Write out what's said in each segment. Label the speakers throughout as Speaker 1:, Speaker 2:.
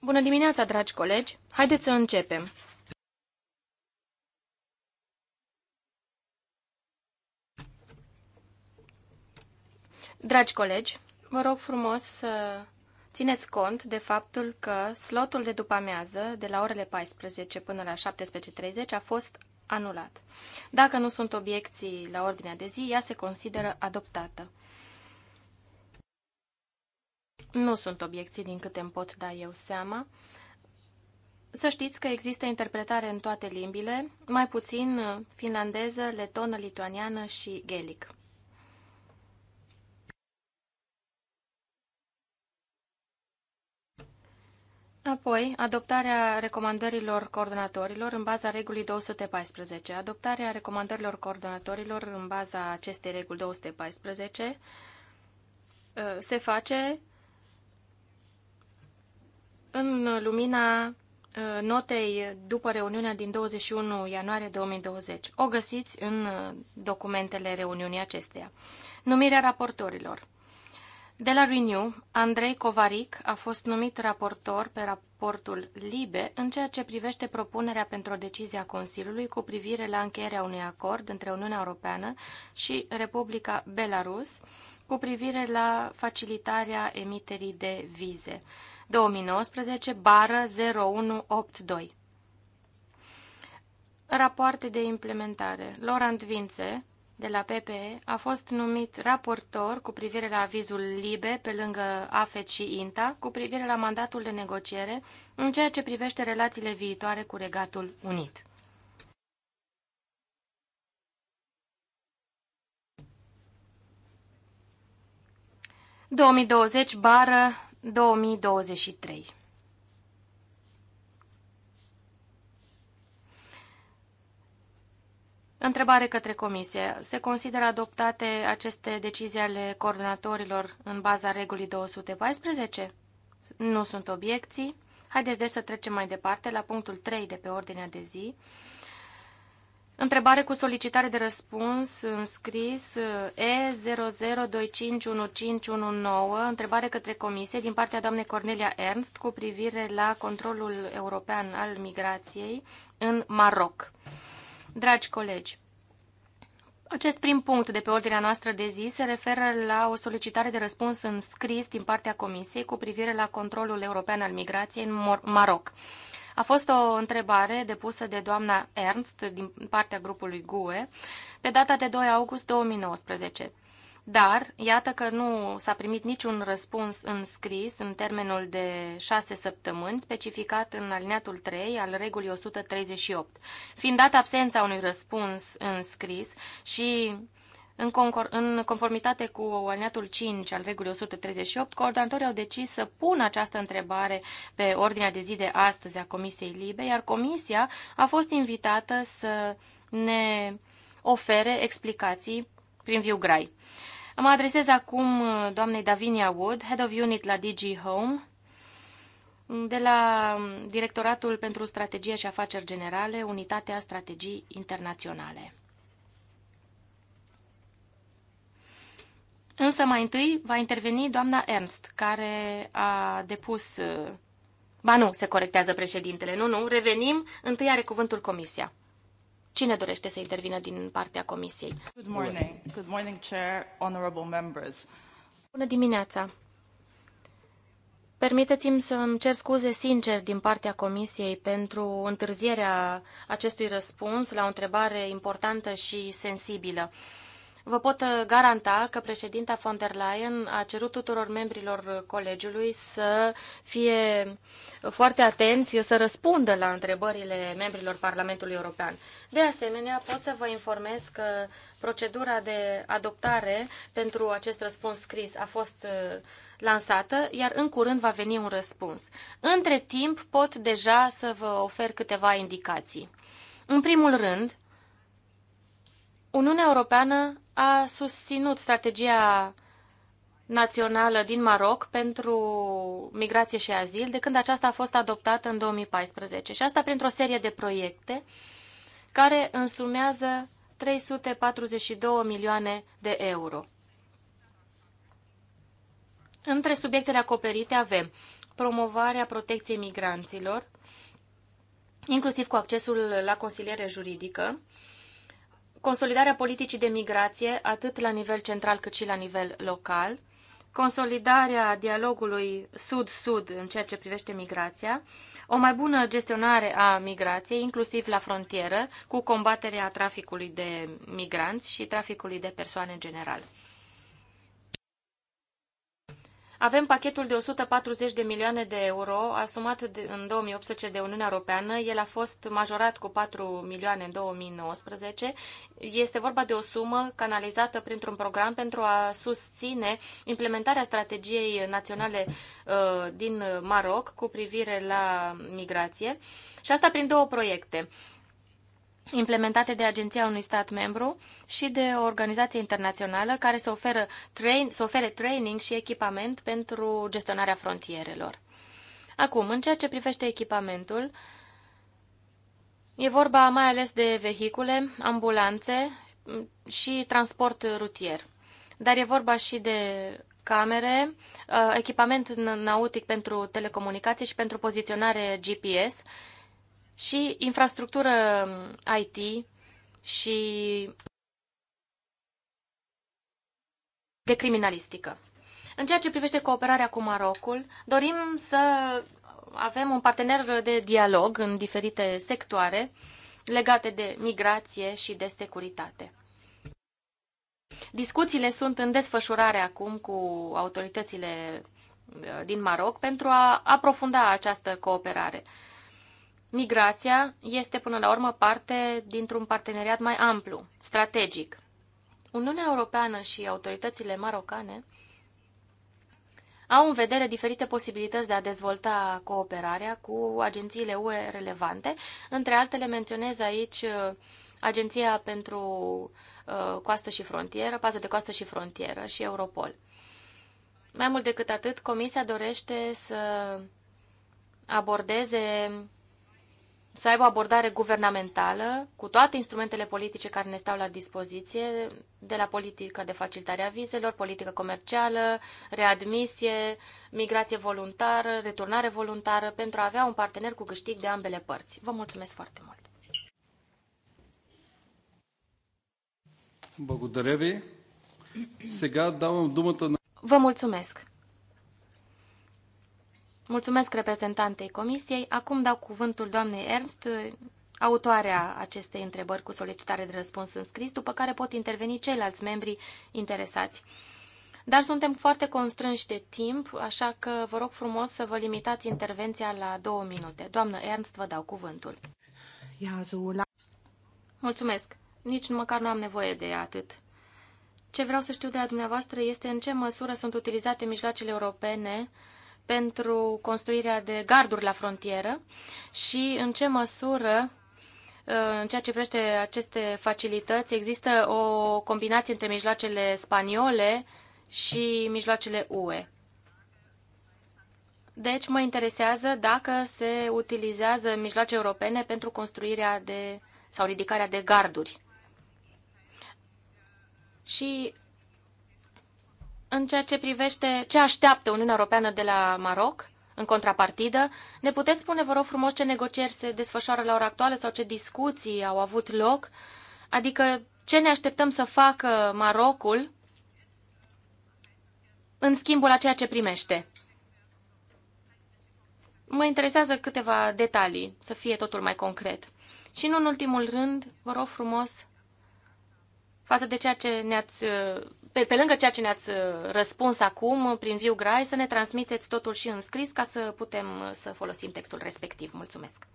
Speaker 1: Bună dimineața, dragi colegi. Haideți să începem. Dragi colegi, vă rog frumos să țineți cont de faptul că slotul de după amiază, de la orele 14 până la 17.30, a fost anulat. Dacă nu sunt obiecții la ordinea de zi, ea se consideră adoptată. Nu sunt obiecții din câte îmi pot da eu seama. Să știți că există interpretare în toate limbile, mai puțin finlandeză, letonă, lituaniană și gelic. Apoi, adoptarea recomandărilor coordonatorilor în baza regulii 214. Adoptarea recomandărilor coordonatorilor în baza acestei reguli 214 se face în lumina uh, notei după reuniunea din 21 ianuarie 2020. O găsiți în uh, documentele reuniunii acesteia. Numirea raportorilor. De la Renew, Andrei Covaric a fost numit raportor pe raportul LIBE în ceea ce privește propunerea pentru o decizie a Consiliului cu privire la încheierea unui acord între Uniunea Europeană și Republica Belarus cu privire la facilitarea emiterii de vize. 2019, bară 0182. Rapoarte de implementare. Laurent Vințe, de la PPE, a fost numit raportor cu privire la avizul LIBE pe lângă AFET și INTA cu privire la mandatul de negociere în ceea ce privește relațiile viitoare cu Regatul Unit. ...2020 bară 2023. Întrebare către comisie. Se consideră adoptate aceste decizii ale coordonatorilor în baza regulii 214? Nu sunt obiecții. Haideți deci să trecem mai departe la punctul 3 de pe ordinea de zi. Întrebare cu solicitare de răspuns înscris E00251519, întrebare către comisie din partea doamnei Cornelia Ernst cu privire la controlul european al migrației în Maroc. Dragi colegi, acest prim punct de pe ordinea noastră de zi se referă la o solicitare de răspuns în scris din partea Comisiei cu privire la controlul european al migrației în Maroc. A fost o întrebare depusă de doamna Ernst din partea grupului GUE pe data de 2 august 2019. Dar, iată că nu s-a primit niciun răspuns în scris în termenul de șase săptămâni, specificat în alineatul 3 al regulii 138. Fiind dat absența unui răspuns în scris și în, în conformitate cu alineatul 5 al regulii 138, coordonatorii au decis să pună această întrebare pe ordinea de zi de astăzi a Comisiei Libe, iar Comisia a fost invitată să ne ofere explicații prin viu grai. Mă adresez acum uh, doamnei Davinia Wood, Head of Unit la DG Home, de la um, Directoratul pentru Strategie și Afaceri Generale, Unitatea Strategii Internaționale. Însă mai întâi va interveni doamna Ernst, care a depus... Uh, ba nu, se corectează președintele. Nu, nu, revenim. Întâi are cuvântul comisia. Cine dorește să intervină din partea comisiei?
Speaker 2: Good morning. Good morning, Chair, honorable members. Bună dimineața.
Speaker 1: Permiteți-mi să îmi cer scuze sincer din partea Comisiei pentru întârzierea acestui răspuns la o întrebare importantă și sensibilă. Uh, Vă pot uh, garanta că președinta von der Leyen a cerut tuturor membrilor colegiului să fie foarte atenți, să răspundă la întrebările membrilor Parlamentului European. De asemenea, pot să vă informez că procedura de adoptare pentru acest răspuns scris a fost uh, lansată, iar în curând va veni un răspuns. Între timp, pot deja să vă ofer câteva indicații. În primul rând, Uniunea Europeană a susținut strategia națională din Maroc pentru migrație și azil de când aceasta a fost adoptată în 2014 și asta printr-o serie de proiecte care însumează 342 milioane de euro. Între subiectele acoperite avem promovarea protecției migranților, inclusiv cu accesul la consiliere juridică, consolidarea politicii de migrație, atât la nivel central cât și la nivel local, consolidarea dialogului sud-sud în ceea ce privește migrația, o mai bună gestionare a migrației, inclusiv la frontieră, cu combaterea traficului de migranți și traficului de persoane în general. Avem pachetul de 140 de milioane de euro asumat de, în 2018 de Uniunea Europeană. El a fost majorat cu 4 milioane în 2019. Este vorba de o sumă canalizată printr-un program pentru a susține implementarea strategiei naționale uh, din Maroc cu privire la migrație. Și asta prin două proiecte implementate de agenția unui stat membru și de o organizație internațională care să, oferă train, să ofere training și echipament pentru gestionarea frontierelor. Acum, în ceea ce privește echipamentul, e vorba mai ales de vehicule, ambulanțe și transport rutier. Dar e vorba și de camere, echipament nautic pentru telecomunicații și pentru poziționare GPS, și infrastructură um, IT și de criminalistică. În ceea ce privește cooperarea cu Marocul, dorim să avem un partener de dialog în diferite sectoare legate de migrație și de securitate. Discuțiile sunt în desfășurare acum cu autoritățile uh, din Maroc pentru a aprofunda această cooperare. Migrația este până la urmă parte dintr-un parteneriat mai amplu, strategic. Uniunea Europeană și autoritățile marocane au în vedere diferite posibilități de a dezvolta cooperarea cu agențiile UE relevante. Între altele menționez aici uh, Agenția pentru uh, Coastă și Frontieră, Pază de Coastă și Frontieră și Europol. Mai mult decât atât, Comisia dorește să abordeze să aibă o abordare guvernamentală cu toate instrumentele politice care ne stau la dispoziție, de la politică de facilitare a vizelor, politică comercială, readmisie, migrație voluntară, returnare voluntară, pentru a avea un partener cu câștig de ambele părți. Vă mulțumesc foarte mult! Vă mulțumesc. Mulțumesc reprezentantei Comisiei. Acum dau cuvântul doamnei Ernst, autoarea acestei întrebări cu solicitare de răspuns în scris, după care pot interveni ceilalți membri interesați. Dar suntem foarte constrânși de timp, așa că vă rog frumos să vă limitați intervenția la două minute. Doamnă Ernst, vă dau cuvântul. Mulțumesc. Nici măcar nu am nevoie de atât. Ce vreau să știu de la dumneavoastră este în ce măsură sunt utilizate mijloacele europene pentru construirea de garduri la frontieră și în ce măsură uh, în ceea ce privește aceste facilități, există o combinație între mijloacele spaniole și mijloacele UE. Deci mă interesează dacă se utilizează mijloace europene pentru construirea de sau ridicarea de garduri. Și în ceea ce privește ce așteaptă Uniunea Europeană de la Maroc, în contrapartidă, ne puteți spune, vă rog frumos, ce negocieri se desfășoară la ora actuală sau ce discuții au avut loc? Adică ce ne așteptăm să facă Marocul în schimbul a ceea ce primește? Mă interesează câteva detalii, să fie totul mai concret. Și nu în ultimul rând, vă rog frumos, față de ceea ce ne-ați, pe, pe lângă ceea ce ne-ați uh, răspuns acum, prin viu grai, să ne transmiteți totul și în scris ca să putem uh, să folosim textul respectiv. Mulțumesc!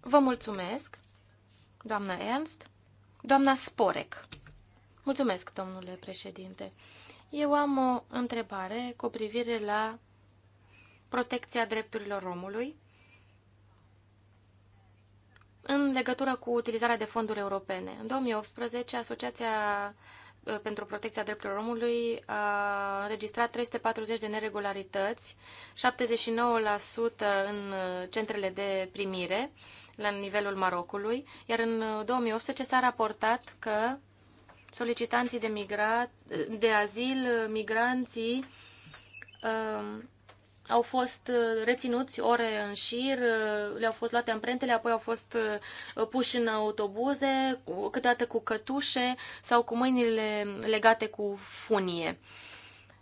Speaker 1: Vă mulțumesc, doamna Ernst. Doamna Sporec. Mulțumesc, domnule președinte. Eu am o întrebare cu privire la protecția drepturilor omului în legătură cu utilizarea de fonduri europene. În 2018, Asociația uh, pentru Protecția Drepturilor Omului a înregistrat 340 de neregularități, 79% în centrele de primire la nivelul Marocului, iar în 2018 s-a raportat că solicitanții de, migra- de azil, migranții, um, au fost uh, reținuți ore în șir, uh, le-au fost luate amprentele, apoi au fost uh, puși în autobuze, câteodată cu cătușe sau cu mâinile legate cu funie.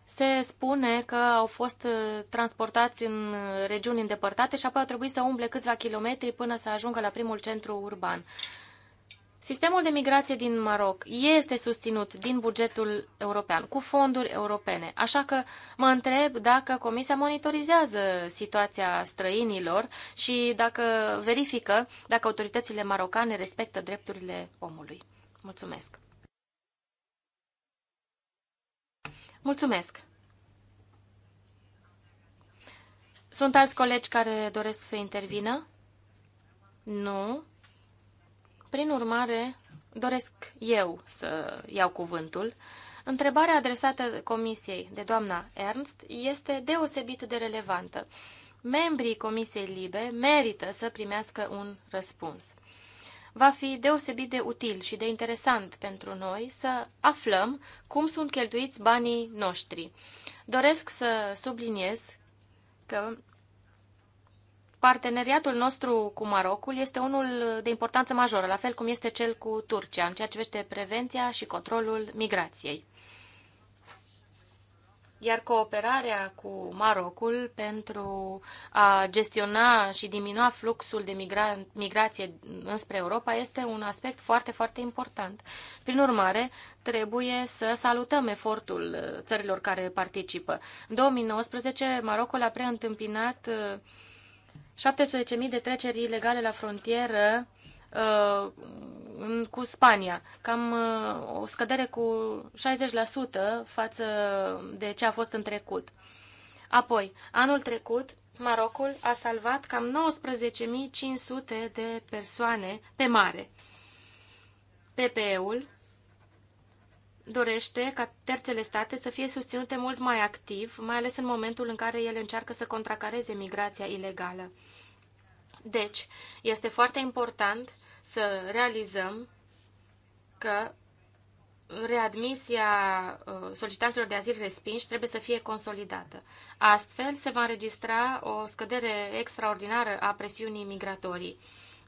Speaker 1: Se spune că au fost transportați în regiuni îndepărtate și apoi au trebuit să umble câțiva kilometri până să ajungă la primul centru urban. Sistemul de migrație din Maroc este susținut din bugetul european, cu fonduri europene, așa că mă întreb dacă Comisia monitorizează situația străinilor și dacă verifică dacă autoritățile marocane respectă drepturile omului. Mulțumesc! Mulțumesc! Sunt alți colegi care doresc să intervină? Nu. Prin urmare, doresc eu să iau cuvântul. Întrebarea adresată Comisiei de doamna Ernst este deosebit de relevantă. Membrii Comisiei Libe merită să primească un răspuns. Va fi deosebit de util și de interesant pentru noi să aflăm cum sunt cheltuiți banii noștri. Doresc să subliniez că Parteneriatul nostru cu Marocul este unul de importanță majoră, la fel cum este cel cu Turcia, în ceea ce vește prevenția și controlul migrației. Iar cooperarea cu Marocul pentru a gestiona și diminua fluxul de migra- migrație înspre Europa este un aspect foarte, foarte important. Prin urmare, trebuie să salutăm efortul țărilor care participă. În 2019, Marocul a preîntâmpinat uh, 17.000 de treceri ilegale la frontieră uh, cu Spania. Cam uh, o scădere cu 60% față de ce a fost în trecut. Apoi, anul trecut, Marocul a salvat cam 19.500 de persoane pe mare. PPE-ul dorește ca terțele state să fie susținute mult mai activ, mai ales în momentul în care ele încearcă să contracareze migrația ilegală. Deci, este foarte important să realizăm că readmisia uh, solicitanților de azil respinși trebuie să fie consolidată. Astfel, se va înregistra o scădere extraordinară a presiunii migratorii.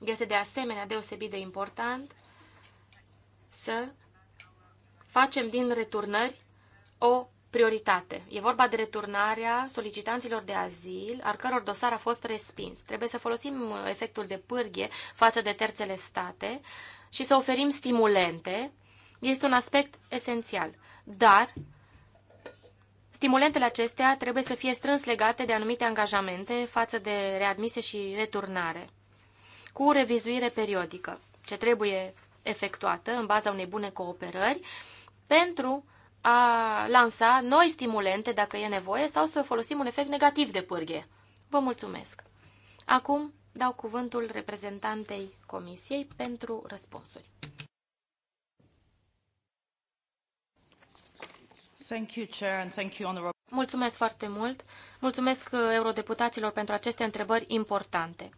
Speaker 1: Este de asemenea deosebit de important să facem din returnări o prioritate. E vorba de returnarea solicitanților de azil, al căror dosar a fost respins. Trebuie să folosim uh, efectul de pârghie față de terțele state și să oferim stimulente. Este un aspect esențial. Dar stimulentele acestea trebuie să fie strâns legate de anumite angajamente față de readmise și returnare, cu revizuire periodică, ce trebuie efectuată în baza unei bune cooperări, pentru a lansa noi stimulente, dacă e nevoie, sau să folosim un efect negativ de pârghie. Vă mulțumesc! Acum dau cuvântul reprezentantei Comisiei pentru răspunsuri. Mulțumesc foarte mult! Mulțumesc uh, eurodeputaților pentru aceste întrebări importante.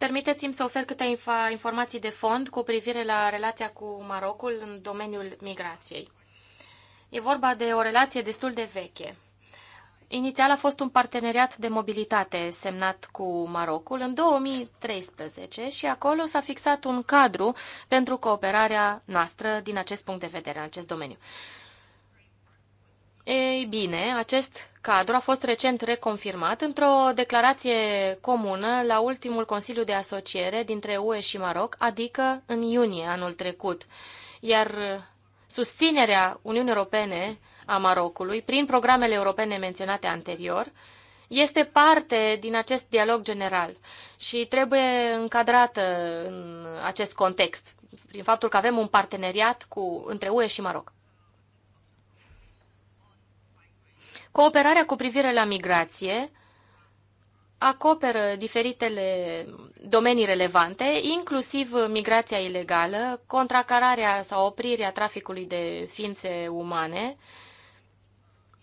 Speaker 1: Permiteți-mi să ofer câte informații de fond cu privire la relația cu Marocul în domeniul migrației. E vorba de o relație destul de veche. Inițial a fost un parteneriat de mobilitate semnat cu Marocul în 2013 și acolo s-a fixat un cadru pentru cooperarea noastră din acest punct de vedere, în acest domeniu. Ei bine, acest cadru a fost recent reconfirmat într-o declarație comună la ultimul Consiliu de Asociere dintre UE și Maroc, adică în iunie anul trecut. Iar susținerea Uniunii Europene a Marocului prin programele europene menționate anterior este parte din acest dialog general și trebuie încadrată în acest context, prin faptul că avem un parteneriat cu, între UE și Maroc. Cooperarea cu privire la migrație acoperă diferitele domenii relevante, inclusiv migrația ilegală, contracararea sau oprirea traficului de ființe umane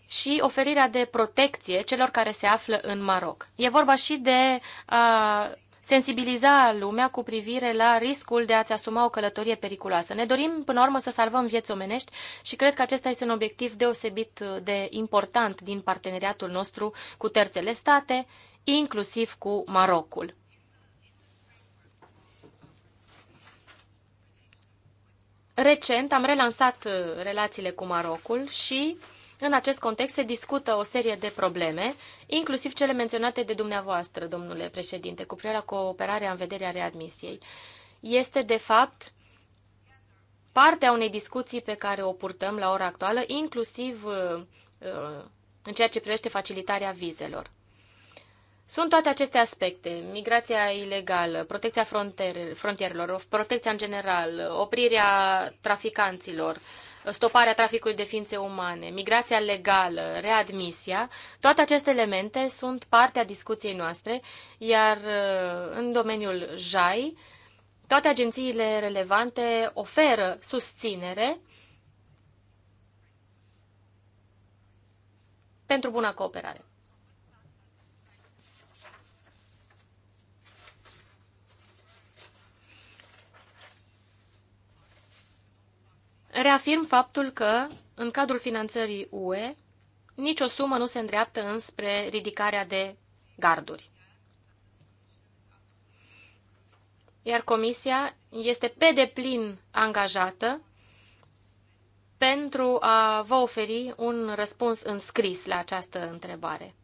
Speaker 1: și oferirea de protecție celor care se află în Maroc. E vorba și de a sensibiliza lumea cu privire la riscul de a-ți asuma o călătorie periculoasă. Ne dorim, până la urmă, să salvăm vieți omenești și cred că acesta este un obiectiv deosebit de important din parteneriatul nostru cu terțele state, inclusiv cu Marocul. Recent am relansat uh, relațiile cu Marocul și în acest context se discută o serie de probleme, inclusiv cele menționate de dumneavoastră, domnule președinte, cu privire la cooperarea în vederea readmisiei. Este, de fapt, partea unei discuții pe care o purtăm la ora actuală, inclusiv uh, uh, în ceea ce privește facilitarea vizelor. Sunt toate aceste aspecte, migrația ilegală, protecția frontierelor, protecția în general, oprirea traficanților, uh, stoparea traficului de ființe umane, migrația legală, readmisia, toate aceste elemente sunt parte a discuției noastre, iar uh, în domeniul JAI, toate agențiile relevante oferă susținere pentru buna cooperare. Reafirm faptul că, în cadrul finanțării UE, nicio sumă nu se îndreaptă înspre ridicarea de garduri. Iar Comisia este pe deplin angajată pentru a vă oferi un răspuns înscris la această întrebare.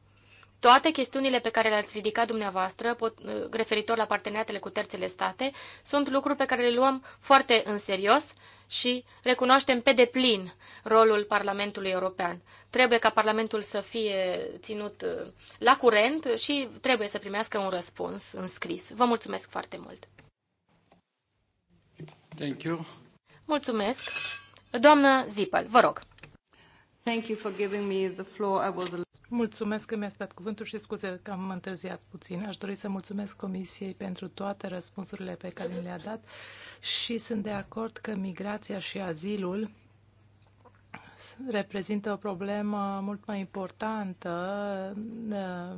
Speaker 1: Toate chestiunile pe care le-ați ridicat dumneavoastră, pot, uh, referitor la parteneriatele cu terțele state, sunt lucruri pe care le luăm foarte în serios și recunoaștem pe deplin rolul Parlamentului European. Trebuie ca Parlamentul să fie ținut uh, la curent și trebuie să primească un răspuns în scris. Vă mulțumesc foarte mult! Thank you. Mulțumesc! Doamnă Zipăl, vă rog! Thank you for giving me the floor. I was a...
Speaker 3: Mulțumesc că mi-ați dat cuvântul și scuze că am întârziat puțin. Aș dori să mulțumesc Comisiei pentru toate răspunsurile pe care mi le-a dat și sunt de acord că migrația și azilul reprezintă o problemă mult mai importantă uh,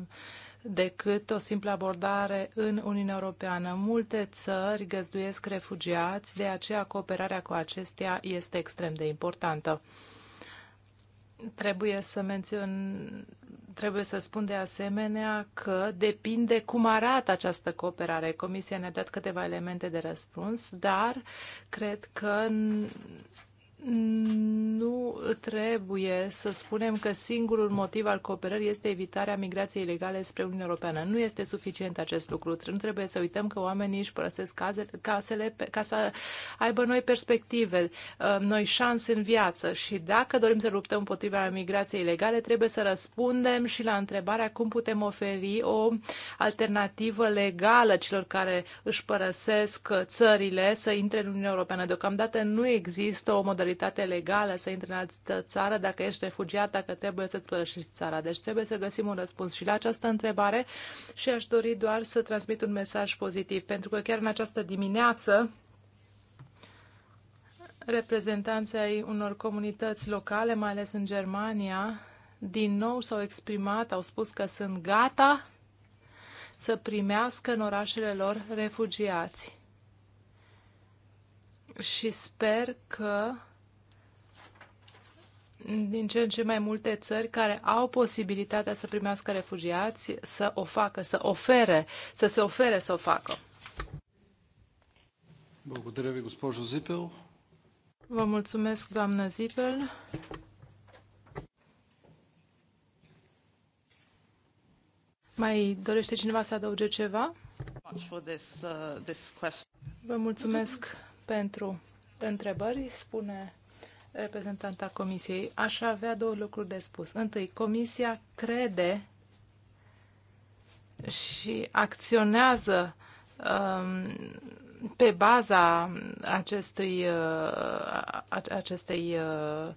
Speaker 3: decât o simplă abordare în Uniunea Europeană. Multe țări găzduiesc refugiați, de aceea cooperarea cu acestea este extrem de importantă. Trebuie să mențion, trebuie să spun de asemenea că depinde cum arată această cooperare. Comisia ne-a dat câteva elemente de răspuns, dar cred că nu trebuie să spunem că singurul motiv al cooperării este evitarea migrației ilegale spre Uniunea Europeană. Nu este suficient acest lucru. Nu trebuie să uităm că oamenii își părăsesc casele, ca să aibă noi perspective, uh, noi șanse în viață și dacă dorim să luptăm împotriva migrației ilegale, trebuie să răspundem și la întrebarea cum putem oferi o alternativă legală celor care își părăsesc țările să intre în Uniunea Europeană. Deocamdată nu există o modalitate posibilitate legală să intri în altă țară, dacă ești refugiat, dacă trebuie să-ți părăsești țara. Deci trebuie să găsim un răspuns și la această întrebare și aș dori doar să transmit un mesaj pozitiv, pentru că chiar în această dimineață reprezentanții unor comunități locale, mai ales în Germania, din nou s-au exprimat, au spus că sunt gata să primească în orașele lor refugiați. Și sper că din ce în ce mai multe țări care au posibilitatea să primească refugiați să o facă, să ofere, să se ofere să o facă. Vă mulțumesc, doamnă Zipel. Mai dorește cineva să adauge ceva?
Speaker 2: Vă mulțumesc
Speaker 3: pentru întrebări, spune reprezentanta Comisiei, aș avea două lucruri de spus. Întâi, Comisia crede și acționează um, pe baza acestui, uh, acestei uh,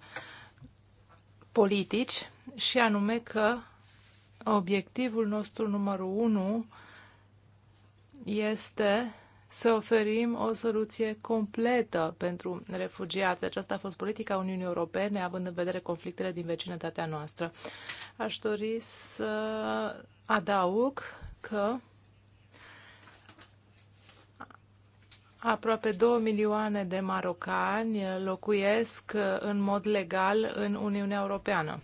Speaker 3: politici și anume că obiectivul nostru numărul unu este să oferim o soluție completă pentru refugiați. Aceasta a fost politica Uniunii Europene, având în vedere conflictele din vecinătatea noastră. Aș dori să adaug că Aproape 2 milioane de marocani locuiesc în mod legal în Uniunea Europeană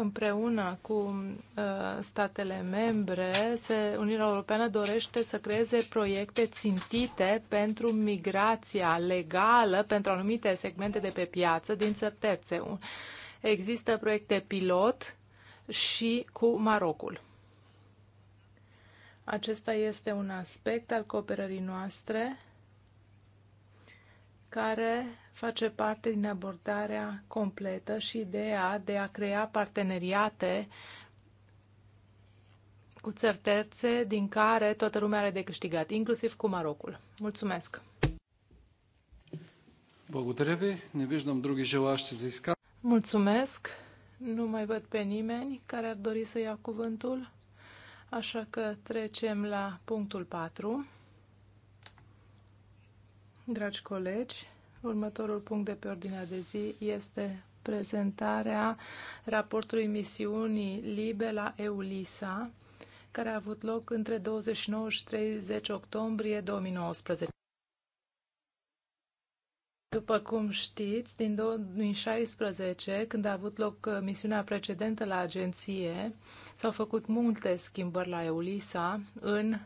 Speaker 3: împreună cu uh, statele membre, se, Uniunea Europeană dorește să creeze proiecte țintite pentru migrația legală pentru anumite segmente de pe piață din țări terțe. Există proiecte pilot și cu Marocul. Acesta este un aspect al cooperării noastre care face parte din abordarea completă și ideea de a crea parteneriate cu țări terțe din care toată lumea are de câștigat, inclusiv cu Marocul. Mulțumesc! Mulțumesc! Nu mai văd pe nimeni care ar dori să ia cuvântul, așa că trecem la punctul 4. Dragi colegi, următorul punct de pe ordinea de zi este prezentarea raportului misiunii LIBE la EULISA, care a avut loc între 29 și 30 octombrie 2019. După cum știți, din 2016, când a avut loc uh, misiunea precedentă la agenție, s-au făcut multe schimbări la EULISA în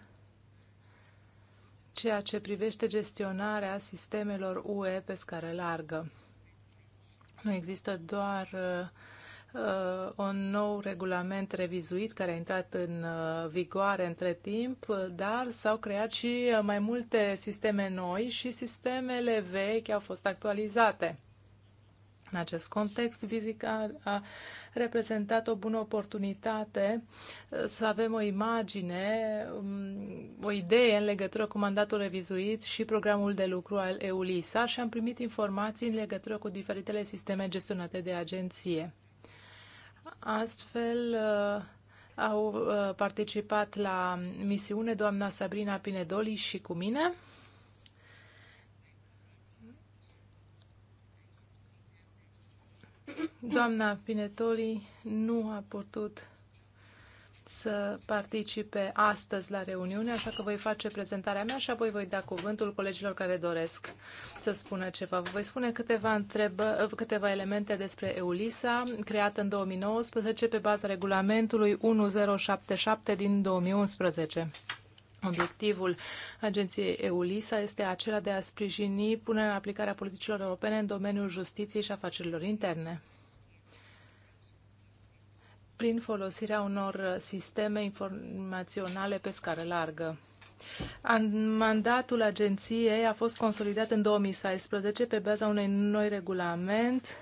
Speaker 3: ceea ce privește gestionarea sistemelor UE pe scară largă. Nu există doar uh, un nou regulament revizuit care a intrat în uh, vigoare între timp, dar s-au creat și uh, mai multe sisteme noi și sistemele vechi au fost actualizate. În acest context, Vizical a reprezentat o bună oportunitate uh, să avem o imagine, um, o idee în legătură cu mandatul revizuit și programul de lucru al EULISA și am primit informații în legătură cu diferitele sisteme gestionate de agenție. Astfel, uh, au uh, participat la misiune doamna Sabrina Pinedoli și cu mine Doamna Pinetoli nu a putut să participe astăzi la reuniune, așa că voi face prezentarea mea și apoi voi da cuvântul colegilor care doresc să spună ceva. Vă voi spune câteva, întrebă, câteva elemente despre EULISA, creată în 2019 pe baza regulamentului 1077 din 2011. Obiectivul agenției EULISA este acela de a sprijini punerea în aplicare a politicilor europene în domeniul justiției și afacerilor interne prin folosirea unor sisteme informaționale pe scară largă. Mandatul agenției a fost consolidat în 2016 pe baza unui noi regulament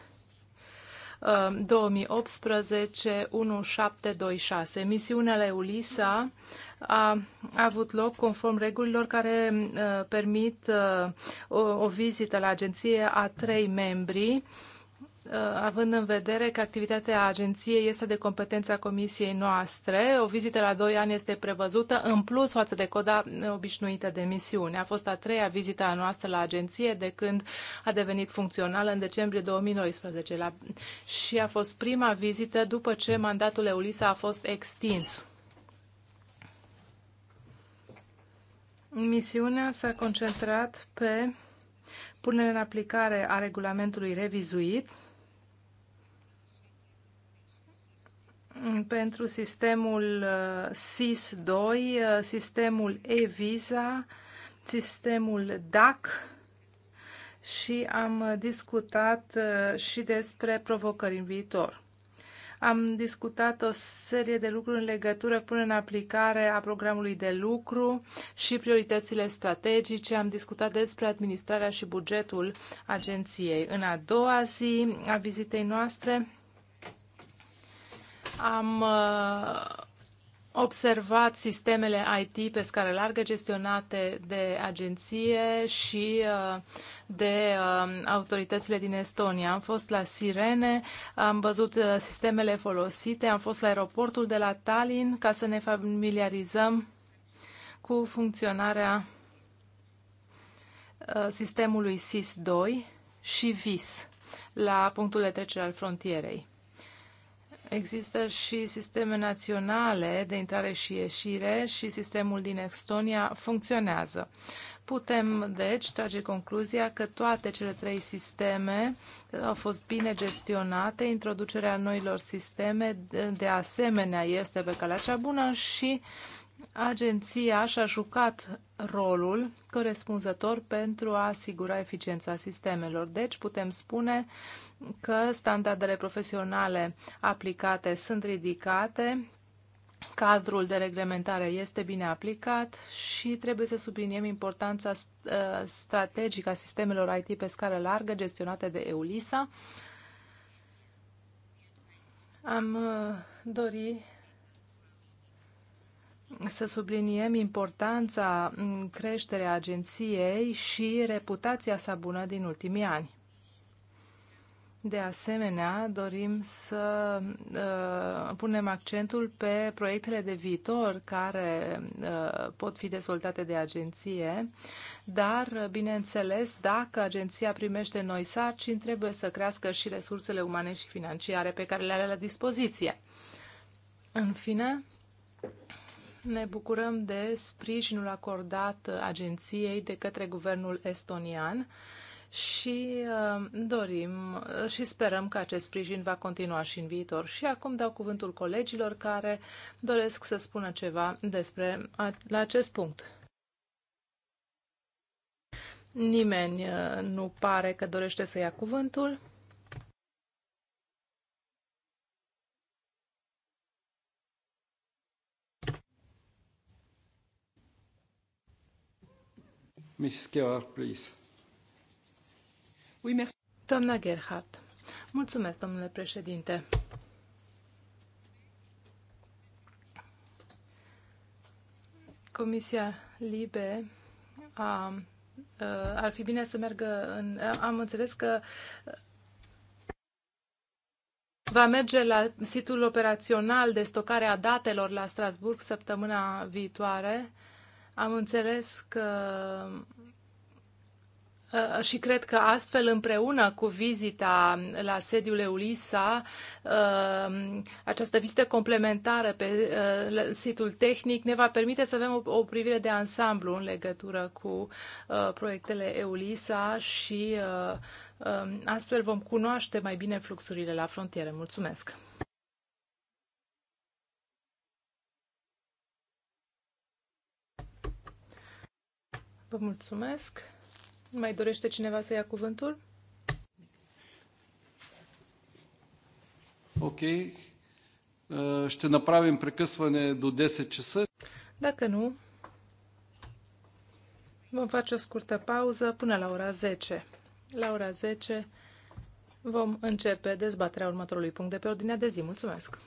Speaker 3: 2018-1726. Um, Misiunea la EULISA a avut loc conform regulilor care uh, permit uh, o vizită la agenție a trei membri Uh, având în vedere că activitatea agenției este de competența comisiei noastre. O vizită la doi ani este prevăzută, în plus față de coda obișnuită de misiune. A fost a treia vizită a noastră la agenție de când a devenit funcțională în decembrie 2019 la... și a fost prima vizită după ce mandatul EULISA a fost extins. Misiunea s-a concentrat pe punerea în aplicare a regulamentului revizuit, pentru sistemul uh, SIS-2, uh, sistemul e-visa, sistemul DAC și am discutat uh, și despre provocări în viitor. Am discutat o serie de lucruri în legătură până în aplicare a programului de lucru și prioritățile strategice. Am discutat despre administrarea și bugetul agenției. În a doua zi a vizitei noastre, am uh, observat sistemele IT pe scară largă gestionate de agenție și uh, de uh, autoritățile din Estonia. Am fost la Sirene, am văzut sistemele folosite, am fost la aeroportul de la Tallinn ca să ne familiarizăm cu funcționarea sistemului SIS-2 și VIS la punctul de trecere al frontierei. Există și sisteme naționale de intrare și ieșire și sistemul din Estonia funcționează. Putem, deci, trage concluzia că toate cele trei sisteme au fost bine gestionate, introducerea noilor sisteme de asemenea este pe calea cea bună și uh, agenția și-a jucat rolul corespunzător pentru a asigura eficiența sistemelor. Deci putem spune că standardele profesionale aplicate sunt ridicate, cadrul de reglementare este bine aplicat și trebuie să subliniem importanța uh, strategică a sistemelor IT pe scară largă gestionate de EULISA. Am uh, dori să subliniem importanța mm, creșterea agenției și reputația sa bună din ultimii ani. De asemenea, dorim să uh, punem accentul pe proiectele de viitor care uh, pot fi dezvoltate de agenție, dar, bineînțeles, dacă agenția primește noi sarcini, trebuie să crească și resursele umane și financiare pe care le are la dispoziție. În fine, ne bucurăm de sprijinul acordat agenției de către guvernul estonian și uh, dorim uh, și sperăm că acest sprijin va continua și în viitor. Și acum dau cuvântul colegilor care doresc să spună ceva despre la acest punct. Nimeni uh, nu pare că dorește să ia cuvântul.
Speaker 4: Gerhardt, please.
Speaker 3: Oui, merci. Doamna Gerhardt. Mulțumesc, domnule președinte. Comisia Libe a, ar fi bine să meargă în... Am înțeles că va merge la situl operațional de stocare a datelor la Strasburg săptămâna viitoare am înțeles că și cred că astfel, împreună cu vizita la sediul EULISA, această vizită complementară pe situl tehnic ne va permite să avem o privire de ansamblu în legătură cu proiectele EULISA și astfel vom cunoaște mai bine fluxurile la frontiere. Mulțumesc! Vă mulțumesc. Mai dorește cineva să ia cuvântul?
Speaker 4: Ok. Ще направим прекъсване до 10 часа.
Speaker 3: Dacă nu, vom face o scurtă pauză până la ora 10. La ora 10 vom începe dezbaterea următorului punct de pe ordinea de zi. Mulțumesc!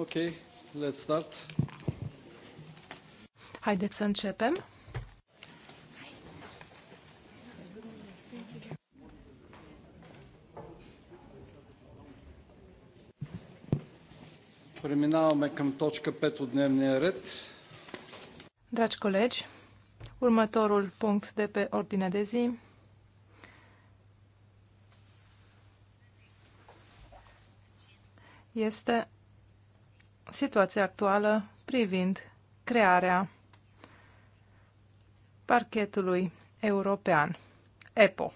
Speaker 4: Ok, let's start.
Speaker 3: Haideți să începem.
Speaker 4: Преминаваме към точка 5 от дневния ред.
Speaker 3: Dragi colegi, următorul punct de pe ordinea de zi este situația actuală privind crearea parchetului european, EPO.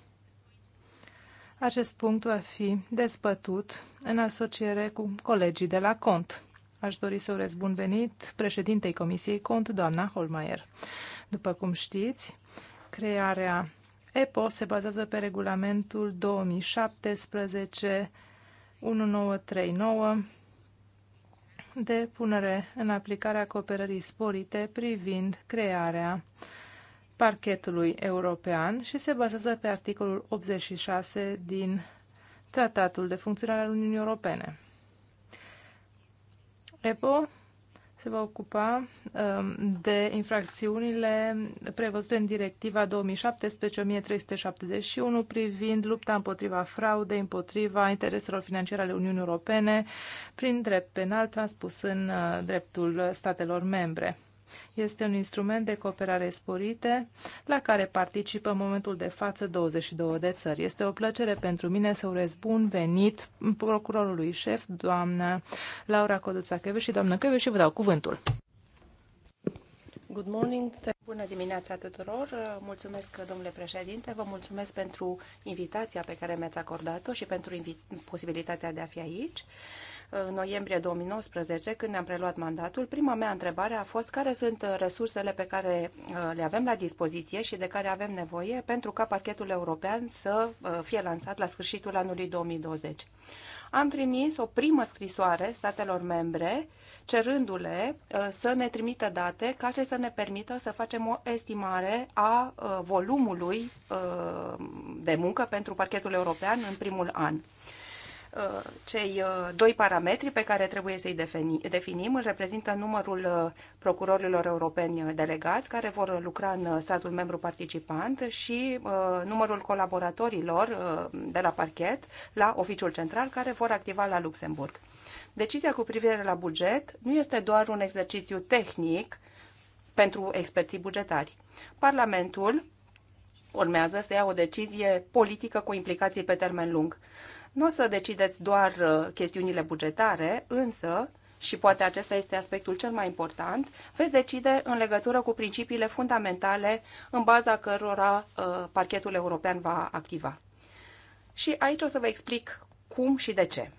Speaker 3: Acest punct va fi despătut în asociere cu colegii de la CONT. Aș dori să urez bun venit președintei Comisiei CONT, doamna Holmeier. După cum știți, crearea EPO se bazează pe regulamentul 2017 1939 de punere în aplicare a cooperării sporite privind crearea parchetului european și se bazează pe articolul 86 din Tratatul de funcționare al Uniunii Europene. EPO se va ocupa um, de infracțiunile prevăzute în directiva 2017-1371 privind lupta împotriva fraudei, împotriva intereselor financiare ale Uniunii Europene prin drept penal transpus în uh, dreptul statelor membre. Este un instrument de cooperare sporite la care participă în momentul de față 22 de țări. Este o plăcere pentru mine să urez bun venit procurorului șef, doamna Laura Coduța Căveș și doamnă Căveș și vă dau cuvântul.
Speaker 2: Good morning. Bună dimineața tuturor.
Speaker 5: Mulțumesc, domnule președinte. Vă mulțumesc pentru invitația pe care mi-ați acordat-o și pentru posibilitatea de a fi aici. În noiembrie 2019, când am preluat mandatul, prima mea întrebare a fost care sunt resursele pe care uh, le avem la dispoziție și de care avem nevoie pentru ca pachetul european să uh, fie lansat la sfârșitul anului 2020 am trimis o primă scrisoare statelor membre cerându-le uh, să ne trimită date care să ne permită să facem o estimare a uh, volumului uh, de muncă pentru parchetul european în primul an. Uh, cei uh, doi parametri pe care trebuie să-i definim îl reprezintă numărul uh, procurorilor europeni delegați care vor lucra în statul membru participant și numărul colaboratorilor de la parchet la oficiul central care vor activa la Luxemburg. Decizia cu privire la buget nu este doar un exercițiu tehnic pentru experții bugetari. Parlamentul urmează să ia o decizie politică cu implicații pe termen lung nu o să decideți doar uh, chestiunile bugetare, însă, și poate acesta este aspectul cel mai important, veți decide în legătură cu principiile fundamentale în baza cărora uh, parchetul european va activa. Și aici o să vă explic cum și de ce.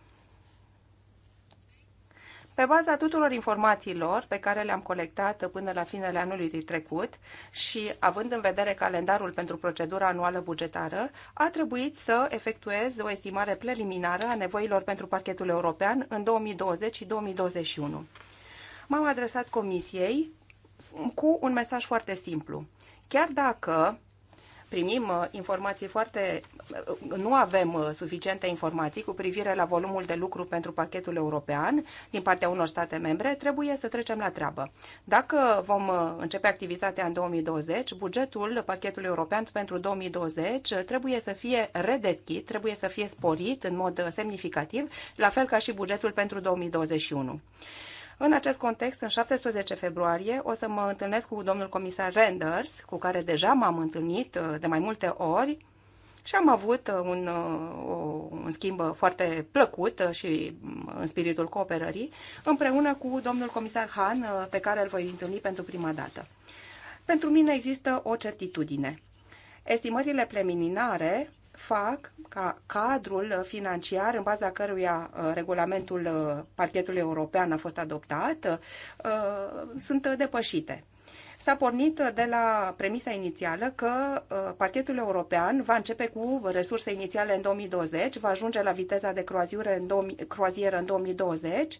Speaker 5: Pe baza tuturor informațiilor pe care le-am colectat până la finele anului trecut și având în vedere calendarul pentru procedura anuală bugetară, a trebuit să efectuez o estimare preliminară a nevoilor pentru parchetul european în 2020 și 2021. M-am adresat comisiei cu un mesaj foarte simplu. Chiar dacă primim uh, informații foarte... Uh, nu avem uh, suficiente informații cu privire la volumul de lucru pentru parchetul european din partea unor state membre, trebuie să trecem la treabă. Dacă vom începe activitatea în 2020, bugetul parchetului european pentru 2020 trebuie să fie redeschis, trebuie să fie sporit în mod semnificativ, la fel ca și bugetul pentru 2021. În acest context, în 17 februarie, o să mă întâlnesc cu domnul comisar Renders, cu care deja m-am întâlnit uh, de mai multe ori și am avut uh, un, uh, un schimb foarte plăcut și mm, în spiritul cooperării, împreună cu domnul comisar Han, pe care îl voi întâlni pentru prima dată. Pentru mine există o certitudine. Estimările preliminare fac ca cadrul financiar în baza căruia uh, regulamentul uh, parchetului european a fost adoptat uh, sunt depășite s-a pornit de la premisa inițială că parchetul european va începe cu resurse inițiale în 2020, va ajunge la viteza de croazieră în 2020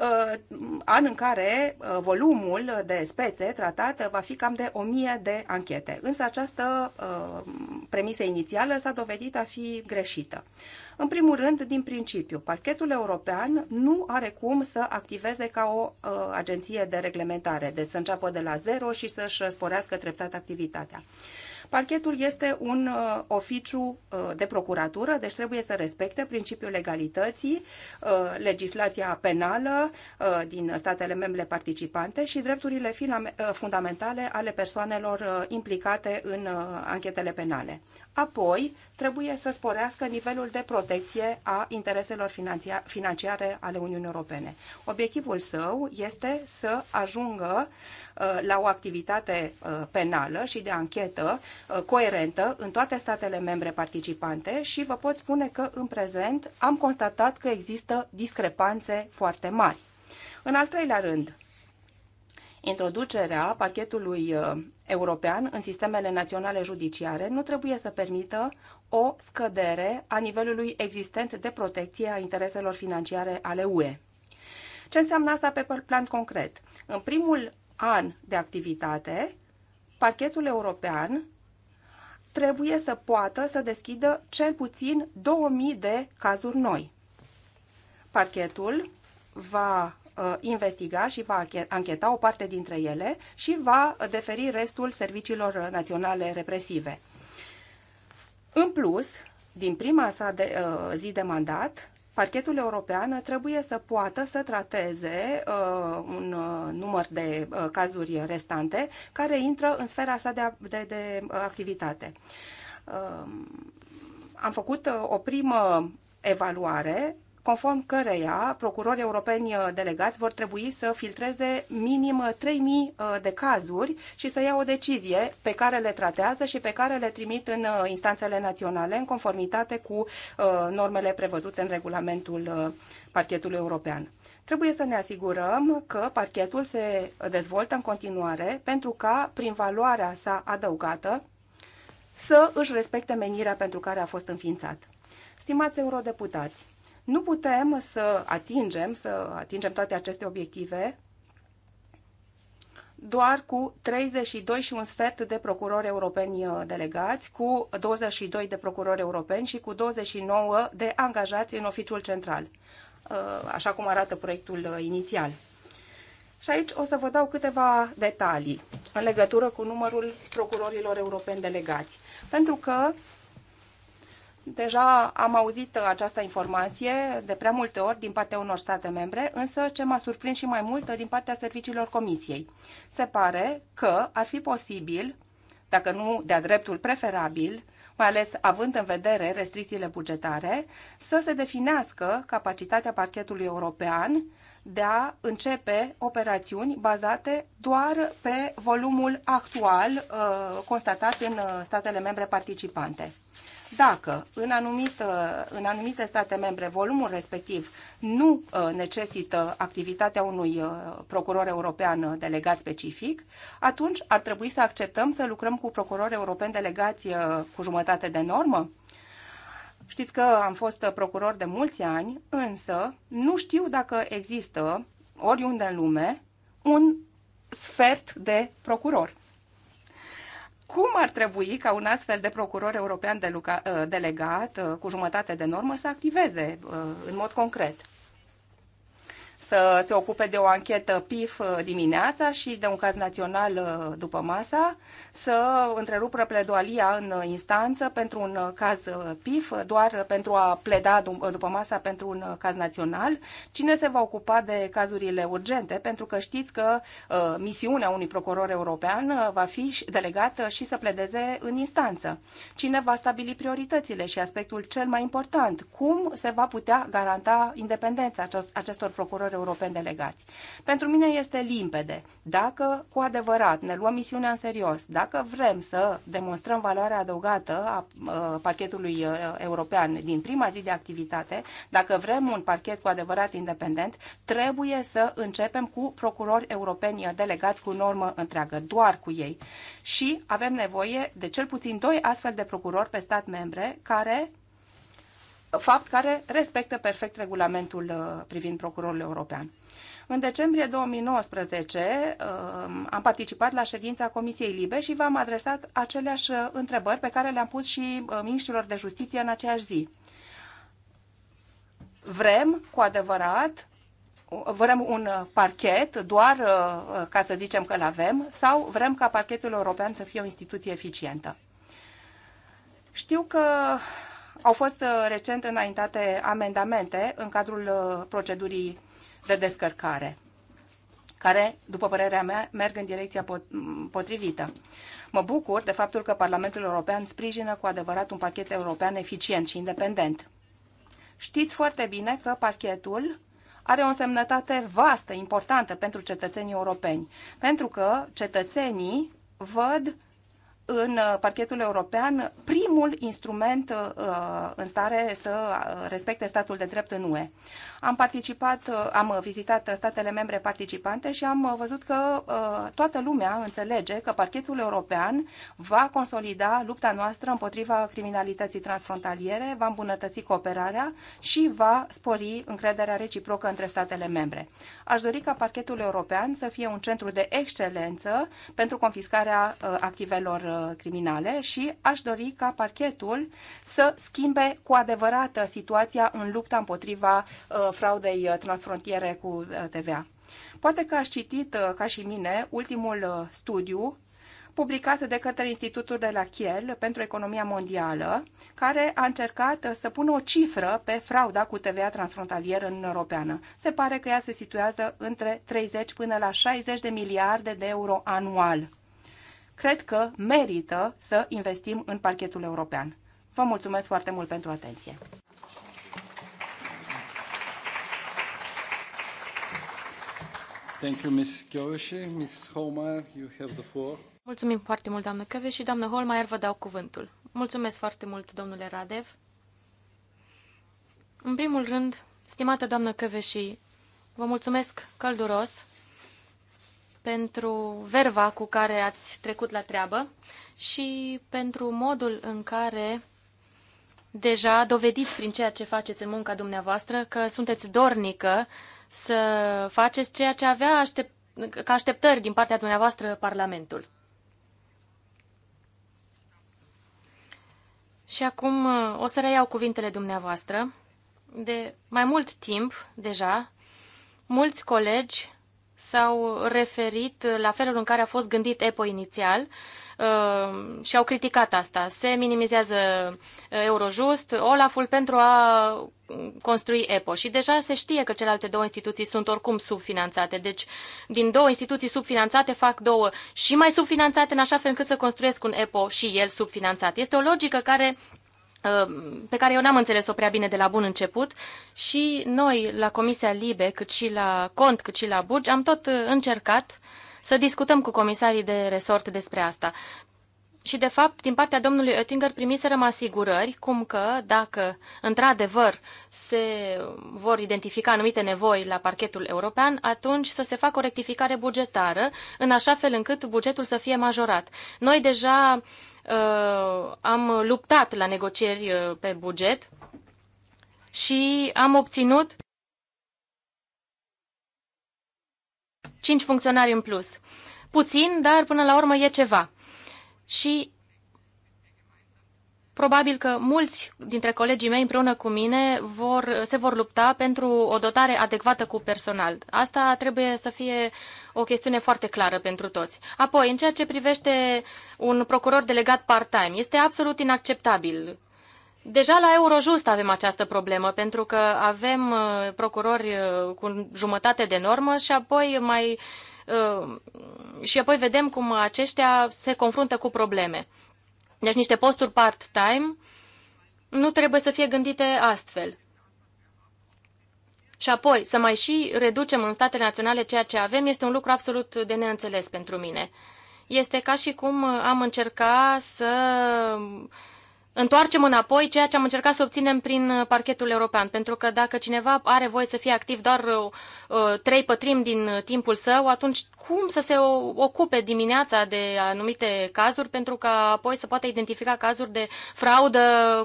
Speaker 5: Uh, an în care uh, volumul de spețe tratate va fi cam de 1000 de anchete. Însă această uh, premisă inițială s-a dovedit a fi greșită. În primul rând, din principiu, parchetul european nu are cum să activeze ca o uh, agenție de reglementare, de deci să înceapă de la zero și să-și sporească treptat activitatea. Parchetul este un uh, oficiu uh, de procuratură, deci trebuie să respecte principiul legalității, uh, legislația penală uh, din statele membre participante și drepturile uh, fundamentale ale persoanelor uh, implicate în uh, anchetele penale. Apoi, trebuie să sporească nivelul de protecție a intereselor financiare ale Uniunii Europene. Obiectivul său este să ajungă uh, la o activitate uh, penală și de anchetă uh, coerentă în toate statele membre participante și vă pot spune că în prezent am constatat că există discrepanțe foarte mari. În al treilea rând, introducerea parchetului european în sistemele naționale judiciare nu trebuie să permită o scădere a nivelului existent de protecție a intereselor financiare ale UE. Ce înseamnă asta pe plan concret? În primul an de activitate, parchetul european trebuie să poată să deschidă cel puțin 2000 de cazuri noi. Parchetul va Uh, investiga și va ancheta o parte dintre ele și va uh, deferi restul serviciilor uh, naționale represive. În plus, din prima sa de, zi de mandat, Parchetul european trebuie să poată să trateze uh, un uh, număr de uh, cazuri restante care intră în sfera sa de, de, de uh, activitate. Uh, am făcut uh, o primă evaluare conform căreia procurorii europeni uh, delegați vor trebui să filtreze minim 3.000 uh, uh, de cazuri și să ia o decizie pe care le tratează și pe care le trimit în instanțele naționale în conformitate cu normele prevăzute în regulamentul parchetului european. Trebuie să ne asigurăm că parchetul se dezvoltă în continuare pentru ca, prin valoarea sa adăugată, să își respecte menirea pentru care a fost înființat. Stimați eurodeputați, nu putem să atingem, să atingem toate aceste obiective doar cu 32 și un sfert de procurori europeni uh, delegați, cu 22 de procurori europeni și cu 29 de angajați în oficiul central, uh, așa cum arată proiectul uh, inițial. Și aici o să vă dau câteva detalii în legătură cu numărul procurorilor europeni delegați. Pentru că Deja am auzit această informație de prea multe ori din partea unor state membre, însă ce m-a surprins și mai mult din partea serviciilor Comisiei. Se pare că ar fi posibil, dacă nu de-a dreptul preferabil, mai ales având în vedere restricțiile bugetare, să se definească capacitatea parchetului european de a începe operațiuni bazate doar pe volumul actual uh, constatat în uh, statele membre participante. Dacă în, anumită, în anumite state membre volumul respectiv nu uh, necesită activitatea unui uh, procuror european delegat specific, atunci ar trebui să acceptăm să lucrăm cu procurori europeni delegați uh, cu jumătate de normă? Știți că am fost procuror de mulți ani, însă nu știu dacă există oriunde în lume un sfert de procuror cum ar trebui ca un astfel de procuror european uh, delegat uh, cu jumătate de normă să activeze uh, în mod concret? să se ocupe de o anchetă PIF dimineața și de un caz național uh, după masa, să întrerupă pledoalia în instanță pentru un caz uh, PIF, doar pentru a pleda uh, după masa pentru un caz național. Cine se va ocupa de cazurile urgente? Pentru că știți că misiunea unui procuror european va fi delegată și să pledeze în instanță. Cine va stabili prioritățile și aspectul cel mai important? Cum se va putea garanta independența acestor procurori lucrătorilor europeni delegați. Pentru mine este limpede. Dacă cu adevărat ne luăm misiunea în serios, dacă vrem să demonstrăm valoarea adăugată a pachetului uh, european din prima zi de activitate, dacă vrem un parchet cu adevărat independent, trebuie să începem cu procurori europeni uh, delegați cu normă întreagă, doar cu ei. Și avem nevoie de cel puțin doi astfel de procurori pe stat membre care fapt care respectă perfect regulamentul uh, privind procurorul european. În decembrie 2019 uh, am participat la ședința Comisiei Libe și v-am adresat aceleași uh, întrebări pe care le-am pus și ministrilor de justiție în aceeași zi. Vrem cu adevărat vrem un parchet doar ca să zicem că îl avem sau vrem ca parchetul european să fie o instituție eficientă? Știu că au fost uh, recent înaintate amendamente în cadrul uh, procedurii de descărcare care, după părerea mea, merg în direcția potrivită. Mă bucur de faptul că Parlamentul European sprijină cu adevărat un pachet european eficient și independent. Știți foarte bine că pachetul are o semnătate vastă, importantă pentru cetățenii europeni, pentru că cetățenii văd în uh, parchetul european primul instrument uh, uh, în stare să respecte statul de drept în UE. Am participat, am vizitat statele membre participante și am văzut că toată lumea înțelege că parchetul european va consolida lupta noastră împotriva criminalității transfrontaliere, va îmbunătăți cooperarea și va spori încrederea reciprocă între statele membre. Aș dori ca parchetul european să fie un centru de excelență pentru confiscarea activelor criminale și aș dori ca parchetul să schimbe cu adevărat situația în lupta împotriva uh, fraudei uh, transfrontiere cu uh, TVA. Poate că aș citit, ca și mine, ultimul studiu publicat de către Institutul de la Kiel pentru Economia Mondială, care a încercat să pună o cifră pe frauda cu TVA transfrontalieră în Europeană. Se pare că ea se situează între 30 până la 60 de miliarde de euro anual cred că merită să investim în parchetul european. Vă mulțumesc foarte mult pentru atenție!
Speaker 4: Thank you, Ms. Kioshi. Ms. Holmeyer, you have the floor.
Speaker 1: Mulțumim foarte mult, doamnă Căveș și doamnă Holmeier, vă dau cuvântul. Mulțumesc foarte mult, domnule Radev. În primul rând, stimată doamnă Căveș și vă mulțumesc călduros pentru verva cu care ați trecut la treabă și pentru modul în care deja dovediți prin ceea ce faceți în munca dumneavoastră că sunteți dornică să faceți ceea ce avea aștept, ca așteptări din partea dumneavoastră Parlamentul. Și acum uh, o să reiau cuvintele dumneavoastră. De mai mult timp, deja, mulți colegi s-au referit la felul în care a fost gândit EPO inițial uh, și au criticat asta. Se minimizează uh, Eurojust, Olaful pentru a construi EPO și deja se știe că celelalte două instituții sunt oricum subfinanțate. Deci din două instituții subfinanțate fac două și mai subfinanțate în așa fel încât să construiesc un EPO și el subfinanțat. Este o logică care Uh, pe care eu n-am înțeles-o prea bine de la bun început și noi la Comisia Libe, cât și la Cont, cât și la Burgi, am tot uh, încercat să discutăm cu comisarii de resort despre asta. Și, de fapt, din partea domnului Oettinger primiserăm asigurări cum că, dacă, într-adevăr, se vor identifica anumite nevoi la parchetul european, atunci să se facă o rectificare bugetară, în așa fel încât bugetul să fie majorat. Noi deja Uh, am luptat la negocieri uh, pe buget și am obținut cinci funcționari în plus. Puțin, dar până la urmă e ceva. Și Probabil că mulți dintre colegii mei împreună cu mine vor, se vor lupta pentru o dotare adecvată cu personal. Asta trebuie să fie o chestiune foarte clară pentru toți. Apoi, în ceea ce privește un procuror delegat part-time, este absolut inacceptabil. Deja la Eurojust avem această problemă, pentru că avem uh, procurori uh, cu jumătate de normă și apoi mai uh, și apoi vedem cum aceștia se confruntă cu probleme. Deci niște posturi part-time nu trebuie să fie gândite astfel. Și apoi, să mai și reducem în statele naționale ceea ce avem este un lucru absolut de neînțeles pentru mine. Este ca și cum am încerca să întoarcem înapoi ceea ce am încercat să obținem prin uh, parchetul european. Pentru că dacă cineva are voie să fie activ doar uh, uh, trei pătrimi din timpul său, atunci cum să se ocupe dimineața de anumite cazuri pentru ca apoi să poată identifica cazuri de fraudă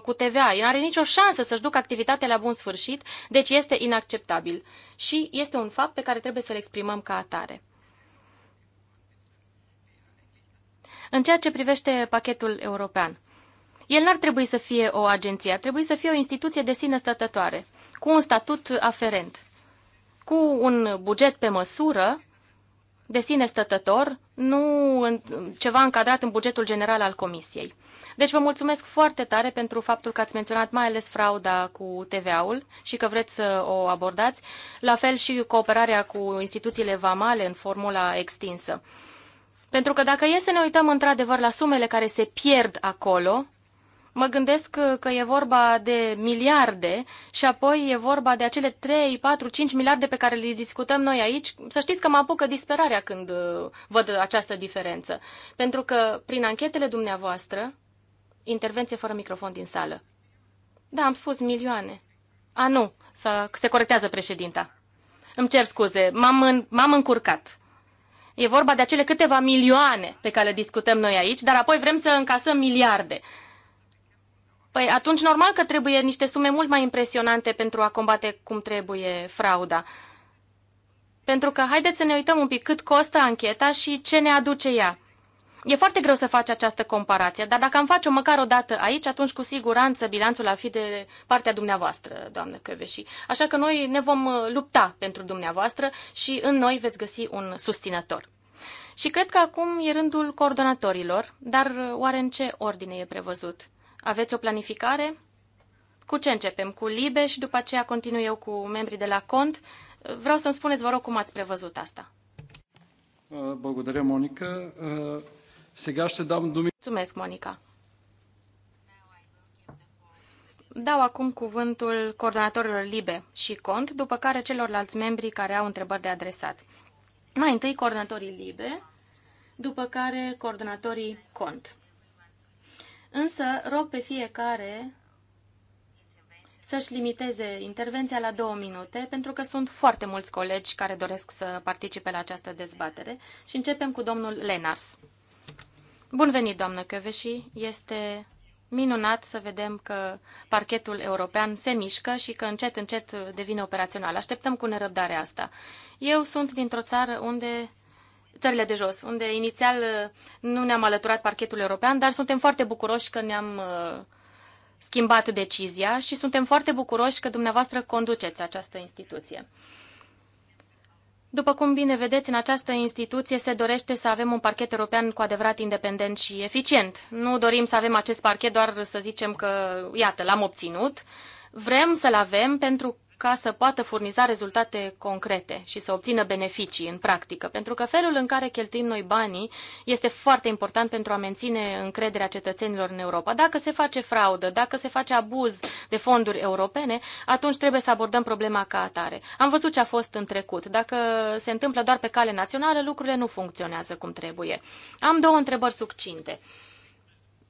Speaker 1: cu TVA? Nu are nicio șansă să-și ducă activitatea la bun sfârșit, deci este inacceptabil. Și este un fapt pe care trebuie să-l exprimăm ca atare. În ceea ce privește pachetul european, el n-ar trebui să fie o agenție, ar trebui să fie o instituție de sine stătătoare, cu un statut aferent, cu un buget pe măsură, de sine stătător, nu în, ceva încadrat în bugetul general al Comisiei. Deci vă mulțumesc foarte tare pentru faptul că ați menționat mai ales frauda cu TVA-ul și că vreți să o abordați, la fel și cooperarea cu instituțiile vamale în formula extinsă. Pentru că dacă e să ne uităm într-adevăr la sumele care se pierd acolo, mă gândesc uh, că e vorba de miliarde și apoi e vorba de acele 3, 4, 5 miliarde pe care le discutăm noi aici. Să știți că mă apucă disperarea când uh, văd această diferență. Pentru că prin anchetele dumneavoastră, intervenție fără microfon din sală. Da, am spus milioane. A, nu, să, se corectează președinta. Îmi cer scuze, m-am, în, m-am încurcat. E vorba de acele câteva milioane pe care le discutăm noi aici, dar apoi vrem să încasăm miliarde. Păi atunci normal că trebuie niște sume mult mai impresionante pentru a combate cum trebuie frauda. Pentru că haideți să ne uităm un pic cât costă ancheta și ce ne aduce ea. E foarte greu să faci această comparație, dar dacă am face-o măcar o dată aici, atunci cu siguranță bilanțul ar fi de partea dumneavoastră, doamnă Căveși. Așa că noi ne vom uh, lupta pentru dumneavoastră și în noi veți găsi un susținător. Și cred că acum e rândul coordonatorilor, dar uh, oare în ce ordine e prevăzut? Aveți o planificare? Cu ce începem? Cu Libe și după aceea continui eu cu membrii de la cont. Vreau să-mi spuneți, vă rog, cum ați prevăzut asta.
Speaker 4: Monica. Uh, uh, ще
Speaker 1: Mulțumesc, Monica. Dau acum cuvântul coordonatorilor LIBE și CONT, după care celorlalți membri care au întrebări de adresat. Mai întâi coordonatorii LIBE, după care coordonatorii CONT. Însă rog pe fiecare să-și limiteze intervenția la două minute, pentru că sunt foarte mulți colegi care doresc să participe la această dezbatere. Și începem cu domnul Lenars. Bun venit, doamnă Căveși. Este minunat să vedem că parchetul european se mișcă și că încet, încet devine operațional. Așteptăm cu nerăbdare asta. Eu sunt dintr-o țară unde țările de jos, unde inițial uh, nu ne-am alăturat parchetul european, dar suntem foarte bucuroși că ne-am uh, schimbat decizia și suntem foarte bucuroși că dumneavoastră conduceți această instituție. După cum bine vedeți, în această instituție se dorește să avem un parchet european cu adevărat independent și eficient. Nu dorim să avem acest parchet doar să zicem că, iată, l-am obținut. Vrem să-l avem pentru ca să poată furniza rezultate concrete și să obțină beneficii în practică, pentru că felul în care cheltuim noi banii este foarte important pentru a menține încrederea cetățenilor în Europa. Dacă se face fraudă, dacă se face abuz de fonduri europene, atunci trebuie să abordăm problema ca atare. Am văzut ce a fost în trecut. Dacă se întâmplă doar pe cale națională, lucrurile nu funcționează cum trebuie. Am două întrebări succinte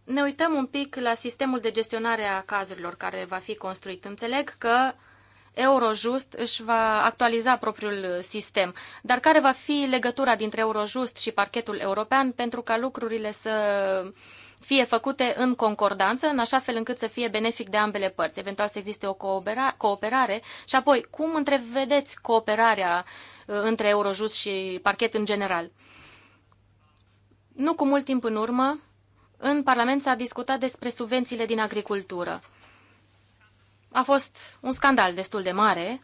Speaker 1: ne uităm un pic la sistemul de gestionare a cazurilor care va fi construit. Înțeleg că Eurojust își va actualiza propriul sistem. Dar care va fi legătura dintre Eurojust și parchetul european pentru ca lucrurile să fie făcute în concordanță, în așa fel încât să fie benefic de ambele părți, eventual să existe o cooperare și apoi cum întrevedeți cooperarea uh, între Eurojust și parchet în general. Nu cu mult timp în urmă, în Parlament s-a discutat despre subvențiile din agricultură a fost un scandal destul de mare,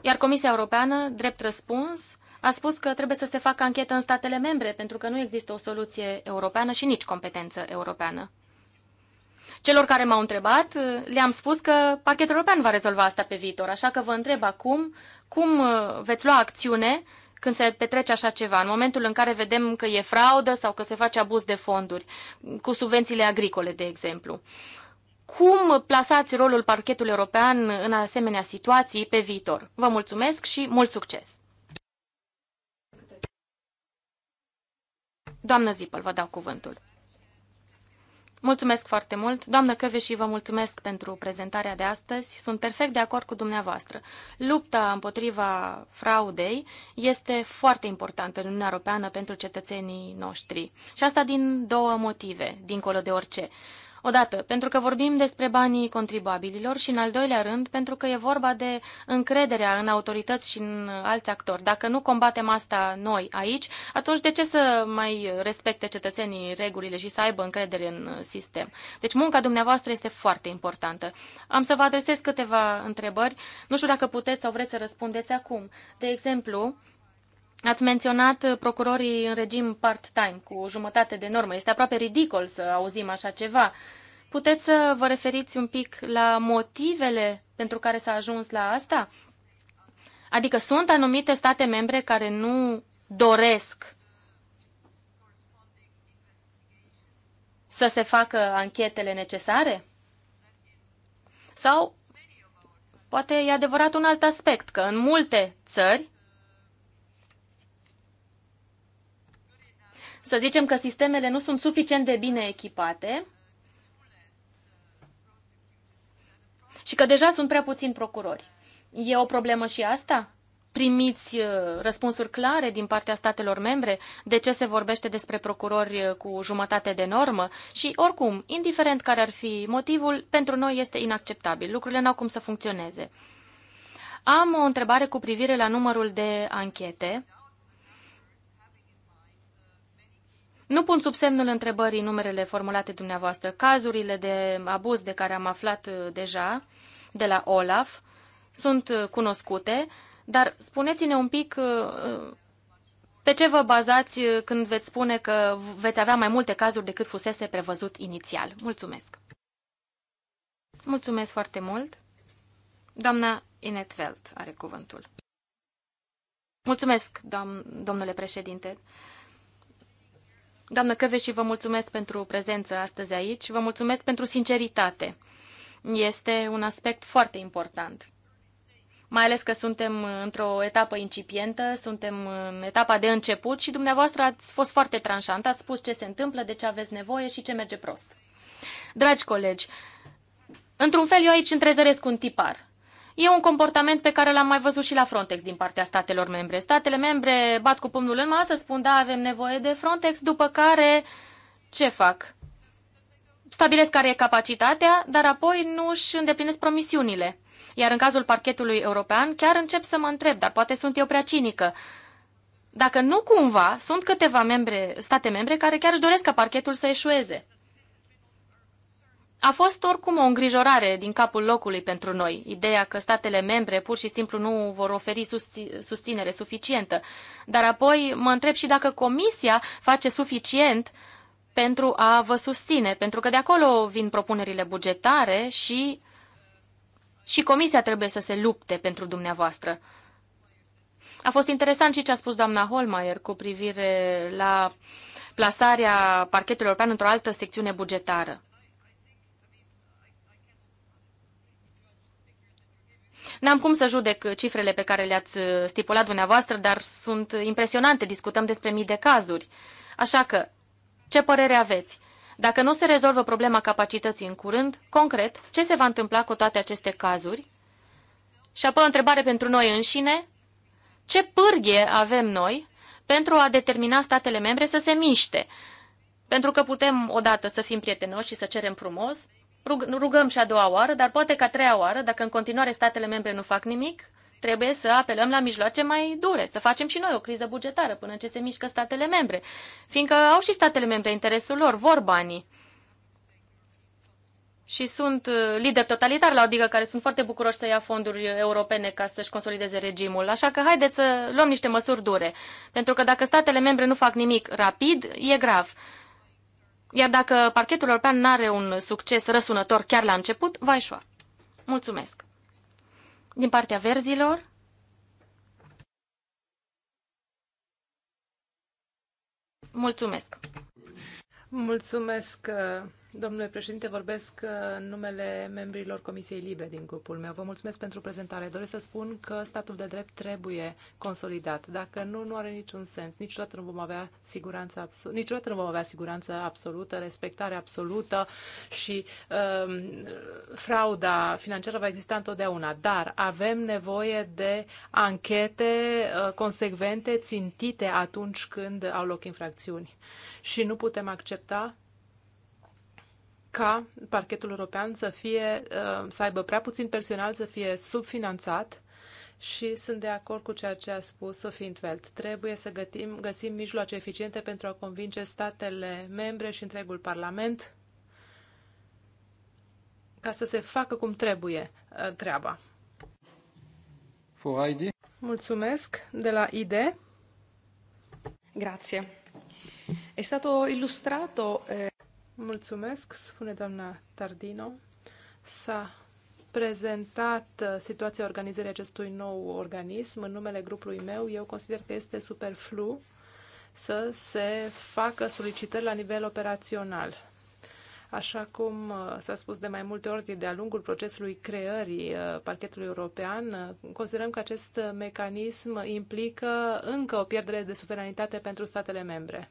Speaker 1: iar Comisia Europeană, drept răspuns, a spus că trebuie să se facă anchetă în statele membre, pentru că nu există o soluție europeană și nici competență europeană. Celor care m-au întrebat, le-am spus că parchetul european va rezolva asta pe viitor, așa că vă întreb acum cum uh, veți lua acțiune când se petrece așa ceva, în momentul în care vedem că e fraudă sau că se face abuz de fonduri, cu subvențiile agricole, de exemplu cum plasați rolul parchetului european în asemenea situații pe viitor. Vă mulțumesc și mult succes! Doamnă Zipăl, vă dau cuvântul. Mulțumesc foarte mult. Doamnă Căveși, vă mulțumesc pentru prezentarea de astăzi. Sunt perfect de acord cu dumneavoastră. Lupta împotriva fraudei este foarte importantă pentru Uniunea Europeană, pentru cetățenii noștri. Și asta din două motive, dincolo de orice. Odată, pentru că vorbim despre banii contribuabililor și, în al doilea rând, pentru că e vorba de încrederea în autorități și în alți actori. Dacă nu combatem asta noi aici, atunci de ce să mai respecte cetățenii regulile și să aibă încredere în sistem? Deci munca dumneavoastră este foarte importantă. Am să vă adresez câteva întrebări. Nu știu dacă puteți sau vreți să răspundeți acum. De exemplu, Ați menționat uh, procurorii în regim part-time, cu jumătate de normă. Este aproape ridicol să auzim așa ceva. Puteți să vă referiți un pic la motivele pentru care s-a ajuns la asta? Adică sunt anumite state membre care nu doresc să se facă anchetele necesare? Sau poate e adevărat un alt aspect, că în multe țări să zicem că sistemele nu sunt suficient de bine echipate și că deja sunt prea puțini procurori. E o problemă și asta? Primiți uh, răspunsuri clare din partea statelor membre de ce se vorbește despre procurori uh, cu jumătate de normă și, oricum, indiferent care ar fi motivul, pentru noi este inacceptabil. Lucrurile n-au cum să funcționeze. Am o întrebare cu privire la numărul de anchete Nu pun sub semnul întrebării numerele formulate dumneavoastră. Cazurile de abuz de care am aflat uh, deja de la Olaf sunt uh, cunoscute, dar spuneți-ne un pic uh, pe ce vă bazați când veți spune că veți avea mai multe cazuri decât fusese prevăzut inițial. Mulțumesc! Mulțumesc foarte mult! Doamna Inetveld are cuvântul. Mulțumesc, dom domnule președinte. Doamnă Căveși, vă mulțumesc pentru prezență astăzi aici, vă mulțumesc pentru sinceritate. Este un aspect foarte important. Mai ales că suntem într-o etapă incipientă, suntem în etapa de început și dumneavoastră ați fost foarte tranșant, ați spus ce se întâmplă, de ce aveți nevoie și ce merge prost. Dragi colegi, într-un fel eu aici întrezăresc un tipar. E un comportament pe care l-am mai văzut și la Frontex din partea statelor membre. Statele membre bat cu pumnul în masă, spun da, avem nevoie de Frontex, după care ce fac? Stabilesc care e capacitatea, dar apoi nu își îndeplinesc promisiunile. Iar în cazul parchetului european, chiar încep să mă întreb, dar poate sunt eu prea cinică. Dacă nu cumva, sunt câteva membre, state membre care chiar își doresc ca parchetul să eșueze. A fost oricum o îngrijorare din capul locului pentru noi, ideea că statele membre pur și simplu nu vor oferi susținere suficientă. Dar apoi mă întreb și dacă Comisia face suficient pentru a vă susține, pentru că de acolo vin propunerile bugetare și, și Comisia trebuie să se lupte pentru dumneavoastră. A fost interesant și ce a spus doamna Holmeier cu privire la plasarea parchetului european într-o altă secțiune bugetară. N-am cum să judec cifrele pe care le-ați uh, stipulat dumneavoastră, dar sunt impresionante, discutăm despre mii de cazuri. Așa că, ce părere aveți? Dacă nu se rezolvă problema capacității în curând, concret, ce se va întâmpla cu toate aceste cazuri? Și apoi o întrebare pentru noi înșine. Ce pârghie avem noi pentru a determina statele membre să se miște? Pentru că putem odată să fim prietenoși și să cerem frumos, rugăm și a doua oară, dar poate că a treia oară, dacă în continuare statele membre nu fac nimic, trebuie să apelăm la mijloace mai dure, să facem și noi o criză bugetară până ce se mișcă statele membre, fiindcă au și statele membre interesul lor, vor banii. Și sunt uh, lideri totalitari la Odigă care sunt foarte bucuroși să ia fonduri europene ca să-și consolideze regimul. Așa că haideți să luăm niște măsuri dure. Pentru că dacă statele membre nu fac nimic rapid, e grav. Iar dacă parchetul european nu are un succes răsunător chiar la început, va eșua. Mulțumesc. Din partea verzilor, mulțumesc.
Speaker 3: Mulțumesc uh, Domnule președinte, vorbesc uh, în numele membrilor Comisiei Libe din grupul meu. Vă mulțumesc pentru prezentare. Doresc să spun că statul de drept trebuie consolidat. Dacă nu, nu are niciun sens. Niciodată nu vom avea siguranță, absol- niciodată nu vom avea siguranță absolută, respectare absolută și um, frauda financiară va exista întotdeauna. Dar avem nevoie de anchete uh, consecvente, țintite atunci când au loc infracțiuni. Și nu putem accepta ca parchetul european să fie, uh, să aibă prea puțin personal, să fie subfinanțat și sunt de acord cu ceea ce a spus Sofie Intveld. Trebuie să gătim, găsim mijloace eficiente pentru a convinge statele membre și întregul Parlament ca să se facă cum trebuie uh, treaba. Mulțumesc de la ID. Grazie. È stato illustrato... Eh... Mulțumesc, spune doamna Tardino. S-a prezentat uh, situația organizării acestui nou organism în numele grupului meu. Eu consider că este superflu să se facă solicitări la nivel operațional. Așa cum uh, s-a spus de mai multe ori de-a lungul procesului creării uh, parchetului european, considerăm că acest mecanism implică încă o pierdere de suveranitate pentru statele membre.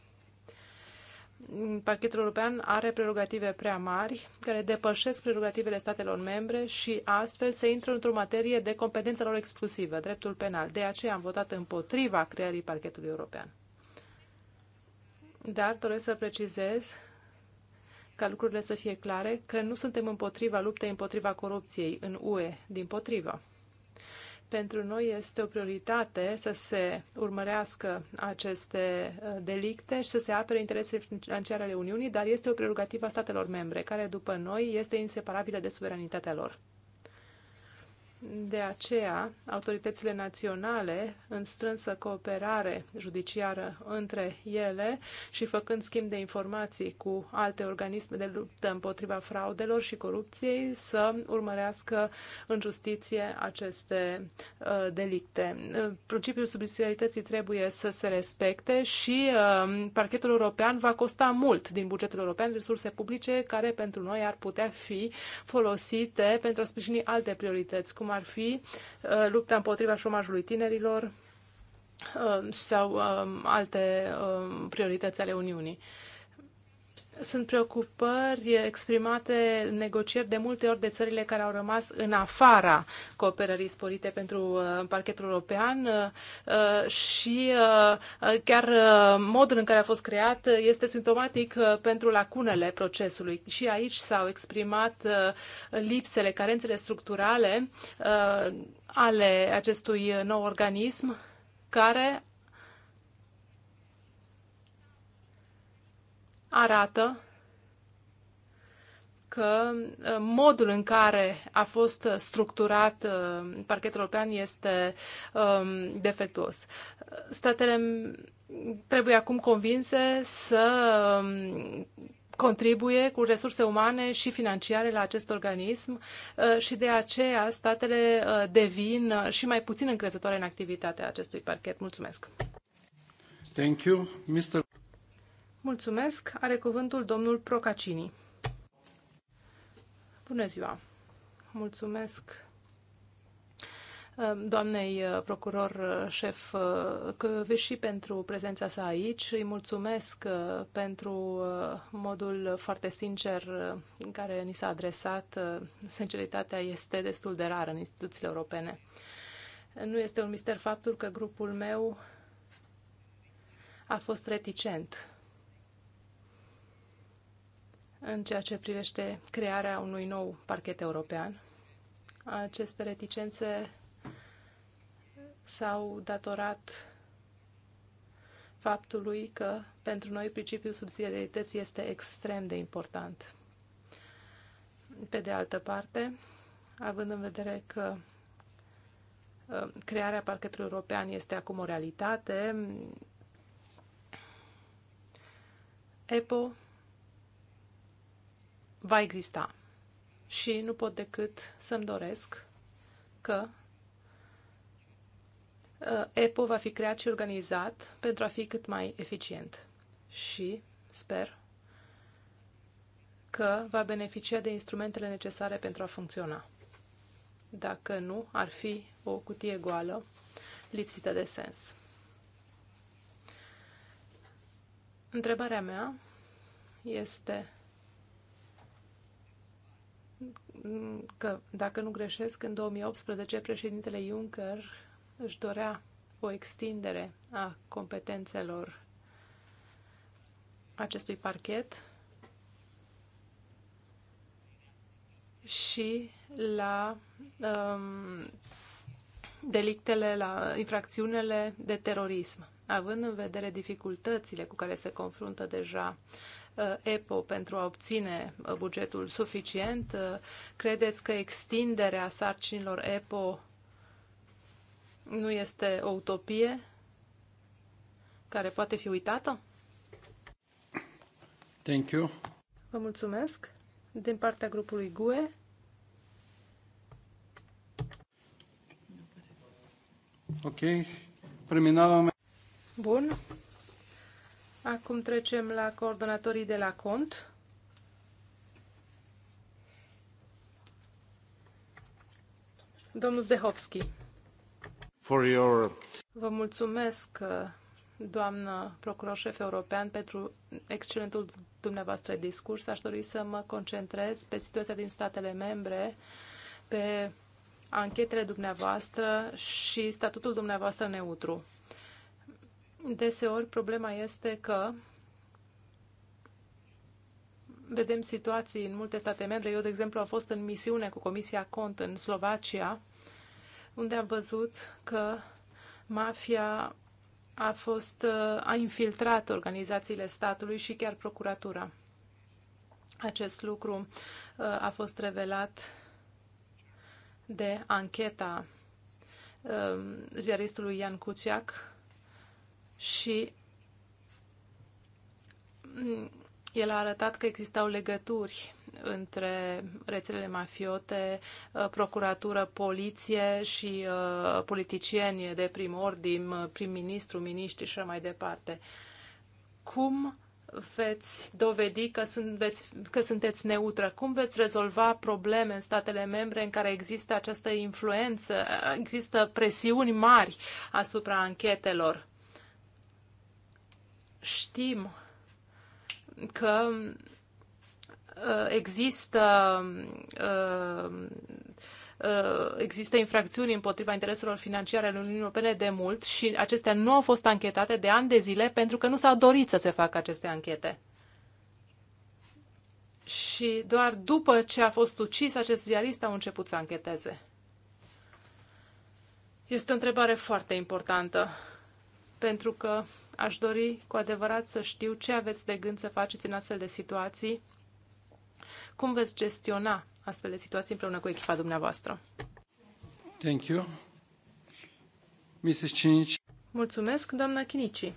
Speaker 3: Parchetul european are prerogative prea mari, care depășesc prerogativele statelor membre și astfel se intră într-o materie de competență lor exclusivă, dreptul penal. De aceea am votat împotriva creării parchetului european. Dar doresc să precizez ca lucrurile să fie clare, că nu suntem împotriva luptei împotriva corupției în UE, din potrivă. Pentru noi este o prioritate să se urmărească aceste uh, delicte și să se apere interesele financiare ale Uniunii, dar este o prerogativă a statelor membre, care, după noi, este inseparabilă de suveranitatea lor. De aceea, autoritățile naționale, în strânsă cooperare judiciară între ele și făcând schimb de informații cu alte organisme de luptă împotriva fraudelor și corupției, să urmărească în justiție aceste uh, delicte. Uh, principiul subsidiarității trebuie să se respecte și uh, parchetul european va costa mult din bugetul european resurse publice care pentru noi ar putea fi folosite pentru a sprijini alte priorități, cum ar fi uh, lupta împotriva șomajului tinerilor uh, sau um, alte um, priorități ale Uniunii. Sunt preocupări exprimate negocieri de multe ori de țările care au rămas în afara cooperării sporite pentru uh, parchetul european uh, uh, și chiar modul în care a fost creat este simptomatic pentru lacunele procesului. Și aici s-au exprimat lipsele, carențele structurale ale acestui nou organism care arată că uh, modul în care a fost uh, structurat uh, parchetul european este um, defectuos. Statele trebuie acum convinse să um, contribuie cu resurse umane și financiare la acest organism și de aceea statele devin și mai puțin încrezătoare în activitatea acestui parchet. Mulțumesc!
Speaker 4: Thank you, Mr.
Speaker 3: Mulțumesc. Are cuvântul domnul Procacini. Bună ziua! Mulțumesc uh, doamnei uh, procuror uh, șef și pentru prezența sa aici. Îi mulțumesc pentru modul foarte sincer în care ni s-a adresat. Sinceritatea este destul de rară în instituțiile europene. Nu este un mister faptul că grupul meu a fost reticent în ceea ce privește crearea unui nou parchet european. Aceste reticențe s-au datorat faptului că pentru noi principiul subsidiarității este extrem de important. Pe de altă parte, având în vedere că ă, crearea parchetului european este acum o realitate, EPO va exista. Și nu pot decât să-mi doresc că uh, EPO va fi creat și organizat pentru a fi cât mai eficient. Și sper că va beneficia de instrumentele necesare pentru a funcționa. Dacă nu, ar fi o cutie goală, lipsită de sens. Întrebarea mea este că, dacă nu greșesc, în 2018 președintele Juncker își dorea o extindere a competențelor acestui parchet și la um, delictele, la infracțiunile de terorism, având în vedere dificultățile cu care se confruntă deja Uh, EPO pentru a obține uh, bugetul suficient? Uh, credeți că extinderea sarcinilor EPO nu este o utopie care poate fi uitată? Thank you. Vă mulțumesc. Din partea grupului GUE,
Speaker 4: Ok, terminăm.
Speaker 3: Bun. Acum trecem la coordonatorii de la cont. Domnul Zdehovski.
Speaker 6: For your...
Speaker 3: Vă mulțumesc, doamnă procuror șef european, pentru excelentul dumneavoastră discurs. Aș dori să mă concentrez pe situația din statele membre, pe anchetele dumneavoastră și statutul dumneavoastră neutru deseori problema este că vedem situații în multe state membre. Eu, de exemplu, am fost în misiune cu Comisia Cont în Slovacia, unde am văzut că mafia a fost, a infiltrat organizațiile statului și chiar procuratura. Acest lucru uh, a fost revelat de ancheta uh, ziaristului Ian Cuciac, și el a arătat că existau legături între rețelele mafiote, uh, procuratură, poliție și uh, politicieni de prim ordin, uh, prim-ministru, miniștri și mai departe. Cum veți dovedi că, sunt, veți, că sunteți neutră? Cum veți rezolva probleme în statele membre în care există această influență, există presiuni mari asupra anchetelor? știm că uh, există uh, uh, există infracțiuni împotriva intereselor financiare ale Uniunii Europene de mult și acestea nu au fost anchetate de ani de zile pentru că nu s-a dorit să se facă aceste anchete. Și doar după ce a fost ucis, acest ziarist au început să ancheteze. Este o întrebare foarte importantă pentru că aș dori cu adevărat să știu ce aveți de gând să faceți în astfel de situații, cum veți gestiona astfel de situații împreună cu echipa dumneavoastră.
Speaker 4: Thank you. Mrs. Chinici.
Speaker 3: Mulțumesc, doamna Chinici.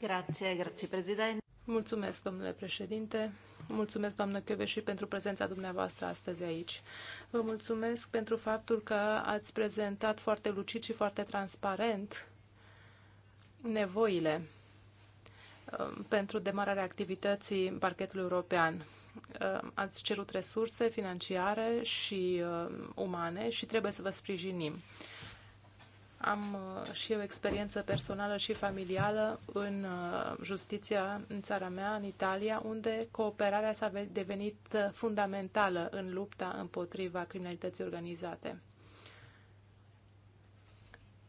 Speaker 3: Grazie, grazie, președinte. Mulțumesc, domnule președinte. Mulțumesc, doamnă Chiove, și pentru prezența dumneavoastră astăzi aici. Vă mulțumesc pentru faptul că ați prezentat foarte lucid și foarte transparent nevoile um, pentru demararea activității parchetului european. Um, ați cerut resurse financiare și um, umane și trebuie să vă sprijinim. Am uh, și eu experiență personală și familială în uh, justiția în țara mea, în Italia, unde cooperarea s-a devenit uh, fundamentală în lupta împotriva criminalității organizate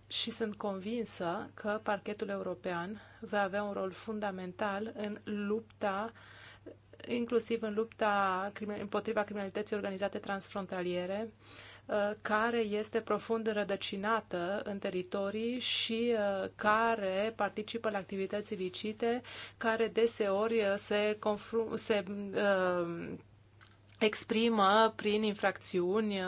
Speaker 3: și sunt convinsă că parchetul european va avea un rol fundamental în lupta inclusiv în lupta împotriva criminalității organizate transfrontaliere, uh, care este profund rădăcinată în teritorii și uh, care participă la activități ilicite, care deseori uh, se, se uh, exprimă prin infracțiuni uh,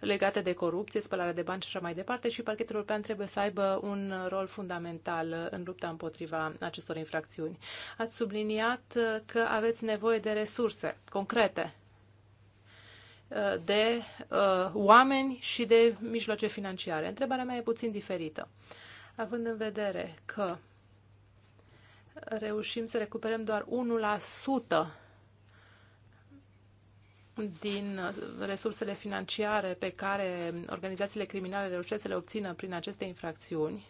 Speaker 3: legate de corupție, spălare de bani și așa mai departe și parchetul european trebuie să aibă un rol fundamental în lupta împotriva acestor infracțiuni. Ați subliniat uh, că aveți nevoie de resurse concrete, uh, de oameni și de mijloace financiare. Întrebarea mea e puțin diferită, având în vedere că reușim să recuperăm doar din resursele financiare pe care organizațiile criminale reușesc să le obțină prin aceste infracțiuni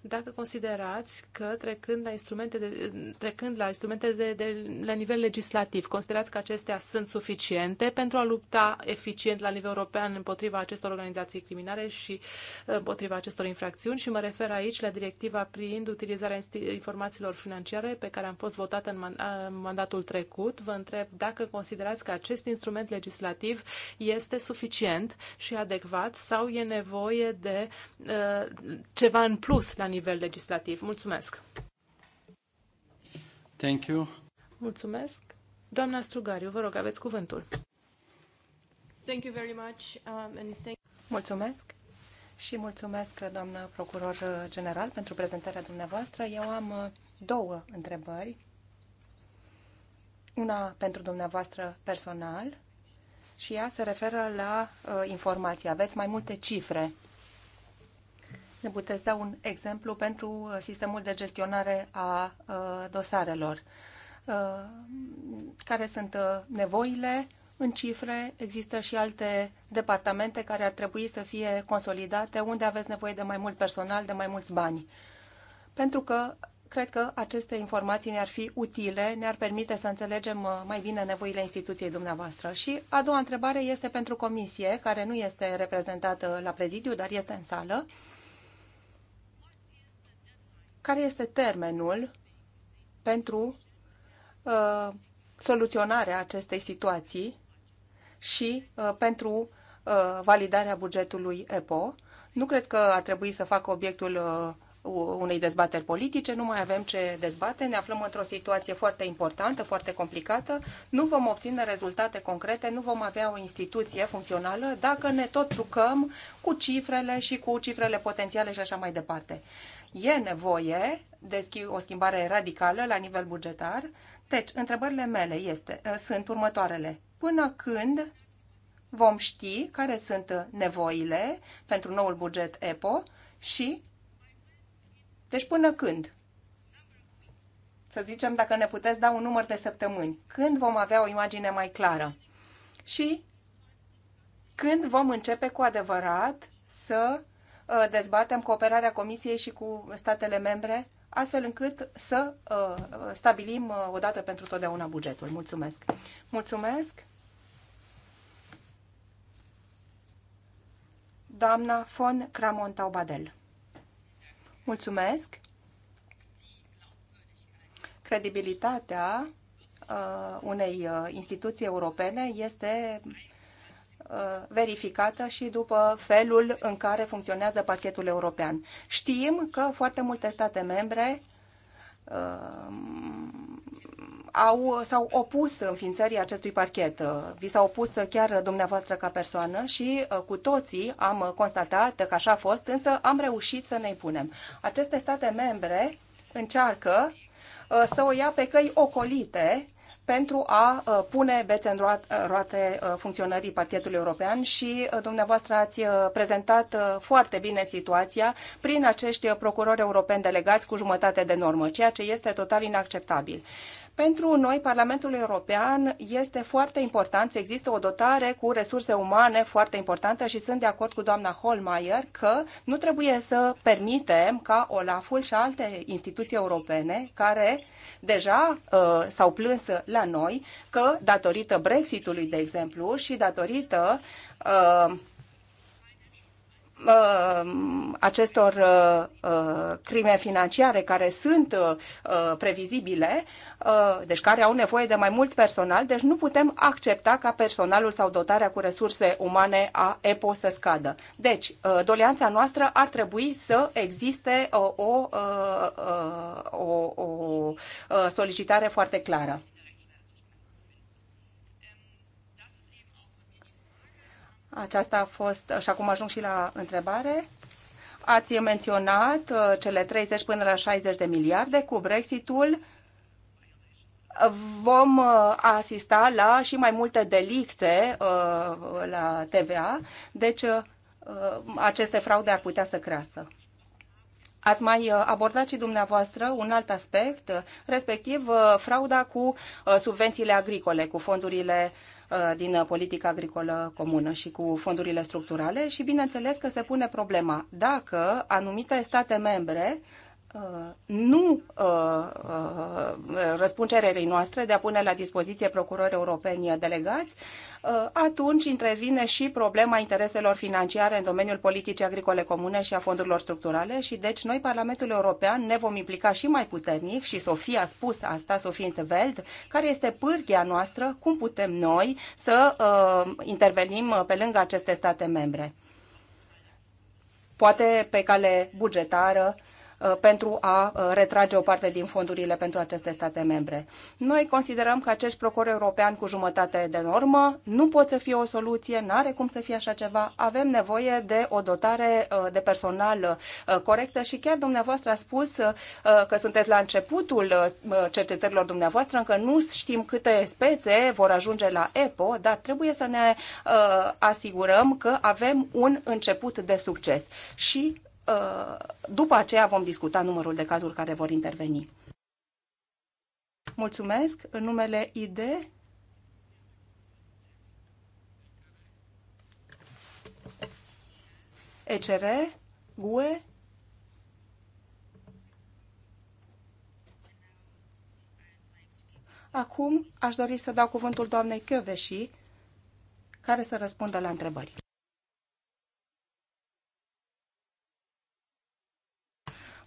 Speaker 3: dacă considerați că trecând la instrumente de, trecând la, instrumente de, de, la nivel legislativ, considerați că acestea sunt suficiente pentru a lupta eficient la nivel european împotriva acestor organizații criminale și uh, împotriva acestor infracțiuni și mă refer aici la directiva privind utilizarea informațiilor financiare pe care am fost votată în uh, mandatul trecut. Vă întreb dacă considerați că acest instrument legislativ este suficient și adecvat sau e nevoie de uh, ceva în plus la nivel legislativ. Mulțumesc!
Speaker 4: Thank you.
Speaker 2: Mulțumesc!
Speaker 3: Doamna Strugariu, vă rog, aveți cuvântul.
Speaker 2: Thank you very much, um, and thank
Speaker 5: Mulțumesc! și mulțumesc, doamnă procuror general, pentru prezentarea dumneavoastră. Eu am uh, două întrebări. Una pentru dumneavoastră personal și ea se referă la uh, informații. Aveți mai multe cifre ne puteți da un exemplu pentru uh, sistemul de gestionare a uh, dosarelor. Uh, care sunt nevoile în cifre? Există și alte departamente care ar trebui să fie consolidate, unde aveți nevoie de mai mult personal, de mai mulți bani. Pentru că cred că aceste informații ne-ar fi utile, ne-ar permite să înțelegem mai bine nevoile instituției dumneavoastră. Și a doua întrebare este pentru comisie, care nu este reprezentată la prezidiu, dar este în sală. Uh, care este termenul pentru uh, soluționarea acestei situații și uh, pentru uh, validarea bugetului EPO. Nu cred că ar trebui să facă obiectul uh, unei dezbateri politice, nu mai avem ce dezbate, ne aflăm într-o situație foarte importantă, foarte complicată, nu vom obține rezultate concrete, nu vom avea o instituție funcțională dacă ne tot jucăm cu cifrele și cu cifrele potențiale și așa mai departe. E nevoie de o schimbare radicală la nivel bugetar. Deci, întrebările mele este, ă, sunt următoarele. Până când vom ști care sunt nevoile pentru noul buget EPO și, deci până când? Să zicem dacă ne puteți da un număr de săptămâni. Când vom avea o imagine mai clară? Și când vom începe cu adevărat să Uh, dezbatem cooperarea Comisiei și cu statele membre, astfel încât să uh, stabilim uh, odată pentru totdeauna bugetul. Mulțumesc! Mulțumesc! Doamna von Cramon Taubadel. Mulțumesc! Credibilitatea unei instituții europene este Uh, verificată și după felul în care funcționează parchetul european. Știm că foarte multe state membre uh, au, s-au opus înființării acestui parchet. Uh, vi s au opus chiar dumneavoastră ca persoană și cu toții am constatat că așa a fost, însă am reușit să ne punem. Aceste state membre încearcă să o ia pe căi ocolite pentru a uh, pune bețe în uh, roate uh, funcționării parchetului european și dumneavoastră ați prezentat foarte bine situația prin acești procurori europeni delegați cu jumătate de normă, ceea ce este total inacceptabil. Pentru noi, Parlamentul European, este foarte important să există o dotare cu resurse umane foarte importantă și sunt de acord cu doamna Holmeier că nu trebuie să permitem ca Olaful și alte instituții europene care deja uh, s-au plâns la noi că datorită Brexitului, de exemplu, și datorită uh, Uh, acestor uh, crime financiare care sunt uh, previzibile, deci care au nevoie de mai mult personal, deci nu putem accepta ca personalul sau dotarea cu resurse umane a EPO să scadă. Deci, doleanța noastră ar trebui să existe o, o, o, o solicitare foarte clară. Aceasta a fost, și acum ajung și la întrebare, ați menționat uh, cele 30 până la 60 de miliarde cu Brexitul. Vom uh, asista la și mai multe delicte uh, la TVA, deci aceste fraude ar putea să crească. Ați mai uh, abordat și dumneavoastră un alt aspect, uh, respectiv uh, frauda cu subvențiile agricole, cu fondurile din politica agricolă comună și cu fondurile structurale și bineînțeles că se pune problema dacă anumite state membre nu răspund cererei noastre de a pune la dispoziție procurori europeni delegați, Uh, atunci intervine și problema intereselor financiare în domeniul politicii agricole comune și a fondurilor structurale și deci noi, Parlamentul European, ne vom implica și mai puternic și Sofia a spus asta, Sofie Intveld, care este pârghia noastră, cum putem noi să uh, intervenim pe lângă aceste state membre. Poate pe cale bugetară, Uh, pentru a uh, retrage o parte din fondurile pentru aceste state membre. Noi considerăm că acest procur european cu jumătate de normă nu pot să fie o soluție, nu are cum să fie așa ceva. Avem nevoie de o dotare uh, de personal corectă și chiar dumneavoastră a spus că sunteți la începutul cercetărilor dumneavoastră, încă nu știm câte spețe vor ajunge la EPO, dar trebuie să ne asigurăm că avem un început de succes. Și Uh, după aceea vom discuta numărul de cazuri care vor interveni. Mulțumesc. În numele ID. ECR, GUE. Acum aș dori să dau cuvântul doamnei Chioveși, care să răspundă la întrebări.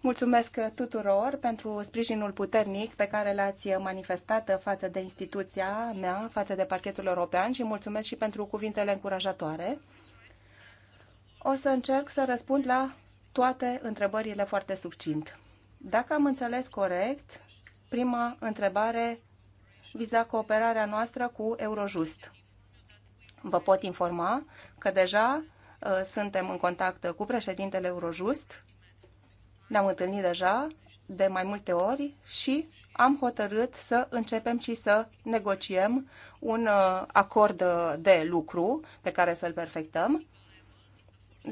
Speaker 5: Mulțumesc tuturor pentru sprijinul puternic pe care l-ați manifestat față de instituția mea, față de parchetul european și mulțumesc și pentru cuvintele încurajatoare. O să încerc să răspund la toate întrebările foarte succint. Dacă am înțeles corect, prima întrebare viza cooperarea noastră cu Eurojust. Vă pot informa că deja uh, suntem în contact cu președintele Eurojust ne-am întâlnit deja de mai multe ori și am hotărât să începem și să negociem un uh, acord de lucru pe care să-l perfectăm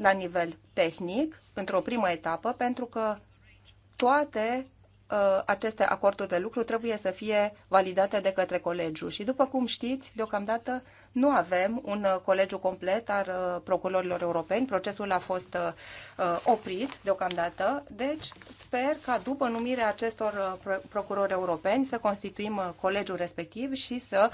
Speaker 5: la nivel tehnic, într-o primă etapă, pentru că toate Uh, aceste acorduri de lucru trebuie să fie validate de către colegiu. Și după cum știți, deocamdată nu avem un uh, colegiu complet al uh, procurorilor europeni. Procesul a fost oprit deocamdată, deci sper ca după numirea acestor procurori europeni să constituim colegiul respectiv și să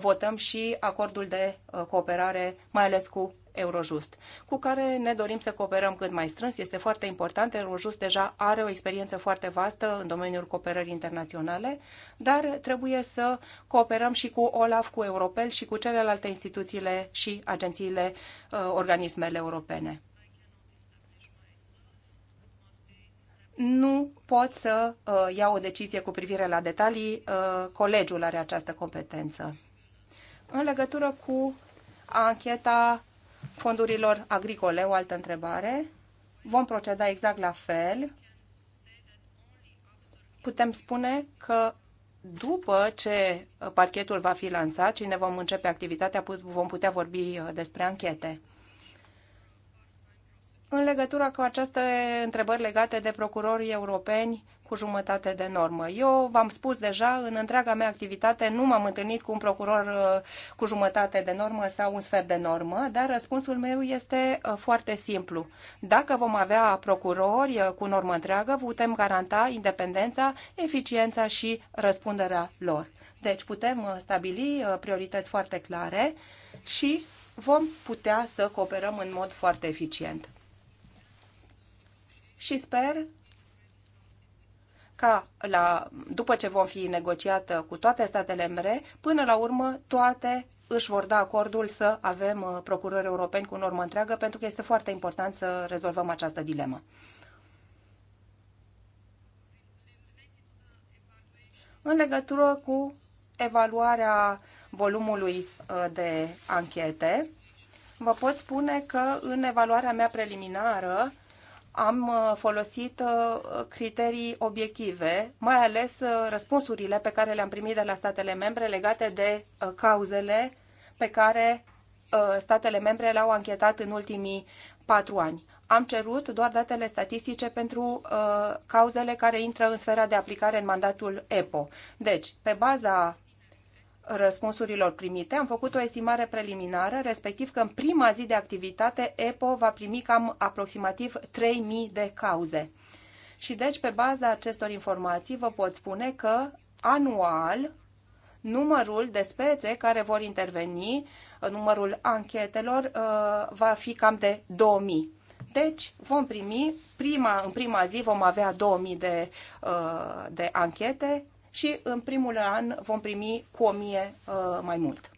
Speaker 5: votăm și acordul de cooperare, mai ales cu Eurojust, cu care ne dorim să cooperăm cât mai strâns. Este foarte important. Eurojust deja are o experiență foarte vastă în domeniul cooperării internaționale, dar trebuie să cooperăm și cu OLAF, cu Europel și cu celelalte instituțiile și agențiile, uh, organismele europene. nu pot să uh, iau o decizie cu privire la detalii, uh, colegiul are această competență. În legătură cu ancheta fondurilor agricole, o altă întrebare. Vom proceda exact la fel. Putem spune că după ce parchetul va fi lansat și ne vom începe activitatea, vom putea vorbi uh, despre anchete. În legătură cu aceste întrebări legate de procurorii europeni, cu jumătate de normă. Eu v-am spus deja, în întreaga mea activitate nu m-am întâlnit cu un procuror uh, cu jumătate de normă sau un sfert de normă, dar răspunsul meu este uh, foarte simplu. Dacă vom avea procurori uh, cu normă întreagă, putem garanta independența, eficiența și răspunderea lor. Deci putem stabili priorități foarte clare și vom putea să cooperăm în mod foarte eficient. Și sper ca la, după ce vom fi negociată uh, cu toate statele membre, până la urmă toate își vor da acordul să avem uh, procurori europeni cu normă întreagă, pentru că este foarte important să rezolvăm această dilemă. În legătură cu evaluarea volumului uh, de anchete, vă pot spune că în evaluarea mea preliminară am uh, folosit uh, criterii obiective, mai ales uh, răspunsurile pe care le-am primit de la statele membre legate de cauzele pe care statele membre le-au anchetat în ultimii patru ani. Am cerut doar datele statistice pentru uh, cauzele care intră în sfera de aplicare în mandatul EPO. Deci, pe baza răspunsurilor primite, am făcut o estimare preliminară, respectiv că în prima zi de activitate EPO va primi cam aproximativ 3.000 de cauze. Și deci, pe baza acestor informații, vă pot spune că anual numărul de spețe care vor interveni, numărul anchetelor, uh, va fi cam de 2000. Deci vom primi, prima, în prima zi vom avea 2000 de, uh, de anchete, și în primul an vom primi cu 1000 uh, mai mult.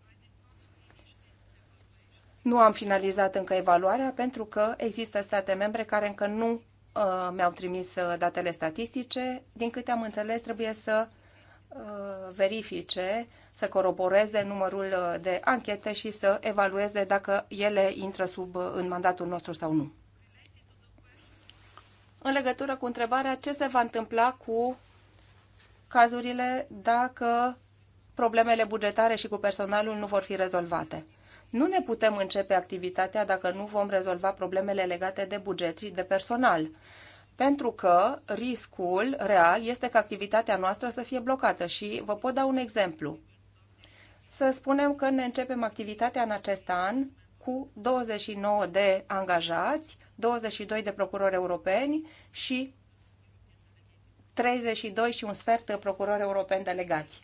Speaker 5: Nu am finalizat încă evaluarea pentru că există state membre care încă nu uh, mi-au trimis uh, datele statistice. Din câte am înțeles, trebuie să verifice, să coroboreze numărul de anchete și să evalueze dacă ele intră sub în mandatul nostru sau nu. În legătură cu întrebarea ce se va întâmpla cu cazurile dacă problemele bugetare și cu personalul nu vor fi rezolvate. Nu ne putem începe activitatea dacă nu vom rezolva problemele legate de buget și de personal, pentru că riscul real este că activitatea noastră să fie blocată și vă pot da un exemplu. Să spunem că ne începem activitatea în acest an cu 29 de angajați, 22 de procurori europeni și 32 și un sfert procurori europeni delegați.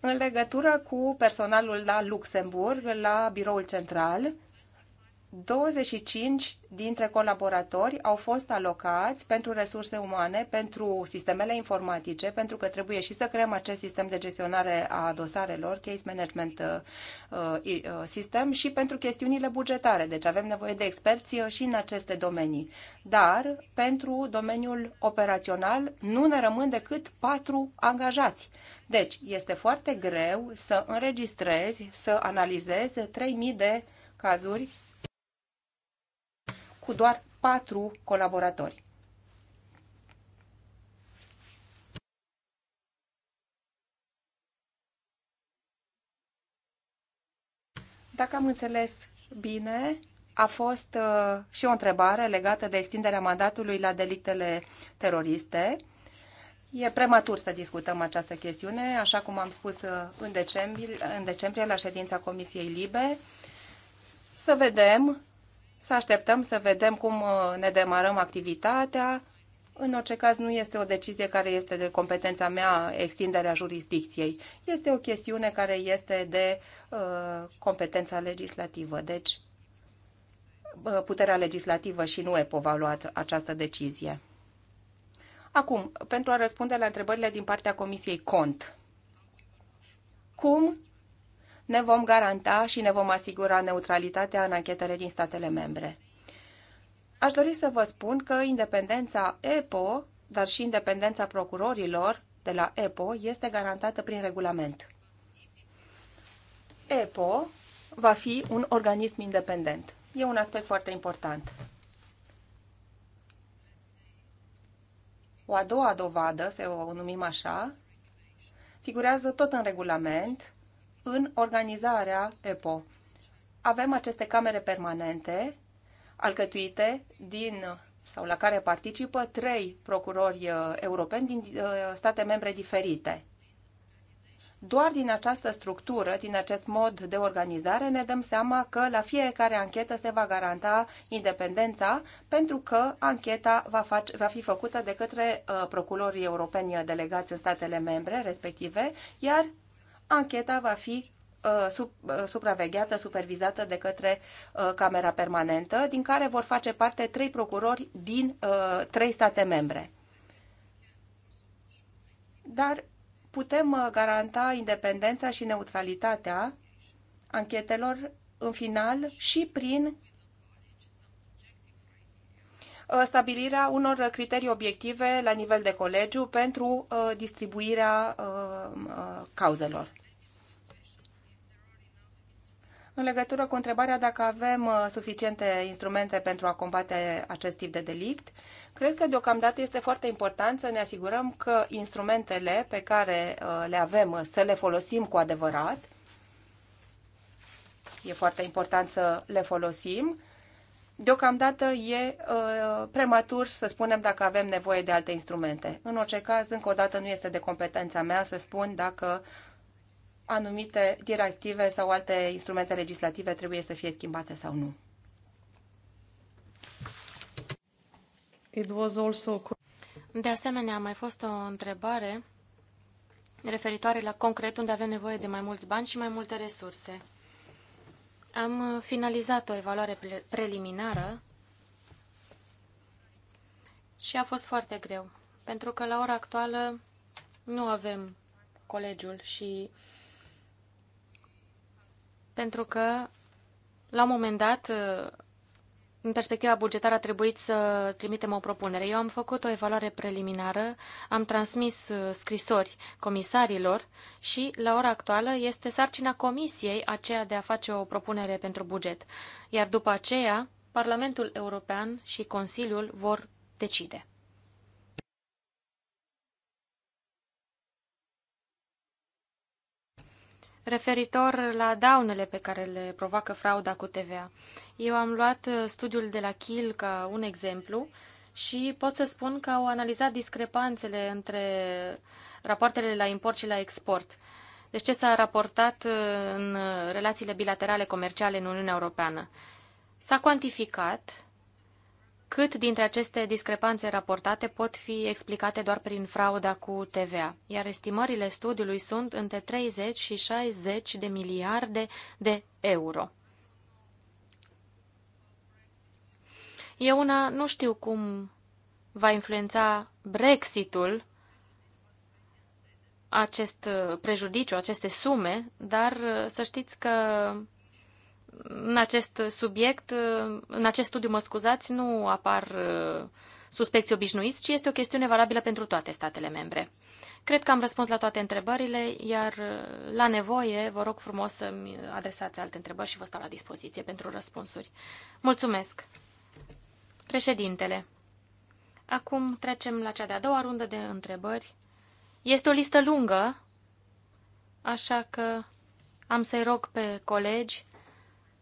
Speaker 5: În legătură cu personalul la Luxemburg, la biroul central, 25 dintre colaboratori au fost alocați pentru resurse umane, pentru sistemele informatice, pentru că trebuie și să creăm acest sistem de gestionare a dosarelor, case management uh, uh, uh, system și pentru chestiunile bugetare. Deci avem nevoie de experți și în aceste domenii. Dar pentru domeniul operațional nu ne rămân decât patru angajați. Deci este foarte greu să înregistrezi, să analizezi 3000 de cazuri cu doar patru colaboratori. Dacă am înțeles bine, a fost uh, și o întrebare legată de extinderea mandatului la delictele teroriste. E prematur să discutăm această chestiune, așa cum am spus uh, în decembrie, în decembrie la ședința Comisiei Libe. Să vedem să așteptăm să vedem cum uh, ne demarăm activitatea. În orice caz, nu este o decizie care este de competența mea, extinderea jurisdicției. Este o chestiune care este de uh, competența legislativă. Deci, uh, puterea legislativă și nu EPO va lua această decizie. Acum, pentru a răspunde la întrebările din partea Comisiei CONT, cum ne vom garanta și ne vom asigura neutralitatea în anchetele din statele membre. Aș dori să vă spun că independența EPO, dar și independența procurorilor de la EPO, este garantată prin regulament. EPO va fi un organism independent. E un aspect foarte important. O a doua dovadă, să o numim așa, figurează tot în regulament în organizarea EPO. Avem aceste camere permanente, alcătuite din sau la care participă trei procurori uh, europeni din uh, state membre diferite. Doar din această structură, din acest mod de organizare, ne dăm seama că la fiecare anchetă se va garanta independența, pentru că ancheta va, face, va fi făcută de către uh, procurorii europeni uh, delegați în statele membre respective, iar ancheta va fi uh, sub, uh, supravegheată, supervizată de către uh, Camera Permanentă, din care vor face parte trei procurori din uh, trei state membre. Dar putem uh, garanta independența și neutralitatea anchetelor în final și prin Uh, stabilirea unor criterii obiective la nivel de colegiu pentru uh, distribuirea uh, cauzelor. În legătură cu întrebarea dacă avem suficiente instrumente pentru a combate acest tip de delict, cred că deocamdată este foarte important să ne asigurăm că instrumentele pe care le avem să le folosim cu adevărat. E foarte important să le folosim Deocamdată e uh, prematur să spunem dacă avem nevoie de alte instrumente. În orice caz, încă o dată nu este de competența mea să spun dacă anumite directive sau alte
Speaker 1: instrumente legislative trebuie să fie schimbate sau nu. It was also... De asemenea, a mai fost o întrebare referitoare la concret unde avem nevoie de mai mulți bani și mai multe resurse. Am uh, finalizat o evaluare preliminară și a fost foarte greu, pentru că la ora actuală nu avem colegiul și pentru că la un moment dat uh, în perspectiva bugetară a trebuit să trimitem o propunere. Eu am făcut o evaluare preliminară, am transmis uh, scrisori comisarilor și, la ora actuală, este sarcina comisiei aceea de a face o propunere pentru buget. Iar după aceea, Parlamentul European și Consiliul vor decide. referitor la daunele pe care le provoacă frauda cu TVA. Eu am luat uh, studiul de la Kiel ca un exemplu și pot să spun că au analizat discrepanțele între rapoartele la import și la export. Deci ce s-a raportat uh, în relațiile bilaterale comerciale în Uniunea Europeană. S-a cuantificat cât dintre aceste discrepanțe raportate pot fi explicate doar prin frauda cu TVA, iar estimările studiului sunt între 30 și 60 de miliarde de euro. Eu una nu știu cum va influența Brexitul acest prejudiciu, aceste sume, dar să știți că în acest subiect, în acest studiu, mă scuzați, nu apar uh, suspecți obișnuiți, ci este o chestiune valabilă pentru toate statele membre. Cred că am răspuns la toate întrebările, iar uh, la nevoie vă rog frumos să-mi adresați alte întrebări și vă stau la dispoziție pentru răspunsuri. Mulțumesc! Președintele, acum trecem la cea de-a doua rundă de întrebări. Este o listă lungă, așa că am să-i rog pe colegi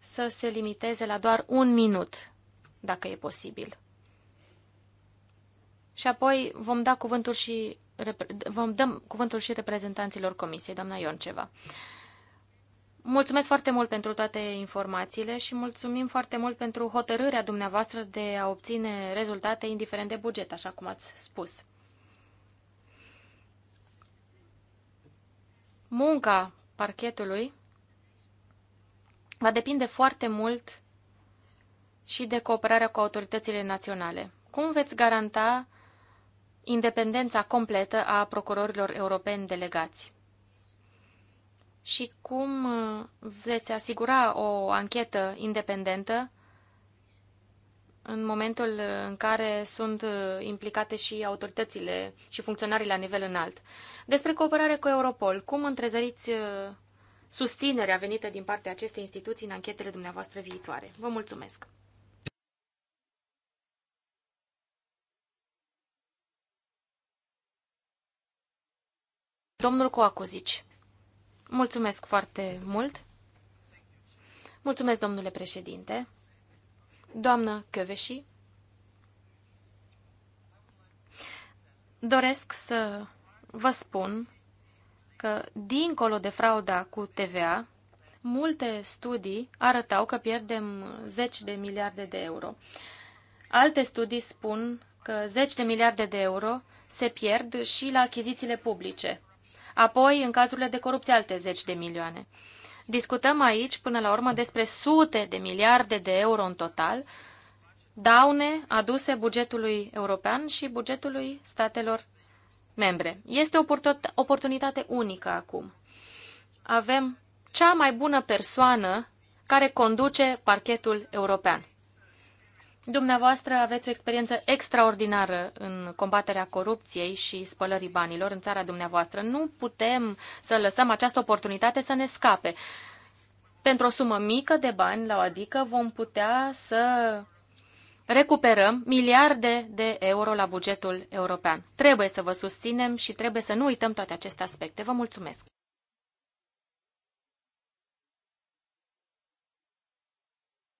Speaker 1: să se limiteze la doar un minut, dacă e posibil. Și apoi vom da cuvântul și vom dăm cuvântul și reprezentanților comisiei, doamna Ionceva. Mulțumesc foarte mult pentru toate informațiile și mulțumim foarte mult pentru hotărârea dumneavoastră de a obține rezultate indiferent de buget, așa cum ați spus. Munca parchetului va depinde foarte mult și de cooperarea cu autoritățile naționale. Cum veți garanta independența completă a procurorilor europeni delegați? Și cum uh, veți asigura o anchetă independentă în momentul în care sunt uh, implicate și autoritățile și funcționarii la nivel înalt? Despre cooperare cu Europol, cum întrezăriți uh, susținerea venită din partea acestei instituții în anchetele dumneavoastră viitoare. Vă mulțumesc! Domnul Coacuzici, mulțumesc foarte mult! Mulțumesc, domnule președinte! Doamnă Căveși, doresc să vă spun că, dincolo de frauda cu TVA, multe studii arătau că pierdem 10 de miliarde de euro. Alte studii spun că 10 de miliarde de euro se pierd și la achizițiile publice. Apoi, în cazurile de corupție, alte 10 de milioane. Discutăm aici, până la urmă, despre sute de miliarde de euro în total, daune aduse bugetului european și bugetului statelor membre. Este o oportunitate unică acum. Avem cea mai bună persoană care conduce parchetul european. Dumneavoastră aveți o experiență extraordinară în combaterea corupției și spălării banilor în țara dumneavoastră. Nu putem să lăsăm această oportunitate să ne scape. Pentru o sumă mică de bani, la o adică, vom putea să recuperăm miliarde de euro la bugetul european. Trebuie să vă susținem și trebuie să nu uităm toate aceste aspecte. Vă mulțumesc!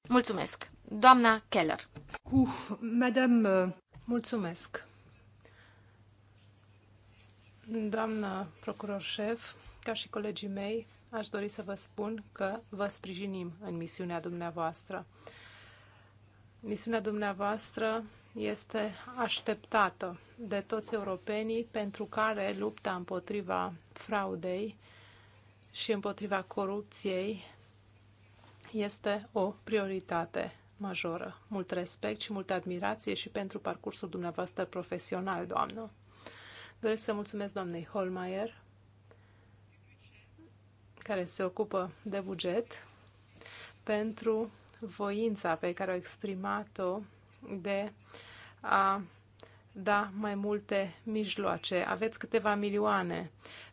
Speaker 1: Mulțumesc! Doamna Keller. Uh, madame... Mulțumesc! Doamna
Speaker 3: procuror șef, ca și colegii mei, aș dori să vă spun că vă sprijinim în misiunea dumneavoastră. Misiunea dumneavoastră este așteptată de toți europenii pentru care lupta împotriva fraudei și împotriva corupției este o prioritate majoră. Mult respect și multă admirație și pentru parcursul dumneavoastră profesional, doamnă. Doresc să mulțumesc doamnei Holmeier, care se ocupă de buget, pentru voința pe care au exprimat-o de a da mai multe mijloace. Aveți câteva milioane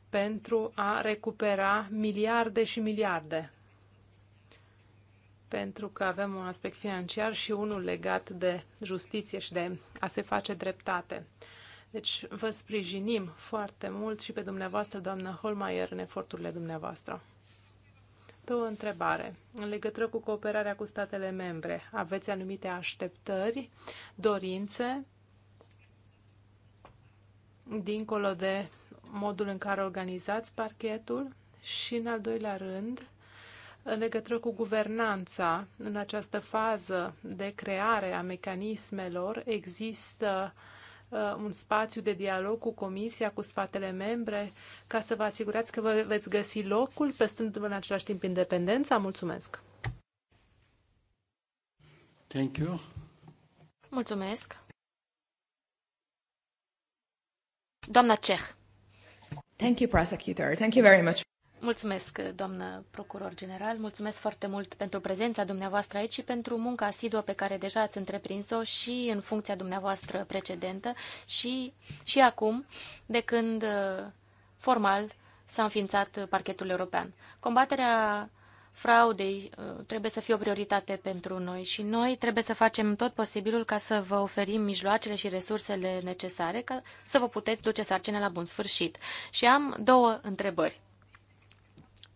Speaker 3: pentru a recupera miliarde și miliarde. Pentru că avem un aspect financiar și unul legat de justiție și de a se face dreptate. Deci vă sprijinim foarte mult și pe dumneavoastră, doamnă Holmeier, în eforturile dumneavoastră. Pe o întrebare, în legătură cu cooperarea cu statele membre, aveți anumite așteptări, dorințe, dincolo de modul în care organizați parchetul? Și, în al doilea rând, în legătură cu guvernanța, în această fază de creare a mecanismelor, există uh, Uh, un spațiu de dialog cu Comisia, cu statele membre, ca să vă asigurați că vă veți găsi locul, păstrându-vă în același timp independența? Mulțumesc!
Speaker 4: Thank you.
Speaker 1: Mulțumesc! Doamna Ceh.
Speaker 5: Thank you, prosecutor. Thank you very much.
Speaker 1: Mulțumesc, doamnă procuror general, mulțumesc foarte mult pentru prezența dumneavoastră aici și pentru munca asiduă pe care deja ați întreprins-o și în funcția dumneavoastră precedentă și, și acum, de când uh, formal s-a înființat parchetul european. Combaterea fraudei uh, trebuie să fie o prioritate pentru noi și noi trebuie să facem tot posibilul ca să vă oferim mijloacele și resursele necesare ca să vă puteți duce sarcine la bun sfârșit. Și am două întrebări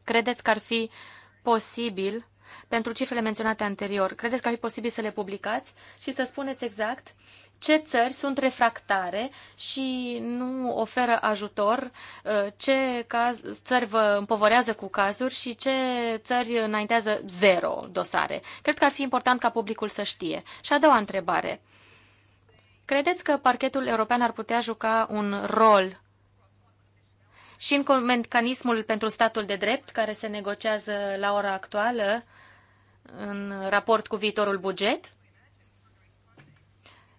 Speaker 1: credeți că ar fi posibil, pentru cifrele menționate anterior, credeți că ar fi posibil să le publicați și să spuneți exact ce țări sunt refractare și nu oferă ajutor, uh, ce caz, țări vă împovorează cu cazuri și ce țări înaintează zero dosare. Cred că ar fi important ca publicul să știe. Și a doua întrebare. Credeți că parchetul european ar putea juca un rol și în mecanismul pentru statul de drept, care se negociază la ora actuală în raport cu viitorul buget,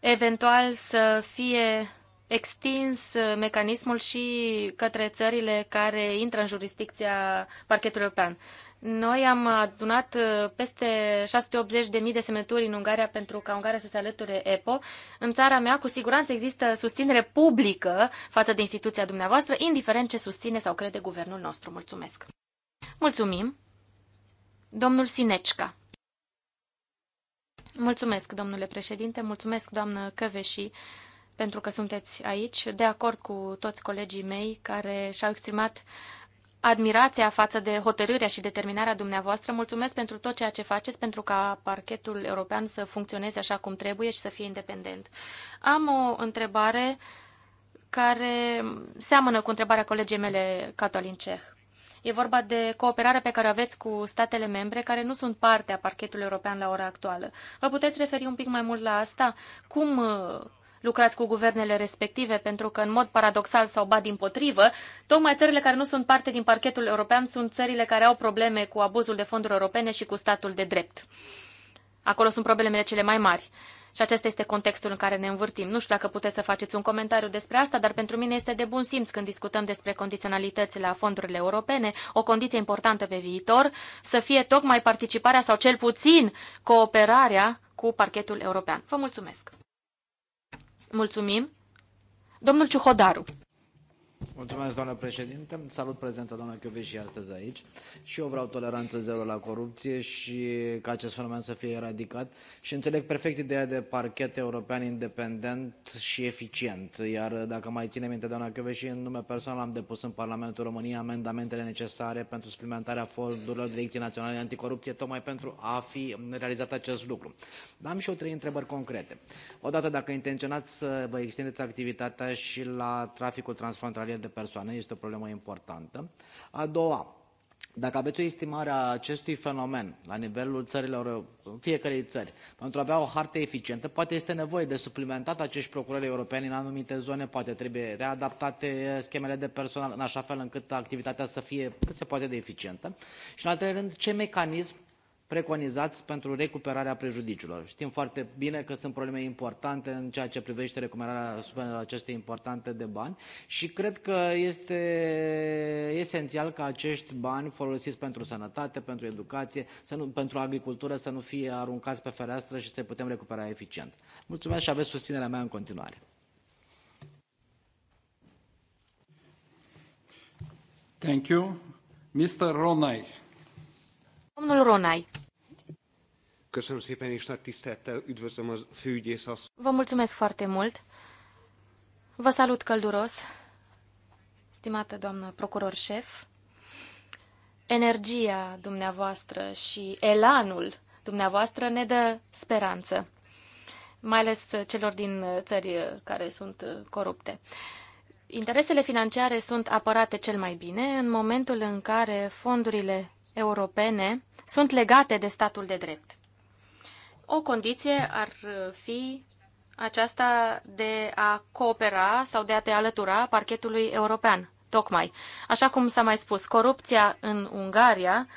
Speaker 1: eventual să fie extins mecanismul și către țările care intră în jurisdicția parchetului european. Noi am adunat uh, peste 680.000 de semnături în Ungaria pentru ca Ungaria să se alăture EPO. În țara mea, cu siguranță, există susținere publică față de instituția dumneavoastră, indiferent ce susține sau crede guvernul nostru. Mulțumesc! Mulțumim! Domnul Sinecica. Mulțumesc, domnule președinte, mulțumesc, doamnă Căveși, pentru că sunteți aici, de acord cu toți colegii mei care și-au exprimat admirația față de hotărârea și determinarea dumneavoastră. Mulțumesc pentru tot ceea ce faceți pentru ca parchetul european să funcționeze așa cum trebuie și să fie independent. Am o întrebare care seamănă cu întrebarea colegii mele, Catalin Ceh. E vorba de cooperarea pe care o aveți cu statele membre care nu sunt parte a parchetului european la ora actuală. Vă puteți referi un pic mai mult la asta? Cum lucrați cu guvernele respective, pentru că, în mod paradoxal sau ba din potrivă, tocmai țările care nu sunt parte din parchetul european sunt țările care au probleme cu abuzul de fonduri europene și cu statul de drept. Acolo sunt problemele cele mai mari. Și acesta este contextul în care ne învârtim. Nu știu dacă puteți să faceți un comentariu despre asta, dar pentru mine este de bun simț când discutăm despre condiționalități la fondurile europene, o condiție importantă pe viitor, să fie tocmai participarea sau cel puțin cooperarea cu parchetul european. Vă mulțumesc! Mulțumim. Domnul Ciuhodaru
Speaker 7: doamnă președintă salut prezența doamnei kvesi astăzi aici și eu vreau toleranță zero la corupție și ca acest fenomen să fie eradicat și înțeleg perfect ideea de parchet european independent și eficient iar dacă mai ține minte doamna kvesi în nume personal am depus în parlamentul româniei amendamentele necesare pentru suplimentarea fondurilor direcției naționale anticorupție tocmai pentru a fi realizat acest lucru. dar am și o trei întrebări concrete odată dacă intenționați să vă extindeți activitatea și la traficul transfrontalier transfrontalier de persoane. Este o problemă importantă. A doua, dacă aveți o estimare a acestui fenomen la nivelul țărilor, fiecarei țări, pentru a avea o hartă eficientă, poate este nevoie de suplimentat acești procurori europeni în anumite zone, poate trebuie readaptate schemele de personal în așa fel încât activitatea să fie cât se poate de eficientă. Și în al treilea rând, ce mecanism preconizați pentru recuperarea prejudiciilor. Știm foarte bine că sunt probleme importante în ceea ce privește recuperarea sumelor acestei importante de bani și cred că este esențial ca acești bani folosiți pentru sănătate, pentru educație, să nu, pentru agricultură să nu fie aruncați pe fereastră și să putem recupera eficient. Mulțumesc și aveți susținerea mea în continuare.
Speaker 4: Thank you. Mr. Ronay.
Speaker 1: Domnul Ronai.
Speaker 6: Köszönöm szépen, és nagy tisztelettel üdvözlöm a főügyész
Speaker 1: Vă mulțumesc foarte mult. Vă salut călduros, stimată doamnă procuror șef. Energia dumneavoastră și elanul dumneavoastră ne dă speranță, mai ales celor din țări care sunt corupte. Interesele financiare sunt apărate cel mai bine în momentul în care fondurile europene sunt legate de statul de drept. O condiție ar fi aceasta de a coopera sau de a te alătura parchetului european, tocmai. Așa cum s-a mai spus, corupția în Ungaria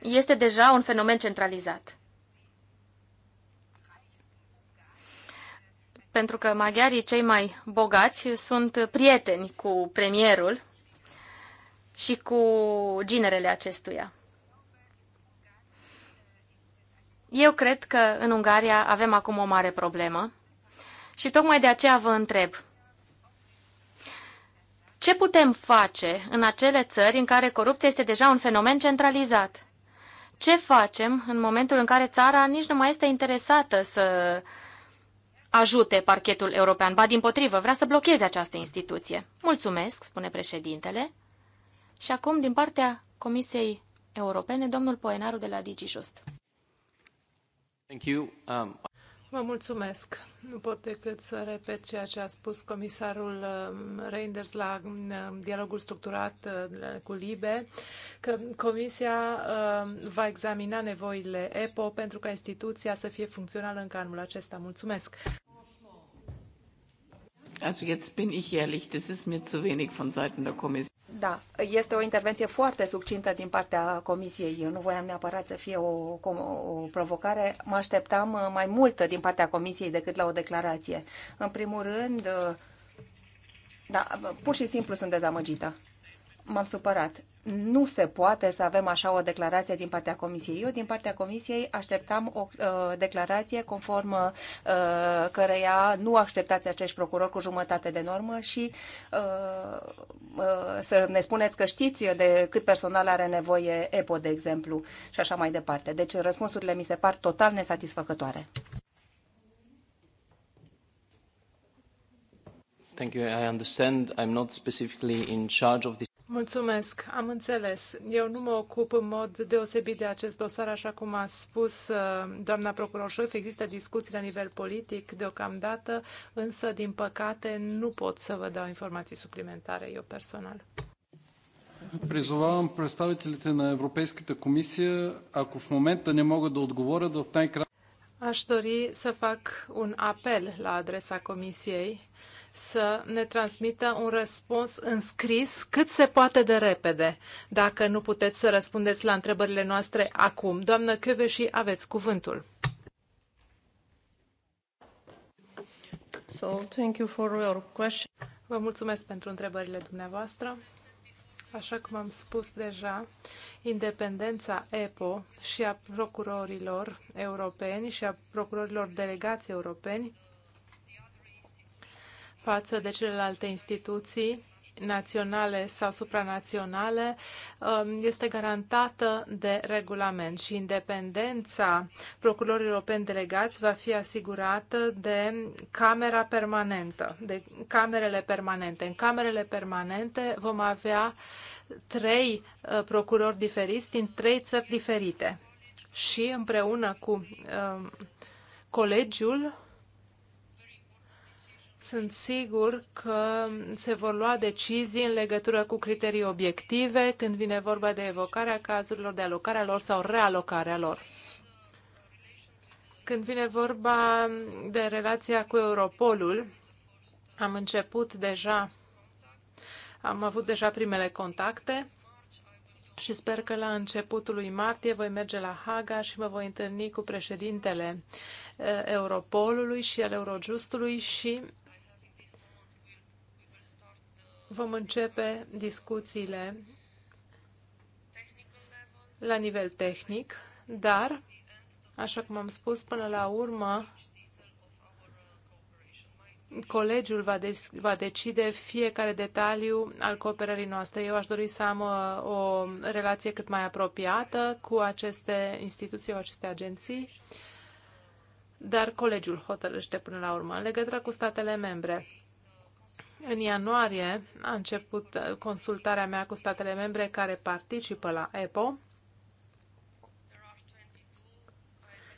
Speaker 1: este deja un fenomen centralizat. Pentru că maghiarii cei mai bogați sunt prieteni cu premierul și cu ginerele acestuia. Eu cred că în Ungaria avem acum o mare problemă și tocmai de aceea vă întreb. Ce putem face în acele țări în care corupția este deja un fenomen centralizat? Ce facem în momentul în care țara nici nu mai este interesată să ajute parchetul european? Ba, din potrivă, vrea să blocheze această instituție. Mulțumesc, spune președintele. Și acum, din partea Comisiei Europene, domnul Poenaru de la DigiJust.
Speaker 3: Thank you. Um... Vă mulțumesc. Nu pot decât să repet ceea ce a spus comisarul um, Reinders la um, dialogul structurat uh, cu LIBE, că Comisia um, va examina nevoile EPO pentru ca instituția să fie funcțională încă anul acesta. Mulțumesc!
Speaker 2: Also jetzt bin ich ehrlich, das ist mir zu wenig von Seiten der Kommission.
Speaker 5: Da, este o intervenție foarte succintă din partea Comisiei. Eu nu voiam neapărat să fie o, o, o provocare. Mă așteptam uh, mai mult din partea Comisiei decât la o declarație. În primul rând, uh, da, pur și simplu sunt dezamăgită m-am supărat. Nu se poate să avem așa o declarație din partea Comisiei. Eu, din partea Comisiei, așteptam o uh, declarație conform uh, căreia nu acceptați acești procurori cu jumătate de normă și uh, uh, să ne spuneți că știți de cât personal are nevoie EPO, de exemplu, și așa mai departe. Deci răspunsurile mi se par total nesatisfăcătoare.
Speaker 4: Thank you. I understand I'm not specifically in charge of
Speaker 7: this
Speaker 3: Mulțumesc, am înțeles. Eu nu mă ocup în mod deosebit de acest dosar, așa cum a spus uh, doamna procuror șef. Există discuții la nivel politic deocamdată, însă, din păcate, nu pot să vă dau informații suplimentare eu personal.
Speaker 4: Призовавам представителите на Европейската комисия, ако в момента не могат да отговорят в най-кратко.
Speaker 3: Aș dori să fac un apel la adresa Comisiei să ne transmită un răspuns în scris cât se poate de repede, dacă nu puteți să răspundeți la întrebările noastre acum. Doamnă și aveți cuvântul. So, thank you for your question. Vă mulțumesc pentru întrebările dumneavoastră. Așa cum am spus deja, independența EPO și a procurorilor europeni și a procurorilor delegații europeni față de celelalte instituții naționale sau supranaționale um, este garantată de regulament și independența procurorilor europeni delegați va fi asigurată de camera permanentă, de camerele permanente. În camerele permanente vom avea trei uh, procurori diferiți din trei țări diferite și împreună cu um, colegiul sunt sigur că se vor lua decizii în legătură cu criterii obiective când vine vorba de evocarea cazurilor, de alocarea lor sau realocarea lor. Când vine vorba de relația cu Europolul, am început deja, am avut deja primele contacte și sper că la începutul lui martie voi merge la Haga și mă voi întâlni cu președintele eh, Europolului și al Eurojustului și vom începe discuțiile la nivel tehnic, dar, așa cum am spus, până la urmă, colegiul va, de- va decide fiecare detaliu al cooperării noastre. Eu aș dori să am o, uh, o relație cât mai apropiată cu aceste instituții, cu aceste agenții, dar colegiul hotărăște până la urmă, în legătură cu statele membre. În ianuarie a început consultarea mea cu statele membre care participă la EPO.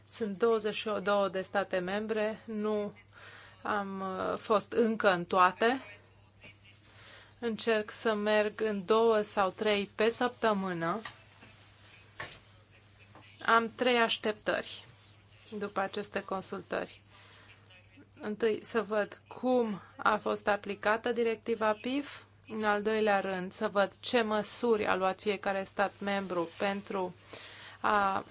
Speaker 3: Sunt 22 de state membre, nu am fost încă în toate. Încerc să merg în două sau trei pe săptămână. Am trei așteptări după aceste consultări întâi să văd cum a fost aplicată directiva PIF, în al doilea rând să văd ce măsuri a luat fiecare stat membru pentru a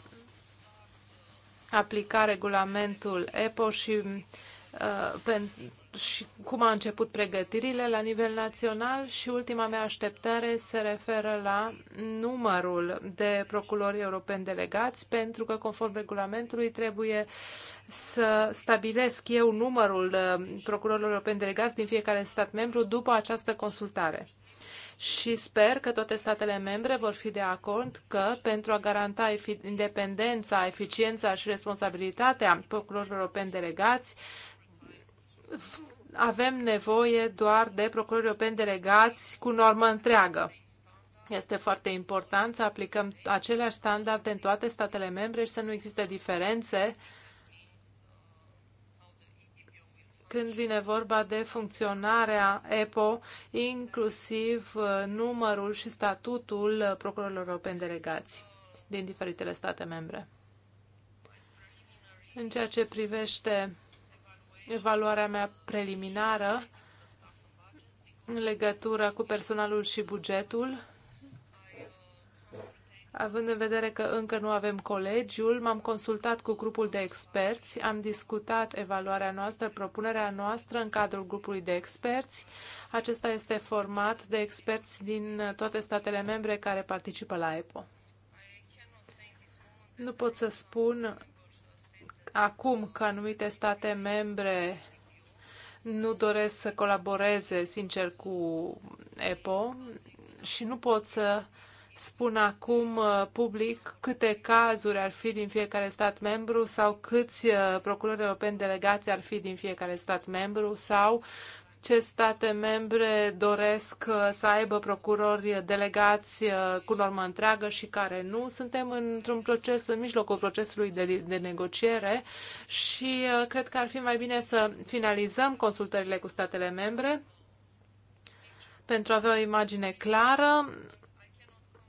Speaker 3: aplica regulamentul EPO și uh, și cum a început pregătirile la nivel național și ultima mea așteptare se referă la numărul de procurori europeni delegați, pentru că conform regulamentului trebuie să stabilesc eu numărul uh, procurorilor europeni delegați din fiecare stat membru după această consultare și sper că toate statele membre vor fi de acord că, pentru a garanta independența, eficiența și responsabilitatea procurorilor europeni delegați, avem nevoie doar de procurori europeni delegați cu normă întreagă. Este foarte important să aplicăm aceleași standarde în toate statele membre și să nu existe diferențe când vine vorba de funcționarea EPO, inclusiv uh, numărul și statutul uh, procurorilor europeni delegați din diferitele state membre. În ceea ce privește evaluarea mea preliminară în legătură cu personalul și bugetul. Având în vedere că încă nu avem colegiul, m-am consultat cu grupul de experți, am discutat evaluarea noastră, propunerea noastră în cadrul grupului de experți. Acesta este format de experți din toate statele membre care participă la EPO. Nu pot să spun acum că anumite state membre nu doresc să colaboreze sincer cu EPO și nu pot să spun acum uh, public câte cazuri ar fi din fiecare stat membru sau câți uh, procurori europeni delegați ar fi din fiecare stat membru sau ce state membre doresc uh, să aibă procurori delegați uh, cu normă întreagă și care nu. Suntem într-un proces, în mijlocul procesului de, de negociere și uh, cred că ar fi mai bine să finalizăm consultările cu statele membre pentru a avea o imagine clară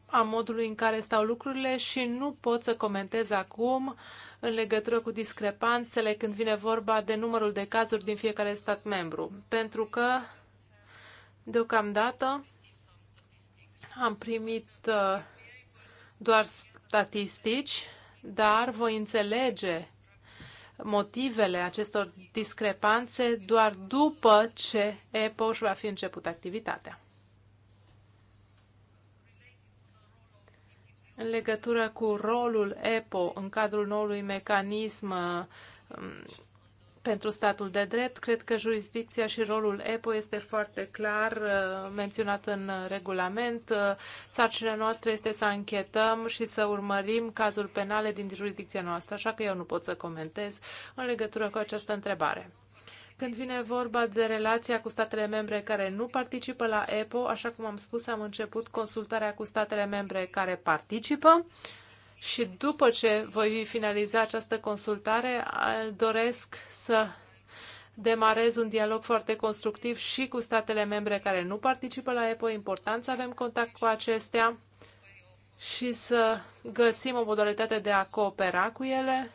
Speaker 3: a modului în care stau lucrurile și nu pot să comentez acum uh, în legătură cu discrepanțele când vine vorba de numărul de cazuri din fiecare stat membru, pentru că deocamdată am primit uh, doar statistici, dar voi înțelege motivele acestor discrepanțe doar după ce EPO va fi început activitatea. în legătură cu rolul EPO în cadrul noului mecanism um, pentru statul de drept, cred că jurisdicția și rolul EPO este foarte clar uh, menționat în regulament. Uh, sarcina noastră este să anchetăm și să urmărim cazuri penale din jurisdicția noastră, așa că eu nu pot să comentez în legătură cu această întrebare. Când vine vorba de relația cu statele membre care nu participă la EPO, așa cum am spus, am început consultarea cu statele membre care participă și după ce voi finaliza această consultare, doresc să demarez un dialog foarte constructiv și cu statele membre care nu participă la EPO. Important să avem contact cu acestea și să găsim o modalitate de a coopera cu ele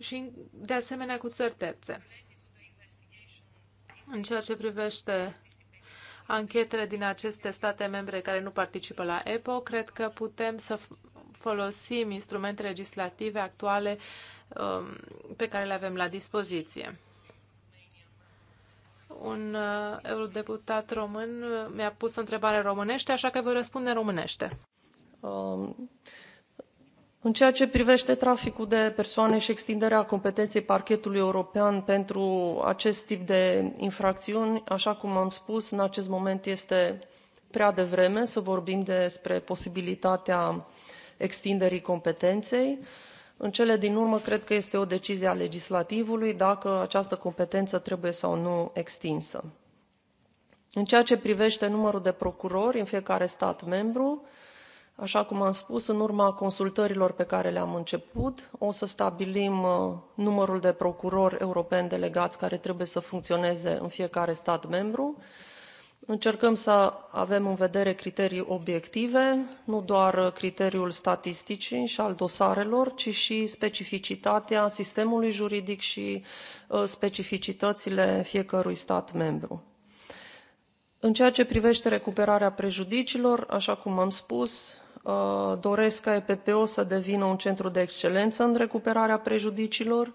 Speaker 3: și de asemenea cu țări terțe. În ceea ce privește anchetele din aceste state membre care nu participă la EPO, cred că putem să folosim instrumente legislative actuale um, pe care le avem la dispoziție. Un uh, eurodeputat român mi-a pus întrebare românește, așa că voi răspunde românește.
Speaker 2: Um, în ceea ce privește traficul de persoane și extinderea competenței parchetului european pentru acest tip de infracțiuni așa cum am spus în acest moment este prea devreme să vorbim despre posibilitatea extinderii competenței. în cele din urmă cred că este o decizie a legislativului dacă această competență trebuie sau nu extinsă. în ceea ce privește numărul de procurori în fiecare stat membru Așa cum am spus, în urma consultărilor pe care le-am început, o să stabilim uh, numărul de procurori europeni delegați care trebuie să funcționeze în fiecare stat membru. Încercăm să avem în vedere criterii obiective, nu doar criteriul statisticii și al dosarelor, ci și specificitatea sistemului juridic și uh, specificitățile fiecărui stat membru. În ceea ce privește recuperarea prejudiciilor, așa cum am spus, Uh, doresc ca EPPO să devină un centru de excelență în recuperarea prejudiciilor,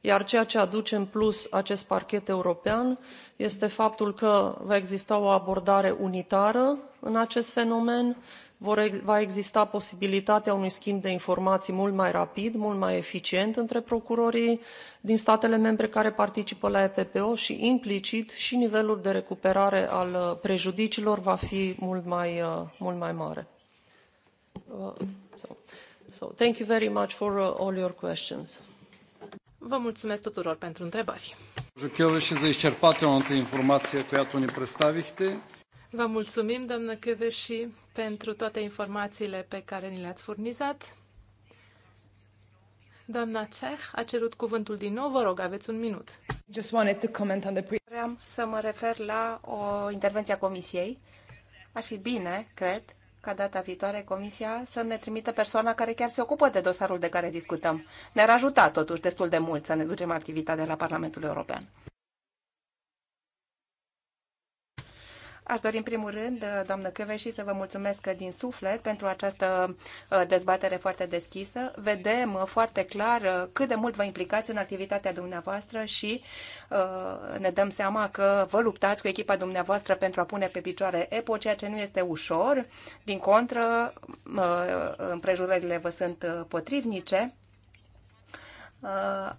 Speaker 2: iar ceea ce aduce în plus acest parchet european este faptul că va exista o abordare unitară în acest fenomen, va exista posibilitatea unui schimb de informații mult mai rapid, mult mai eficient între procurorii din statele membre care participă la EPPO și implicit și nivelul de recuperare al prejudiciilor va fi mult mai, uh, mult mai mare so, thank you very much for uh, all your questions. Vă mulțumesc tuturor pentru întrebări. Vă
Speaker 3: mulțumim, doamnă Căveși, pentru toate informațiile pe care ni le-ați furnizat. Doamna Ceh a cerut cuvântul din nou. Vă rog, aveți un minut. Just wanted to comment on the
Speaker 5: Vreau să mă refer la o intervenție a Comisiei. Ar fi bine, cred, ca data viitoare Comisia să ne trimită persoana care chiar se ocupă de dosarul de care discutăm. Ne-ar ajuta totuși destul de mult să ne ducem activitatea la Parlamentul European. Aș dori în primul rând, uh, doamnă Căveși, să vă mulțumesc din suflet pentru această uh, dezbatere foarte deschisă. Vedem uh, foarte clar cât de mult vă implicați în activitatea dumneavoastră și ne dăm seama că vă luptați cu echipa dumneavoastră pentru a pune pe picioare EPO, ceea ce nu este ușor. Din contră, împrejurările vă sunt potrivnice Uh,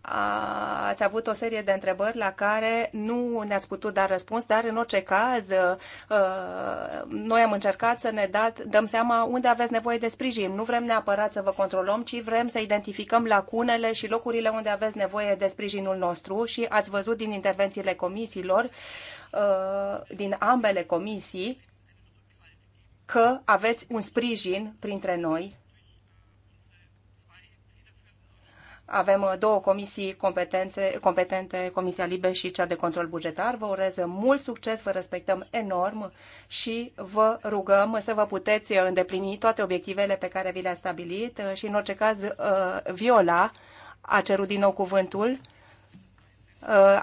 Speaker 5: ați avut o serie de întrebări la care nu ne-ați putut da răspuns, dar în orice caz uh, noi am încercat să ne dat, dăm seama unde aveți nevoie de sprijin. Nu vrem neapărat să vă controlăm, ci vrem să identificăm lacunele și locurile unde aveți nevoie de sprijinul nostru și ați văzut din intervențiile comisiilor, uh, din ambele comisii, că aveți un sprijin printre noi Avem uh, două comisii competențe, competente, Comisia Libe și cea de control bugetar. Vă urez mult succes, vă respectăm enorm și vă rugăm să vă puteți uh, îndeplini toate obiectivele pe care vi le a stabilit uh, și, în orice caz, Viola a cerut din nou cuvântul.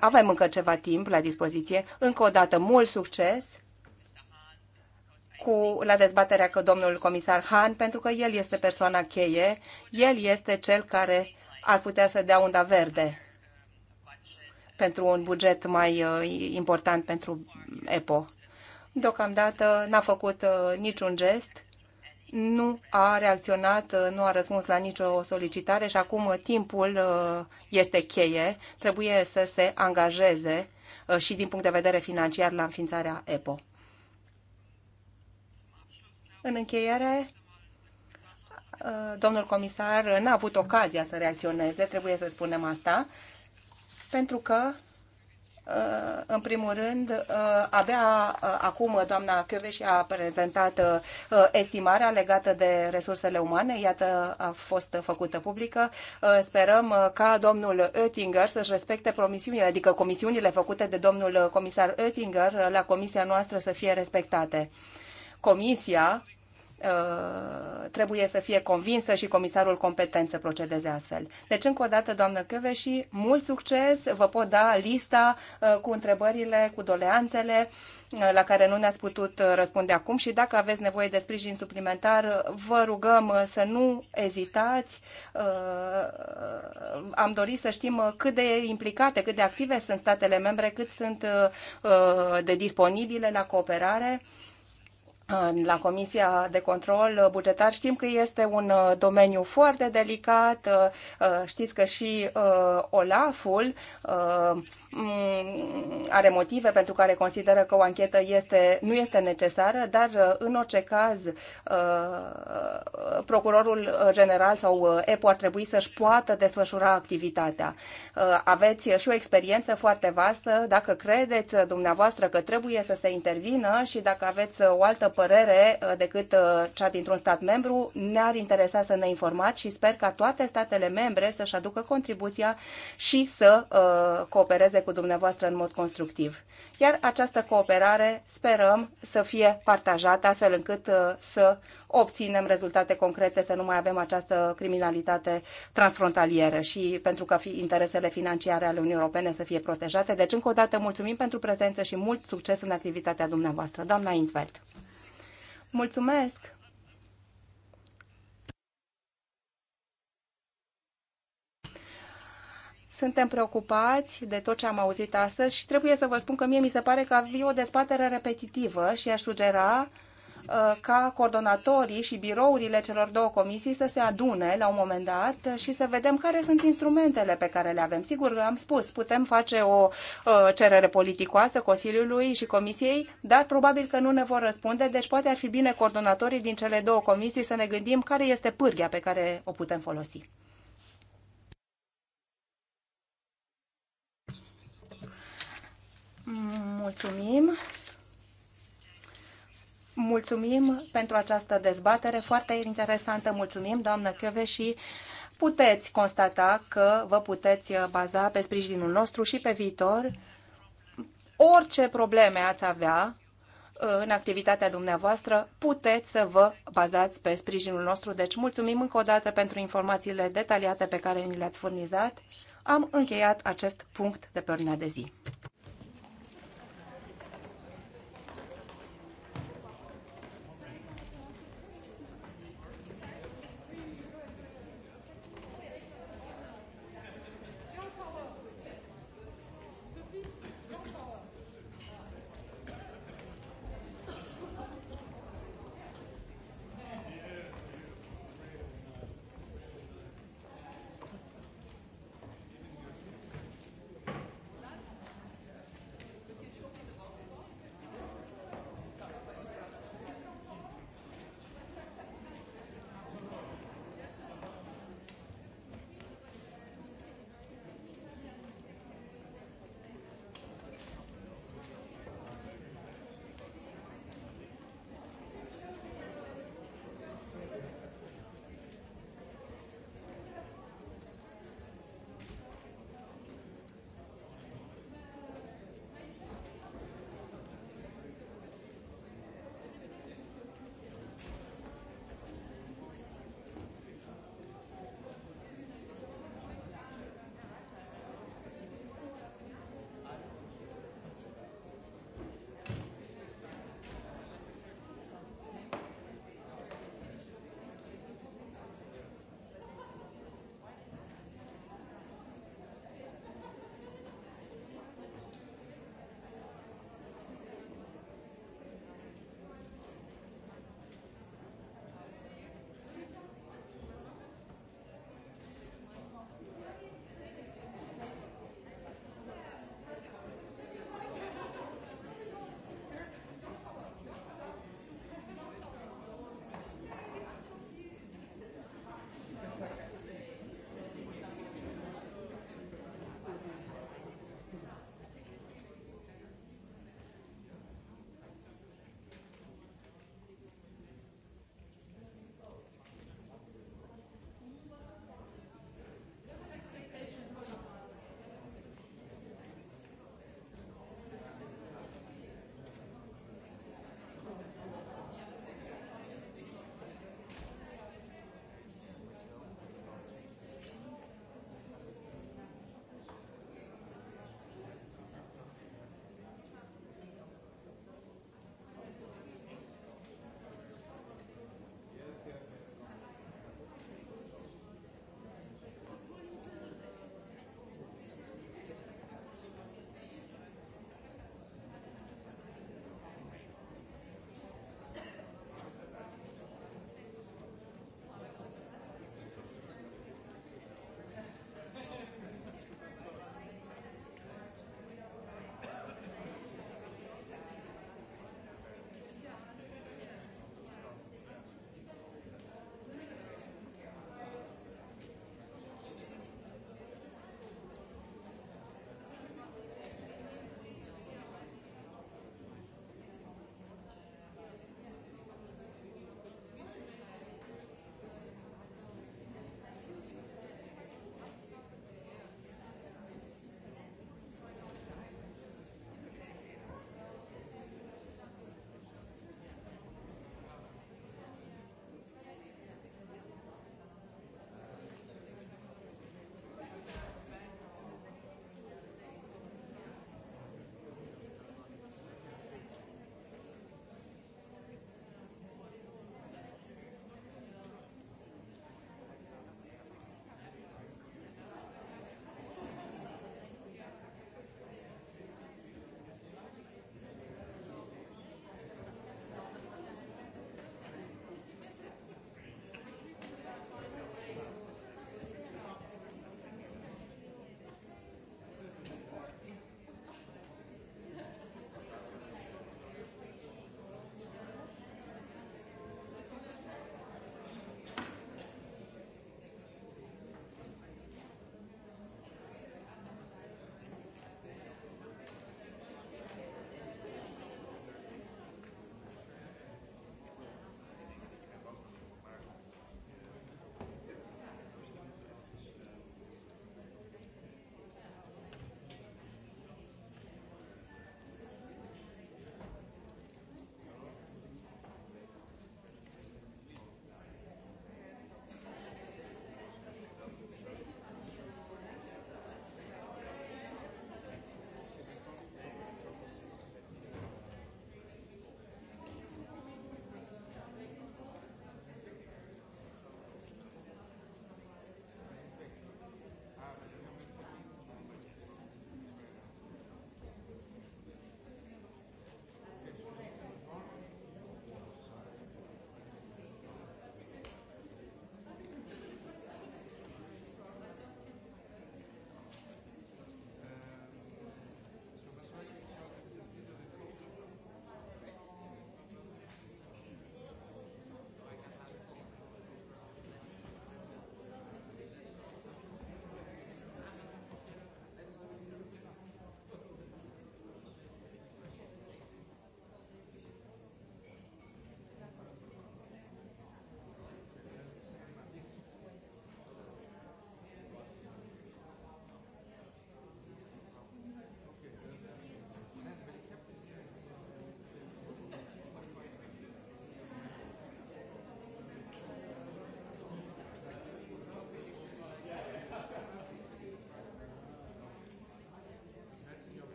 Speaker 5: Avem încă ceva timp la dispoziție. Încă o dată, mult succes! cu, la dezbaterea cu domnul comisar Han, pentru că el este persoana cheie, el este cel care ar putea să dea unda verde pentru un buget mai uh, important pentru EPO. Deocamdată n-a făcut uh, niciun gest, nu a reacționat, uh, nu a răspuns la nicio solicitare și acum timpul este cheie. Trebuie să se angajeze și din punct de vedere financiar la înființarea EPO. În încheiere, Uh, domnul comisar n-a avut ocazia să reacționeze, trebuie să spunem asta, pentru că uh, în primul rând, uh, abia acum doamna și a prezentat estimarea legată de resursele umane. Iată, a fost făcută publică. Sperăm ca domnul Oettinger să-și respecte promisiunile, adică comisiunile făcute de domnul comisar Oettinger la comisia noastră să fie respectate. Comisia Uh, trebuie să fie convinsă și comisarul competent să procedeze astfel. Deci, încă o dată, doamnă Căveși, mult succes! Vă pot da lista uh, cu întrebările, cu doleanțele uh, la care nu ne-ați putut răspunde acum și dacă aveți nevoie de sprijin suplimentar, vă rugăm să nu ezitați. Am dorit să știm cât de implicate, cât de active sunt statele membre, cât sunt de disponibile la cooperare la Comisia de Control Bugetar știm că este un uh, domeniu foarte delicat. Uh, uh, știți că și Olaful Mm, are motive pentru care consideră că o anchetă este, nu este necesară, dar uh, în orice caz uh, procurorul general sau uh, EPO ar trebui să-și poată desfășura activitatea. Aveți și o experiență foarte vastă, dacă credeți dumneavoastră că trebuie să se intervină și dacă aveți o altă părere decât cea dintr-un stat membru, ne-ar interesa să ne informați și sper ca toate statele membre să-și aducă contribuția și să coopereze coopereze cu dumneavoastră în mod constructiv. Iar această cooperare sperăm să fie partajată astfel încât uh, să obținem rezultate concrete, să nu mai avem această criminalitate transfrontalieră și pentru că fi interesele financiare ale Uniunii Europene să fie protejate. Deci, încă o dată, mulțumim pentru prezență și mult succes în activitatea dumneavoastră. Doamna Intveld. Mulțumesc! Suntem preocupați de tot ce am auzit astăzi și trebuie să vă spun că mie mi se pare că e o dezbatere repetitivă și aș sugera uh, ca coordonatorii și birourile celor două comisii să se adune la un moment dat și să vedem care sunt instrumentele pe care le avem. Sigur, am spus, putem face o uh, cerere politicoasă Consiliului și Comisiei, dar probabil că nu ne vor răspunde, deci poate ar fi bine coordonatorii din cele două comisii să ne gândim care este pârghia pe care o putem folosi. Mulțumim. Mulțumim pentru această dezbatere foarte interesantă. Mulțumim, doamnă Chiove, și puteți constata că vă puteți baza pe sprijinul nostru și pe viitor. Orice probleme ați avea în activitatea dumneavoastră, puteți să vă bazați pe sprijinul nostru. Deci mulțumim încă o dată pentru informațiile detaliate pe care ni le-ați furnizat. Am încheiat acest punct de pe ordinea de zi.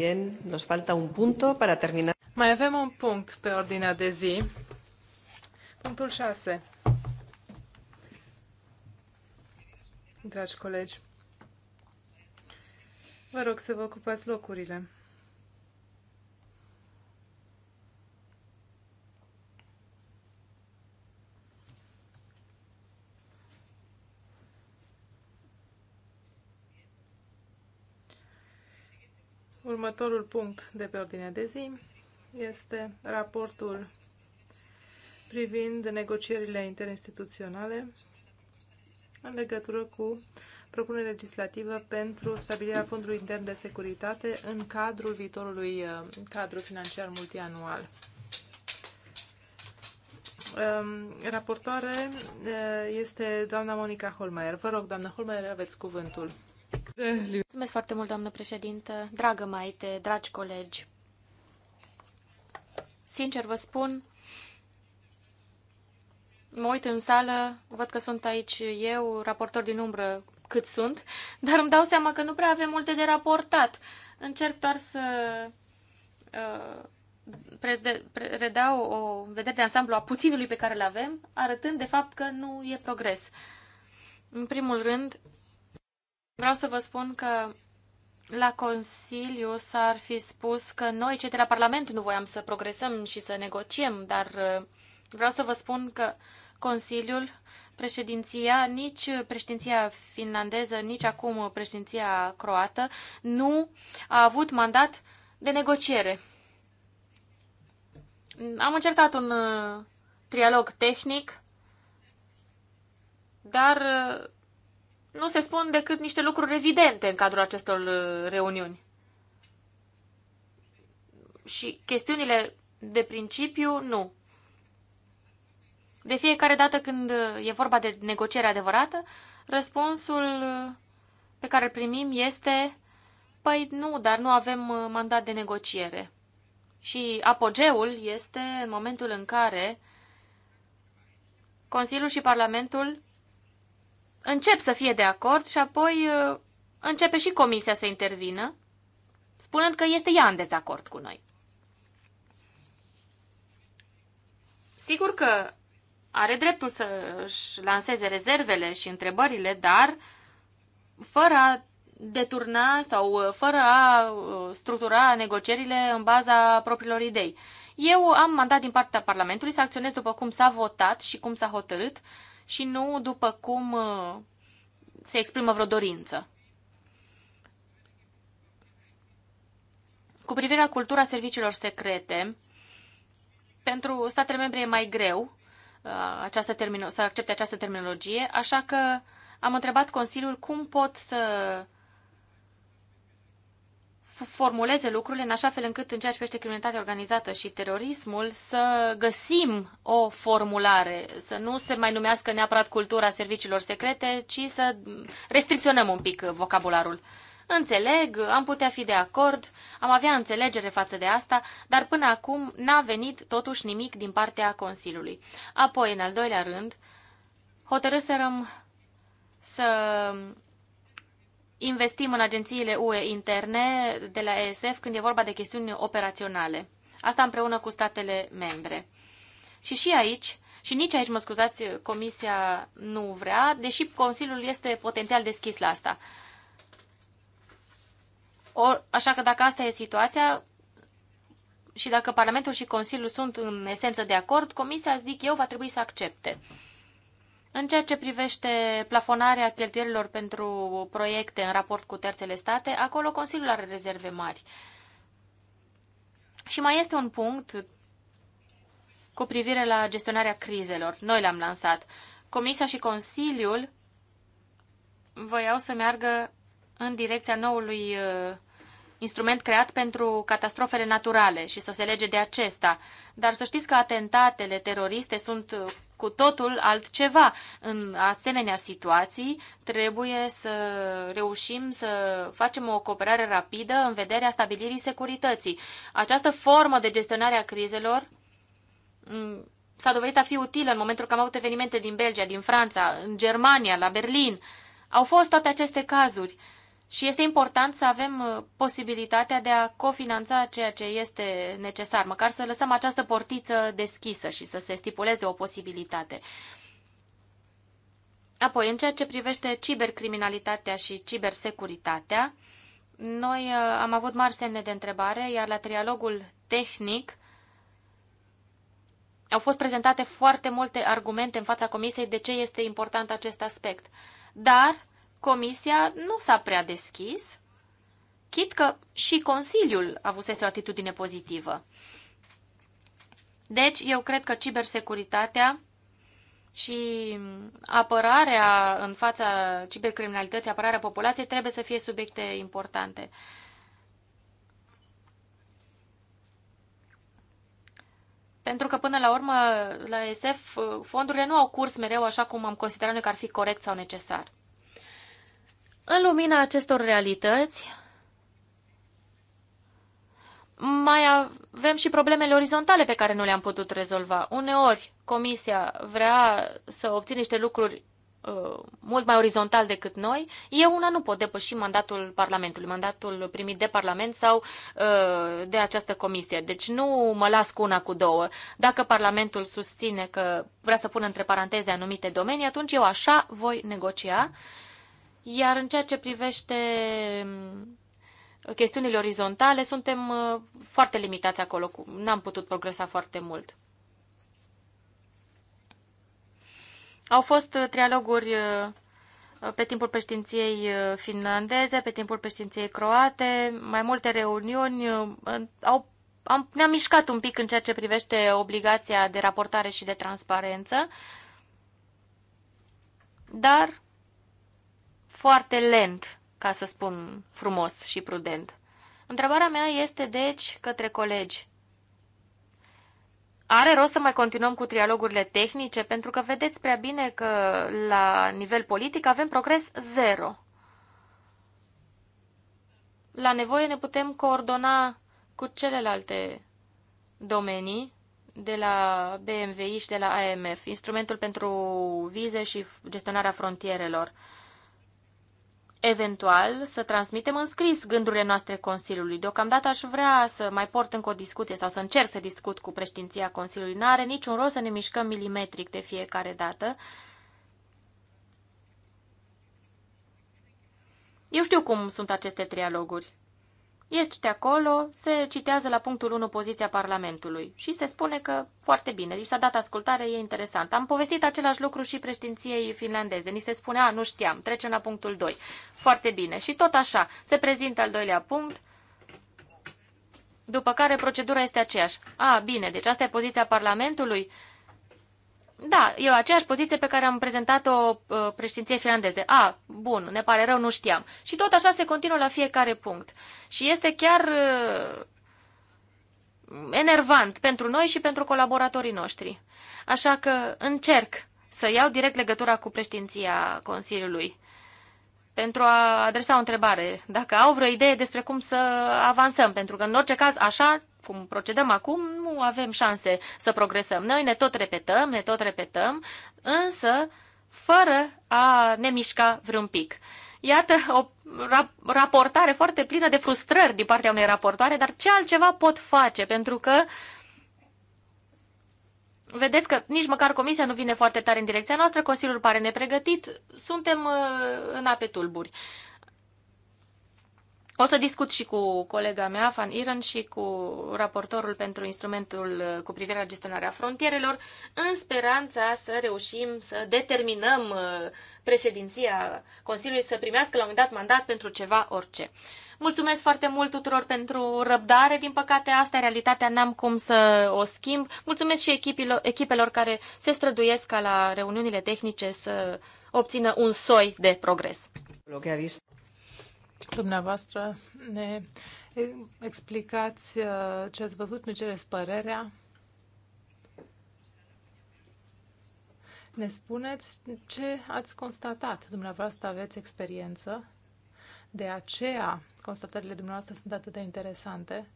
Speaker 2: Bien, nos falta un punto para terminar. Mai avem un punct pe ordinea de zi. Punctul 6.
Speaker 3: Dragi colegi, vă rog să vă ocupați locurile. Următorul punct de pe ordine de zi este raportul privind negocierile interinstituționale în legătură cu propunerea legislativă pentru stabilirea fondului intern de securitate în cadrul viitorului uh, cadru financiar multianual. Um, raportoare uh, este doamna Monica Holmeier. Vă rog, doamna Holmeier, aveți cuvântul.
Speaker 1: Mulțumesc foarte mult, doamnă președintă, dragă Maite, dragi colegi. Sincer vă spun, mă uit în sală, văd că sunt aici eu, raportor din umbră cât sunt, dar îmi dau seama că nu prea avem multe de raportat. Încerc doar să uh, redau o vedere de ansamblu a puținului pe care îl avem, arătând de fapt că nu e progres. În primul rând, Vreau să vă spun că la Consiliu s-ar fi spus că noi, cei de la Parlament, nu voiam să progresăm și să negociem, dar uh, vreau să vă spun că Consiliul, președinția, nici președinția finlandeză, nici acum președinția croată, nu a avut mandat de negociere. Am încercat un uh, trialog tehnic, dar uh, nu se spun decât niște lucruri evidente în cadrul acestor uh, reuniuni. Și chestiunile de principiu, nu. De fiecare dată când uh, e vorba de negociere adevărată, răspunsul uh, pe care îl primim este Păi nu, dar nu avem mandat de negociere. Și apogeul este în momentul în care Consiliul și Parlamentul încep să fie de acord și apoi uh, începe și comisia să intervină, spunând că este ea în dezacord cu noi. Sigur că are dreptul să își lanseze rezervele și întrebările, dar fără a deturna sau uh, fără a uh, structura negocierile în baza propriilor idei. Eu am mandat din partea Parlamentului să acționez după cum s-a votat și cum s-a hotărât și nu după cum uh, se exprimă vreo dorință. Cu privire la cultura serviciilor secrete, pentru statele membre e mai greu uh, această termino- să accepte această terminologie, așa că am întrebat Consiliul cum pot să formuleze lucrurile în așa fel încât în ceea ce privește criminalitatea organizată și terorismul să găsim o formulare, să nu se mai numească neapărat cultura serviciilor secrete, ci să restricționăm un pic vocabularul. Înțeleg, am putea fi de acord, am avea înțelegere față de asta, dar până acum n-a venit totuși nimic din partea Consiliului. Apoi, în al doilea rând, hotărâsărăm să investim în agențiile UE interne de la ESF când e vorba de chestiuni operaționale. Asta împreună cu statele membre. Și și aici, și nici aici, mă scuzați, Comisia nu vrea, deși Consiliul este potențial deschis la asta. O, așa că dacă asta e situația și dacă Parlamentul și Consiliul sunt în esență de acord, Comisia, zic eu, va trebui să accepte. În ceea ce privește plafonarea cheltuielilor pentru proiecte în raport cu terțele state, acolo Consiliul are rezerve mari. Și mai este un punct cu privire la gestionarea crizelor. Noi l-am lansat. Comisia și Consiliul voiau să meargă în direcția noului uh, instrument creat pentru catastrofele naturale și să se lege de acesta. Dar să știți că atentatele teroriste sunt cu totul altceva. În asemenea situații trebuie să reușim să facem o cooperare rapidă în vederea stabilirii securității. Această formă de gestionare a crizelor mm, s-a dovedit a fi utilă în momentul că am avut evenimente din Belgia, din Franța, în Germania, la Berlin. Au fost toate aceste cazuri. Și este important să avem uh, posibilitatea de a cofinanța ceea ce este necesar, măcar să lăsăm această portiță deschisă și să se stipuleze o posibilitate. Apoi, în ceea ce privește cibercriminalitatea și cibersecuritatea, noi uh, am avut mari semne de întrebare, iar la trialogul tehnic au fost prezentate foarte multe argumente în fața comisiei de ce este important acest aspect. Dar Comisia nu s-a prea deschis, chit că și Consiliul avusese o atitudine pozitivă. Deci, eu cred că cibersecuritatea și apărarea în fața cibercriminalității, apărarea populației trebuie să fie subiecte importante. Pentru că, până la urmă, la SF, fondurile nu au curs mereu așa cum am considerat noi că ar fi corect sau necesar. În lumina acestor realități, mai avem și problemele orizontale pe care nu le-am putut rezolva. Uneori, Comisia vrea să obțină niște lucruri uh, mult mai orizontal decât noi, eu una nu pot depăși mandatul Parlamentului, mandatul primit de Parlament sau uh, de această comisie. Deci nu mă las cu una, cu două. Dacă Parlamentul susține că vrea să pună între paranteze anumite domenii, atunci eu așa voi negocia iar în ceea ce privește mm, chestiunile orizontale, suntem uh, foarte limitați acolo. N-am putut progresa foarte mult. Au fost uh, trialoguri uh, pe timpul președinției finlandeze, pe timpul președinției croate, mai multe reuniuni. Au, am, ne-am mișcat un pic în ceea ce privește obligația de raportare și de transparență, dar foarte lent, ca să spun frumos și prudent. Întrebarea mea este, deci, către colegi. Are rost să mai continuăm cu trialogurile tehnice? Pentru că vedeți prea bine că la nivel politic avem progres zero. La nevoie ne putem coordona cu celelalte domenii de la BMWI și de la AMF, instrumentul pentru vize și gestionarea frontierelor eventual să transmitem în scris gândurile noastre Consiliului. Deocamdată aș vrea să mai port încă o discuție sau să încerc să discut cu preștinția Consiliului. N-are niciun rost să ne mișcăm milimetric de fiecare dată. Eu știu cum sunt aceste trialoguri. Ești acolo, se citează la punctul 1 poziția Parlamentului și se spune că foarte bine, li s-a dat ascultare, e interesant. Am povestit același lucru și președinției finlandeze. Ni se spune, a, nu știam, trecem la punctul 2. Foarte bine. Și tot așa, se prezintă al doilea punct, după care procedura este aceeași. A, bine, deci asta e poziția Parlamentului? da, e aceeași poziție pe care am prezentat-o uh, președinției finlandeze. A, bun, ne pare rău, nu știam. Și tot așa se continuă la fiecare punct. Și este chiar uh, enervant pentru noi și pentru colaboratorii noștri. Așa că încerc să iau direct legătura cu președinția Consiliului pentru a adresa o întrebare, dacă au vreo idee despre cum să avansăm, pentru că în orice caz așa cum procedăm acum, nu avem șanse să progresăm. Noi ne tot repetăm, ne tot repetăm, însă fără a ne mișca vreun pic. Iată o raportare foarte plină de frustrări din partea unei raportoare, dar ce altceva pot face? Pentru că vedeți că nici măcar comisia nu vine foarte tare în direcția noastră, Consiliul pare nepregătit, suntem uh, în ape tulburi. O să discut și cu colega mea, Fan Iran, și cu raportorul pentru instrumentul uh, cu privire la gestionarea frontierelor, în speranța să reușim să determinăm uh, președinția Consiliului să primească la un moment dat mandat pentru ceva orice. Mulțumesc foarte mult tuturor pentru răbdare. Din păcate, asta e realitatea, n-am cum să o schimb. Mulțumesc și echipilor, echipelor care se străduiesc ca la reuniunile tehnice să obțină un soi de progres. Dumneavoastră ne
Speaker 3: explicați uh, ce ați văzut, ne cereți părerea. Ne spuneți ce ați constatat. Dumneavoastră aveți experiență. De aceea, constatările dumneavoastră sunt atât de interesante,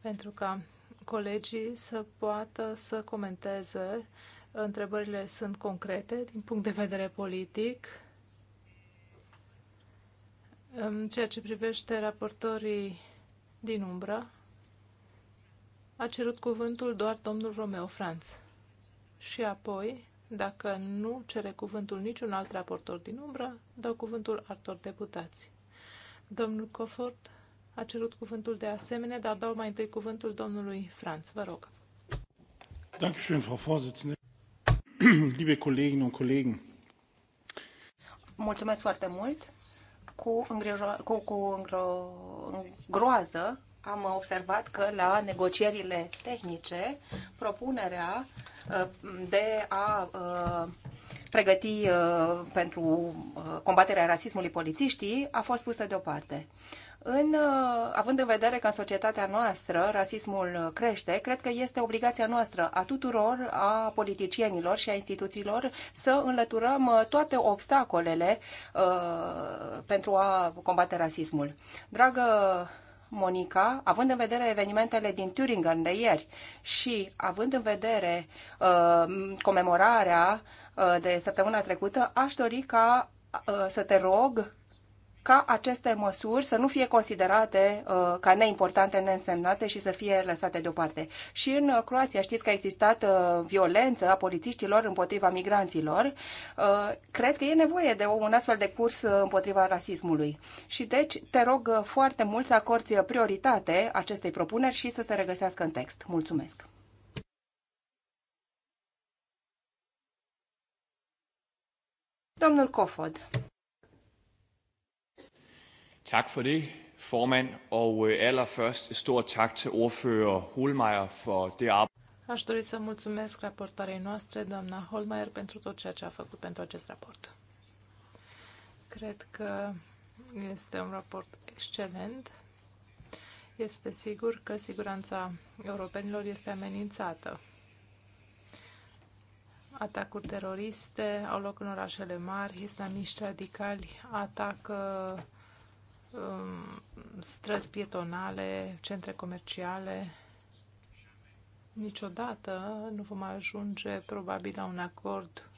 Speaker 3: pentru că colegii să poată să comenteze. Întrebările sunt concrete din punct de vedere politic în ceea ce privește raportorii din umbră, a cerut cuvântul doar domnul Romeo Franz. Și apoi, dacă nu cere cuvântul niciun alt raportor din umbră, dau cuvântul altor deputați. Domnul Cofort a cerut cuvântul de asemenea, dar dau mai întâi cuvântul domnului Franz. Vă rog.
Speaker 4: Dankeschön, Frau Vorsitzende. Liebe Kolleginnen und Kollegen.
Speaker 5: Mulțumesc foarte mult, cu, îngrijor, cu, cu îngro, groază am observat că la negocierile tehnice propunerea uh, de a uh, pregăti uh, pentru combaterea rasismului polițiștii a fost pusă deoparte în, uh, având în vedere că în societatea noastră rasismul crește, cred că este obligația noastră a tuturor, a politicienilor și a instituțiilor să înlăturăm uh, toate obstacolele uh, pentru a combate rasismul. Dragă Monica, având în vedere evenimentele din Turingan de ieri și având în vedere uh, comemorarea uh, de săptămâna trecută, aș dori ca uh, să te rog ca aceste măsuri să nu fie considerate uh, ca neimportante, neînsemnate și să fie lăsate deoparte. Și în uh, Croația știți că a existat uh, violență a polițiștilor împotriva migranților. Uh, cred că e nevoie de un astfel de curs uh, împotriva rasismului. Și deci te rog uh, foarte mult să acorzi prioritate acestei propuneri și să se regăsească în text. Mulțumesc! Domnul Cofod.
Speaker 1: Tak for det, formand. Og øh, allerførst stort tak til ordfører Holmeier for det arbejde.
Speaker 3: Aș dori să mulțumesc raportarei noastre, doamna Holmeier, pentru tot ceea ce a făcut pentru acest raport. Cred că este un raport excelent. Este sigur că siguranța europenilor este amenințată. Atacuri teroriste au loc în orașele mari, islamiști radicali atacă Um, străzi pietonale, centre comerciale. Niciodată nu vom ajunge probabil la un acord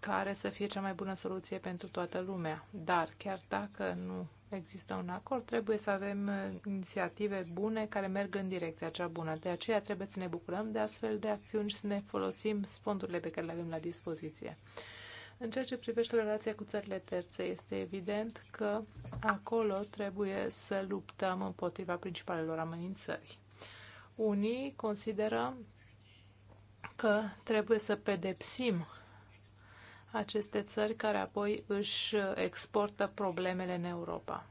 Speaker 3: care să fie cea mai bună soluție pentru toată lumea. Dar chiar dacă nu există un acord, trebuie să avem inițiative bune care merg în direcția cea bună. De aceea trebuie să ne bucurăm de astfel de acțiuni și să ne folosim fondurile pe care le avem la dispoziție. În ceea ce privește relația cu țările terțe, este evident că acolo trebuie să luptăm împotriva principalelor amenințări. Unii consideră că trebuie să pedepsim aceste țări care apoi își exportă problemele în Europa.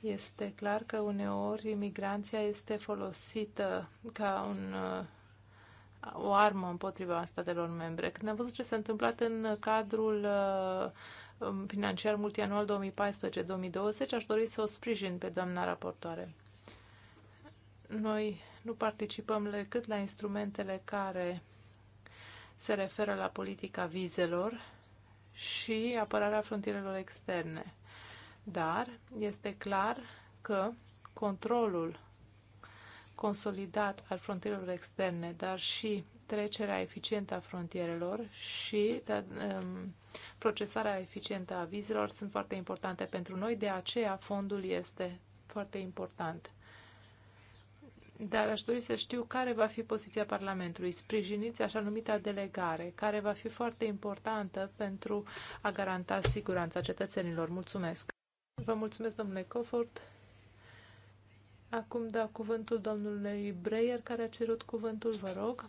Speaker 3: Este clar că uneori imigranția este folosită ca un o armă împotriva statelor membre. Când am văzut ce s-a întâmplat în cadrul uh, um, financiar multianual 2014-2020, aș dori să o sprijin pe doamna raportoare. Noi nu participăm decât la instrumentele care se referă la politica vizelor și apărarea frontierelor externe. Dar este clar că controlul consolidat al frontierelor externe, dar și trecerea eficientă a frontierelor și de, da, um, procesarea eficientă a vizelor sunt foarte importante pentru noi, de aceea fondul este foarte important. Dar aș dori să știu care va fi poziția Parlamentului. Sprijiniți așa numita delegare, care va fi foarte importantă pentru a garanta siguranța cetățenilor. Mulțumesc! Vă mulțumesc, domnule Cofort! Acum da cuvântul domnului Breyer, care a cerut cuvântul, vă rog.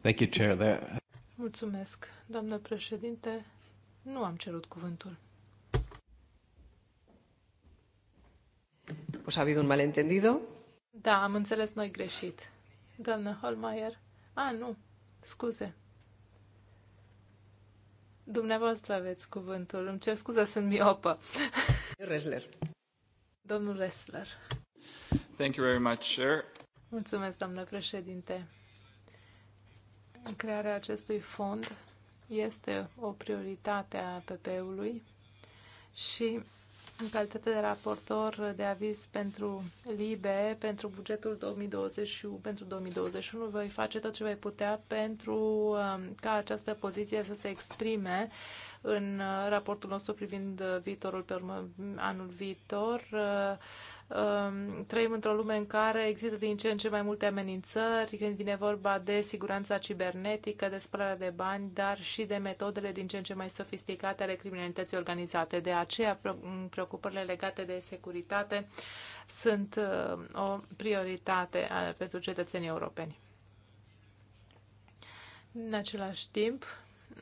Speaker 2: Thank you, Chair. There.
Speaker 3: Mulțumesc, doamnă președinte. Nu am cerut cuvântul.
Speaker 2: Pues ha habido un malentendido.
Speaker 3: Da, am înțeles noi greșit. Doamnă Holmeier. Ah nu, scuze. Dumneavoastră aveți cuvântul. Îmi cer scuze, sunt miopă. Resler. Domnul Ressler.
Speaker 4: Thank you very much, sir.
Speaker 3: Mulțumesc, doamnă președinte. Crearea acestui fond este o prioritate a PP-ului și în calitate de raportor de aviz pentru LIBE, pentru bugetul 2021, pentru 2021, voi face tot ce voi putea pentru um, ca această poziție să se exprime în uh, raportul nostru privind uh, viitorul pe urmă, anul viitor. Uh, um, trăim într-o lume în care există din ce în ce mai multe amenințări când vine vorba de siguranța cibernetică, de spălarea de bani, dar și de metodele din ce în ce mai sofisticate ale criminalității organizate. De aceea, preocupările legate de securitate sunt o prioritate pentru cetățenii europeni. În același timp,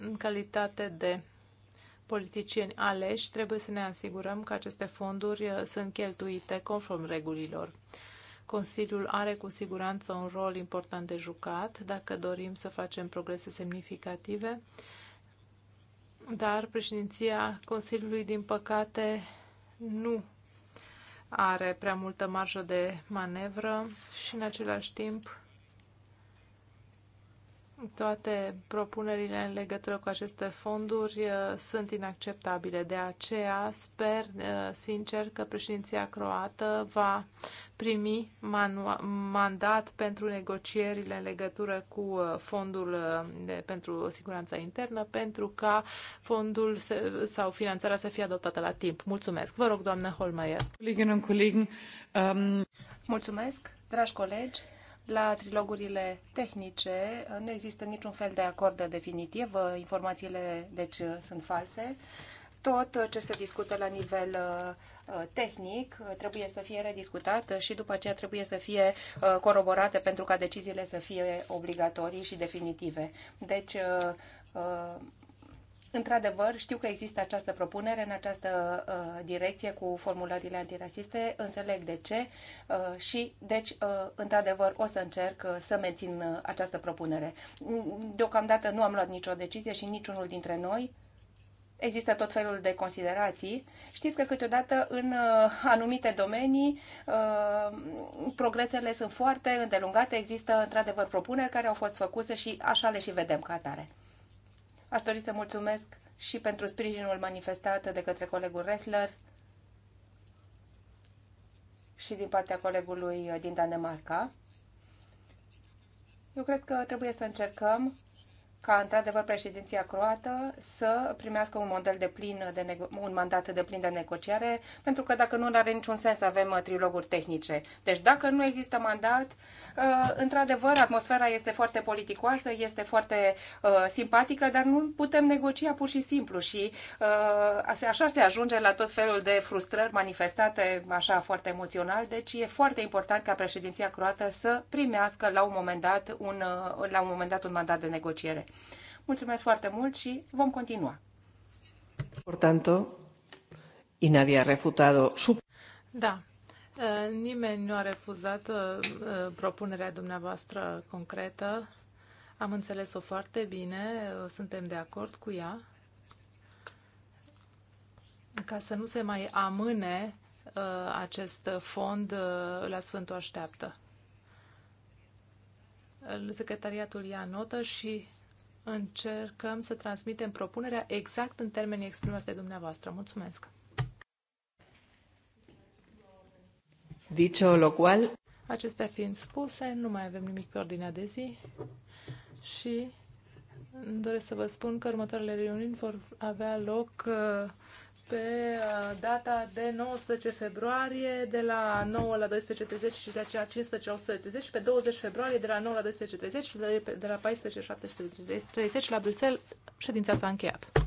Speaker 3: în calitate de politicieni aleși, trebuie să ne asigurăm că aceste fonduri uh, sunt cheltuite conform regulilor. Consiliul are cu siguranță un rol important de jucat dacă dorim să facem progrese semnificative, dar președinția Consiliului, din păcate, nu are prea multă marjă de manevră și, în același timp, toate propunerile în legătură cu aceste fonduri uh, sunt inacceptabile. De aceea sper uh, sincer că președinția croată va primi mandat pentru negocierile în legătură cu uh, fondul de, pentru siguranța internă pentru ca fondul se, sau finanțarea să fie adoptată la timp. Mulțumesc. Vă rog, doamnă Holmeier.
Speaker 2: Ähm,
Speaker 5: Mulțumesc, dragi colegi la trilogurile tehnice nu există niciun fel de acord definitiv, informațiile deci sunt false. Tot ce se discută la nivel uh, tehnic uh, trebuie să fie rediscutat și după aceea trebuie să fie uh, coroborate pentru ca deciziile să fie obligatorii și definitive. Deci Într-adevăr, știu că există această propunere în această uh, direcție cu formulările antirasiste, înțeleg de ce uh, și, deci, uh, într-adevăr, o să încerc uh, să mențin uh, această propunere. Deocamdată nu am luat nicio decizie și niciunul dintre noi. Există tot felul de considerații. Știți că câteodată în uh, anumite domenii uh, progresele sunt foarte îndelungate, există într-adevăr propuneri care au fost făcute și așa le și vedem ca atare. Aș dori să mulțumesc și pentru sprijinul manifestat de către colegul Ressler și din partea colegului din Danemarca. Eu cred că trebuie să încercăm ca într-adevăr președinția croată să primească un model de plin de un mandat de plin de negociere, pentru că dacă nu, nu are niciun sens să avem uh, triloguri tehnice. Deci dacă nu există mandat, uh, într-adevăr, atmosfera este foarte politicoasă, este foarte uh, simpatică, dar nu putem negocia pur și simplu și așa se ajunge la tot felul de frustrări manifestate așa foarte emoțional, deci e foarte important ca președinția croată să primească la un moment dat un, la un, moment dat un mandat de negociere. Mulțumesc foarte mult și vom continua.
Speaker 2: Por tanto, y nadie ha refutado su...
Speaker 5: Da, eh, nimeni nu
Speaker 3: a refuzat eh, eh, propunerea dumneavoastră concretă. Am înțeles-o foarte bine, suntem de acord cu ea. Ca să nu se mai amâne acest fond la Sfântul Așteaptă. Secretariatul ia notă și încercăm să transmitem propunerea exact în termenii exprimați de dumneavoastră. Mulțumesc!
Speaker 2: Dicho lo cual...
Speaker 3: Acestea fiind spuse, nu mai avem nimic pe ordinea de zi și doresc să vă spun că următoarele reuniuni vor avea loc uh, pe uh, data de 19 februarie de la 9 la 12.30 și de aceea 15 la 18.30 și pe 20 februarie de la 9 la 12.30 și de la 14.30 la Bruxelles. Ședința s-a încheiat.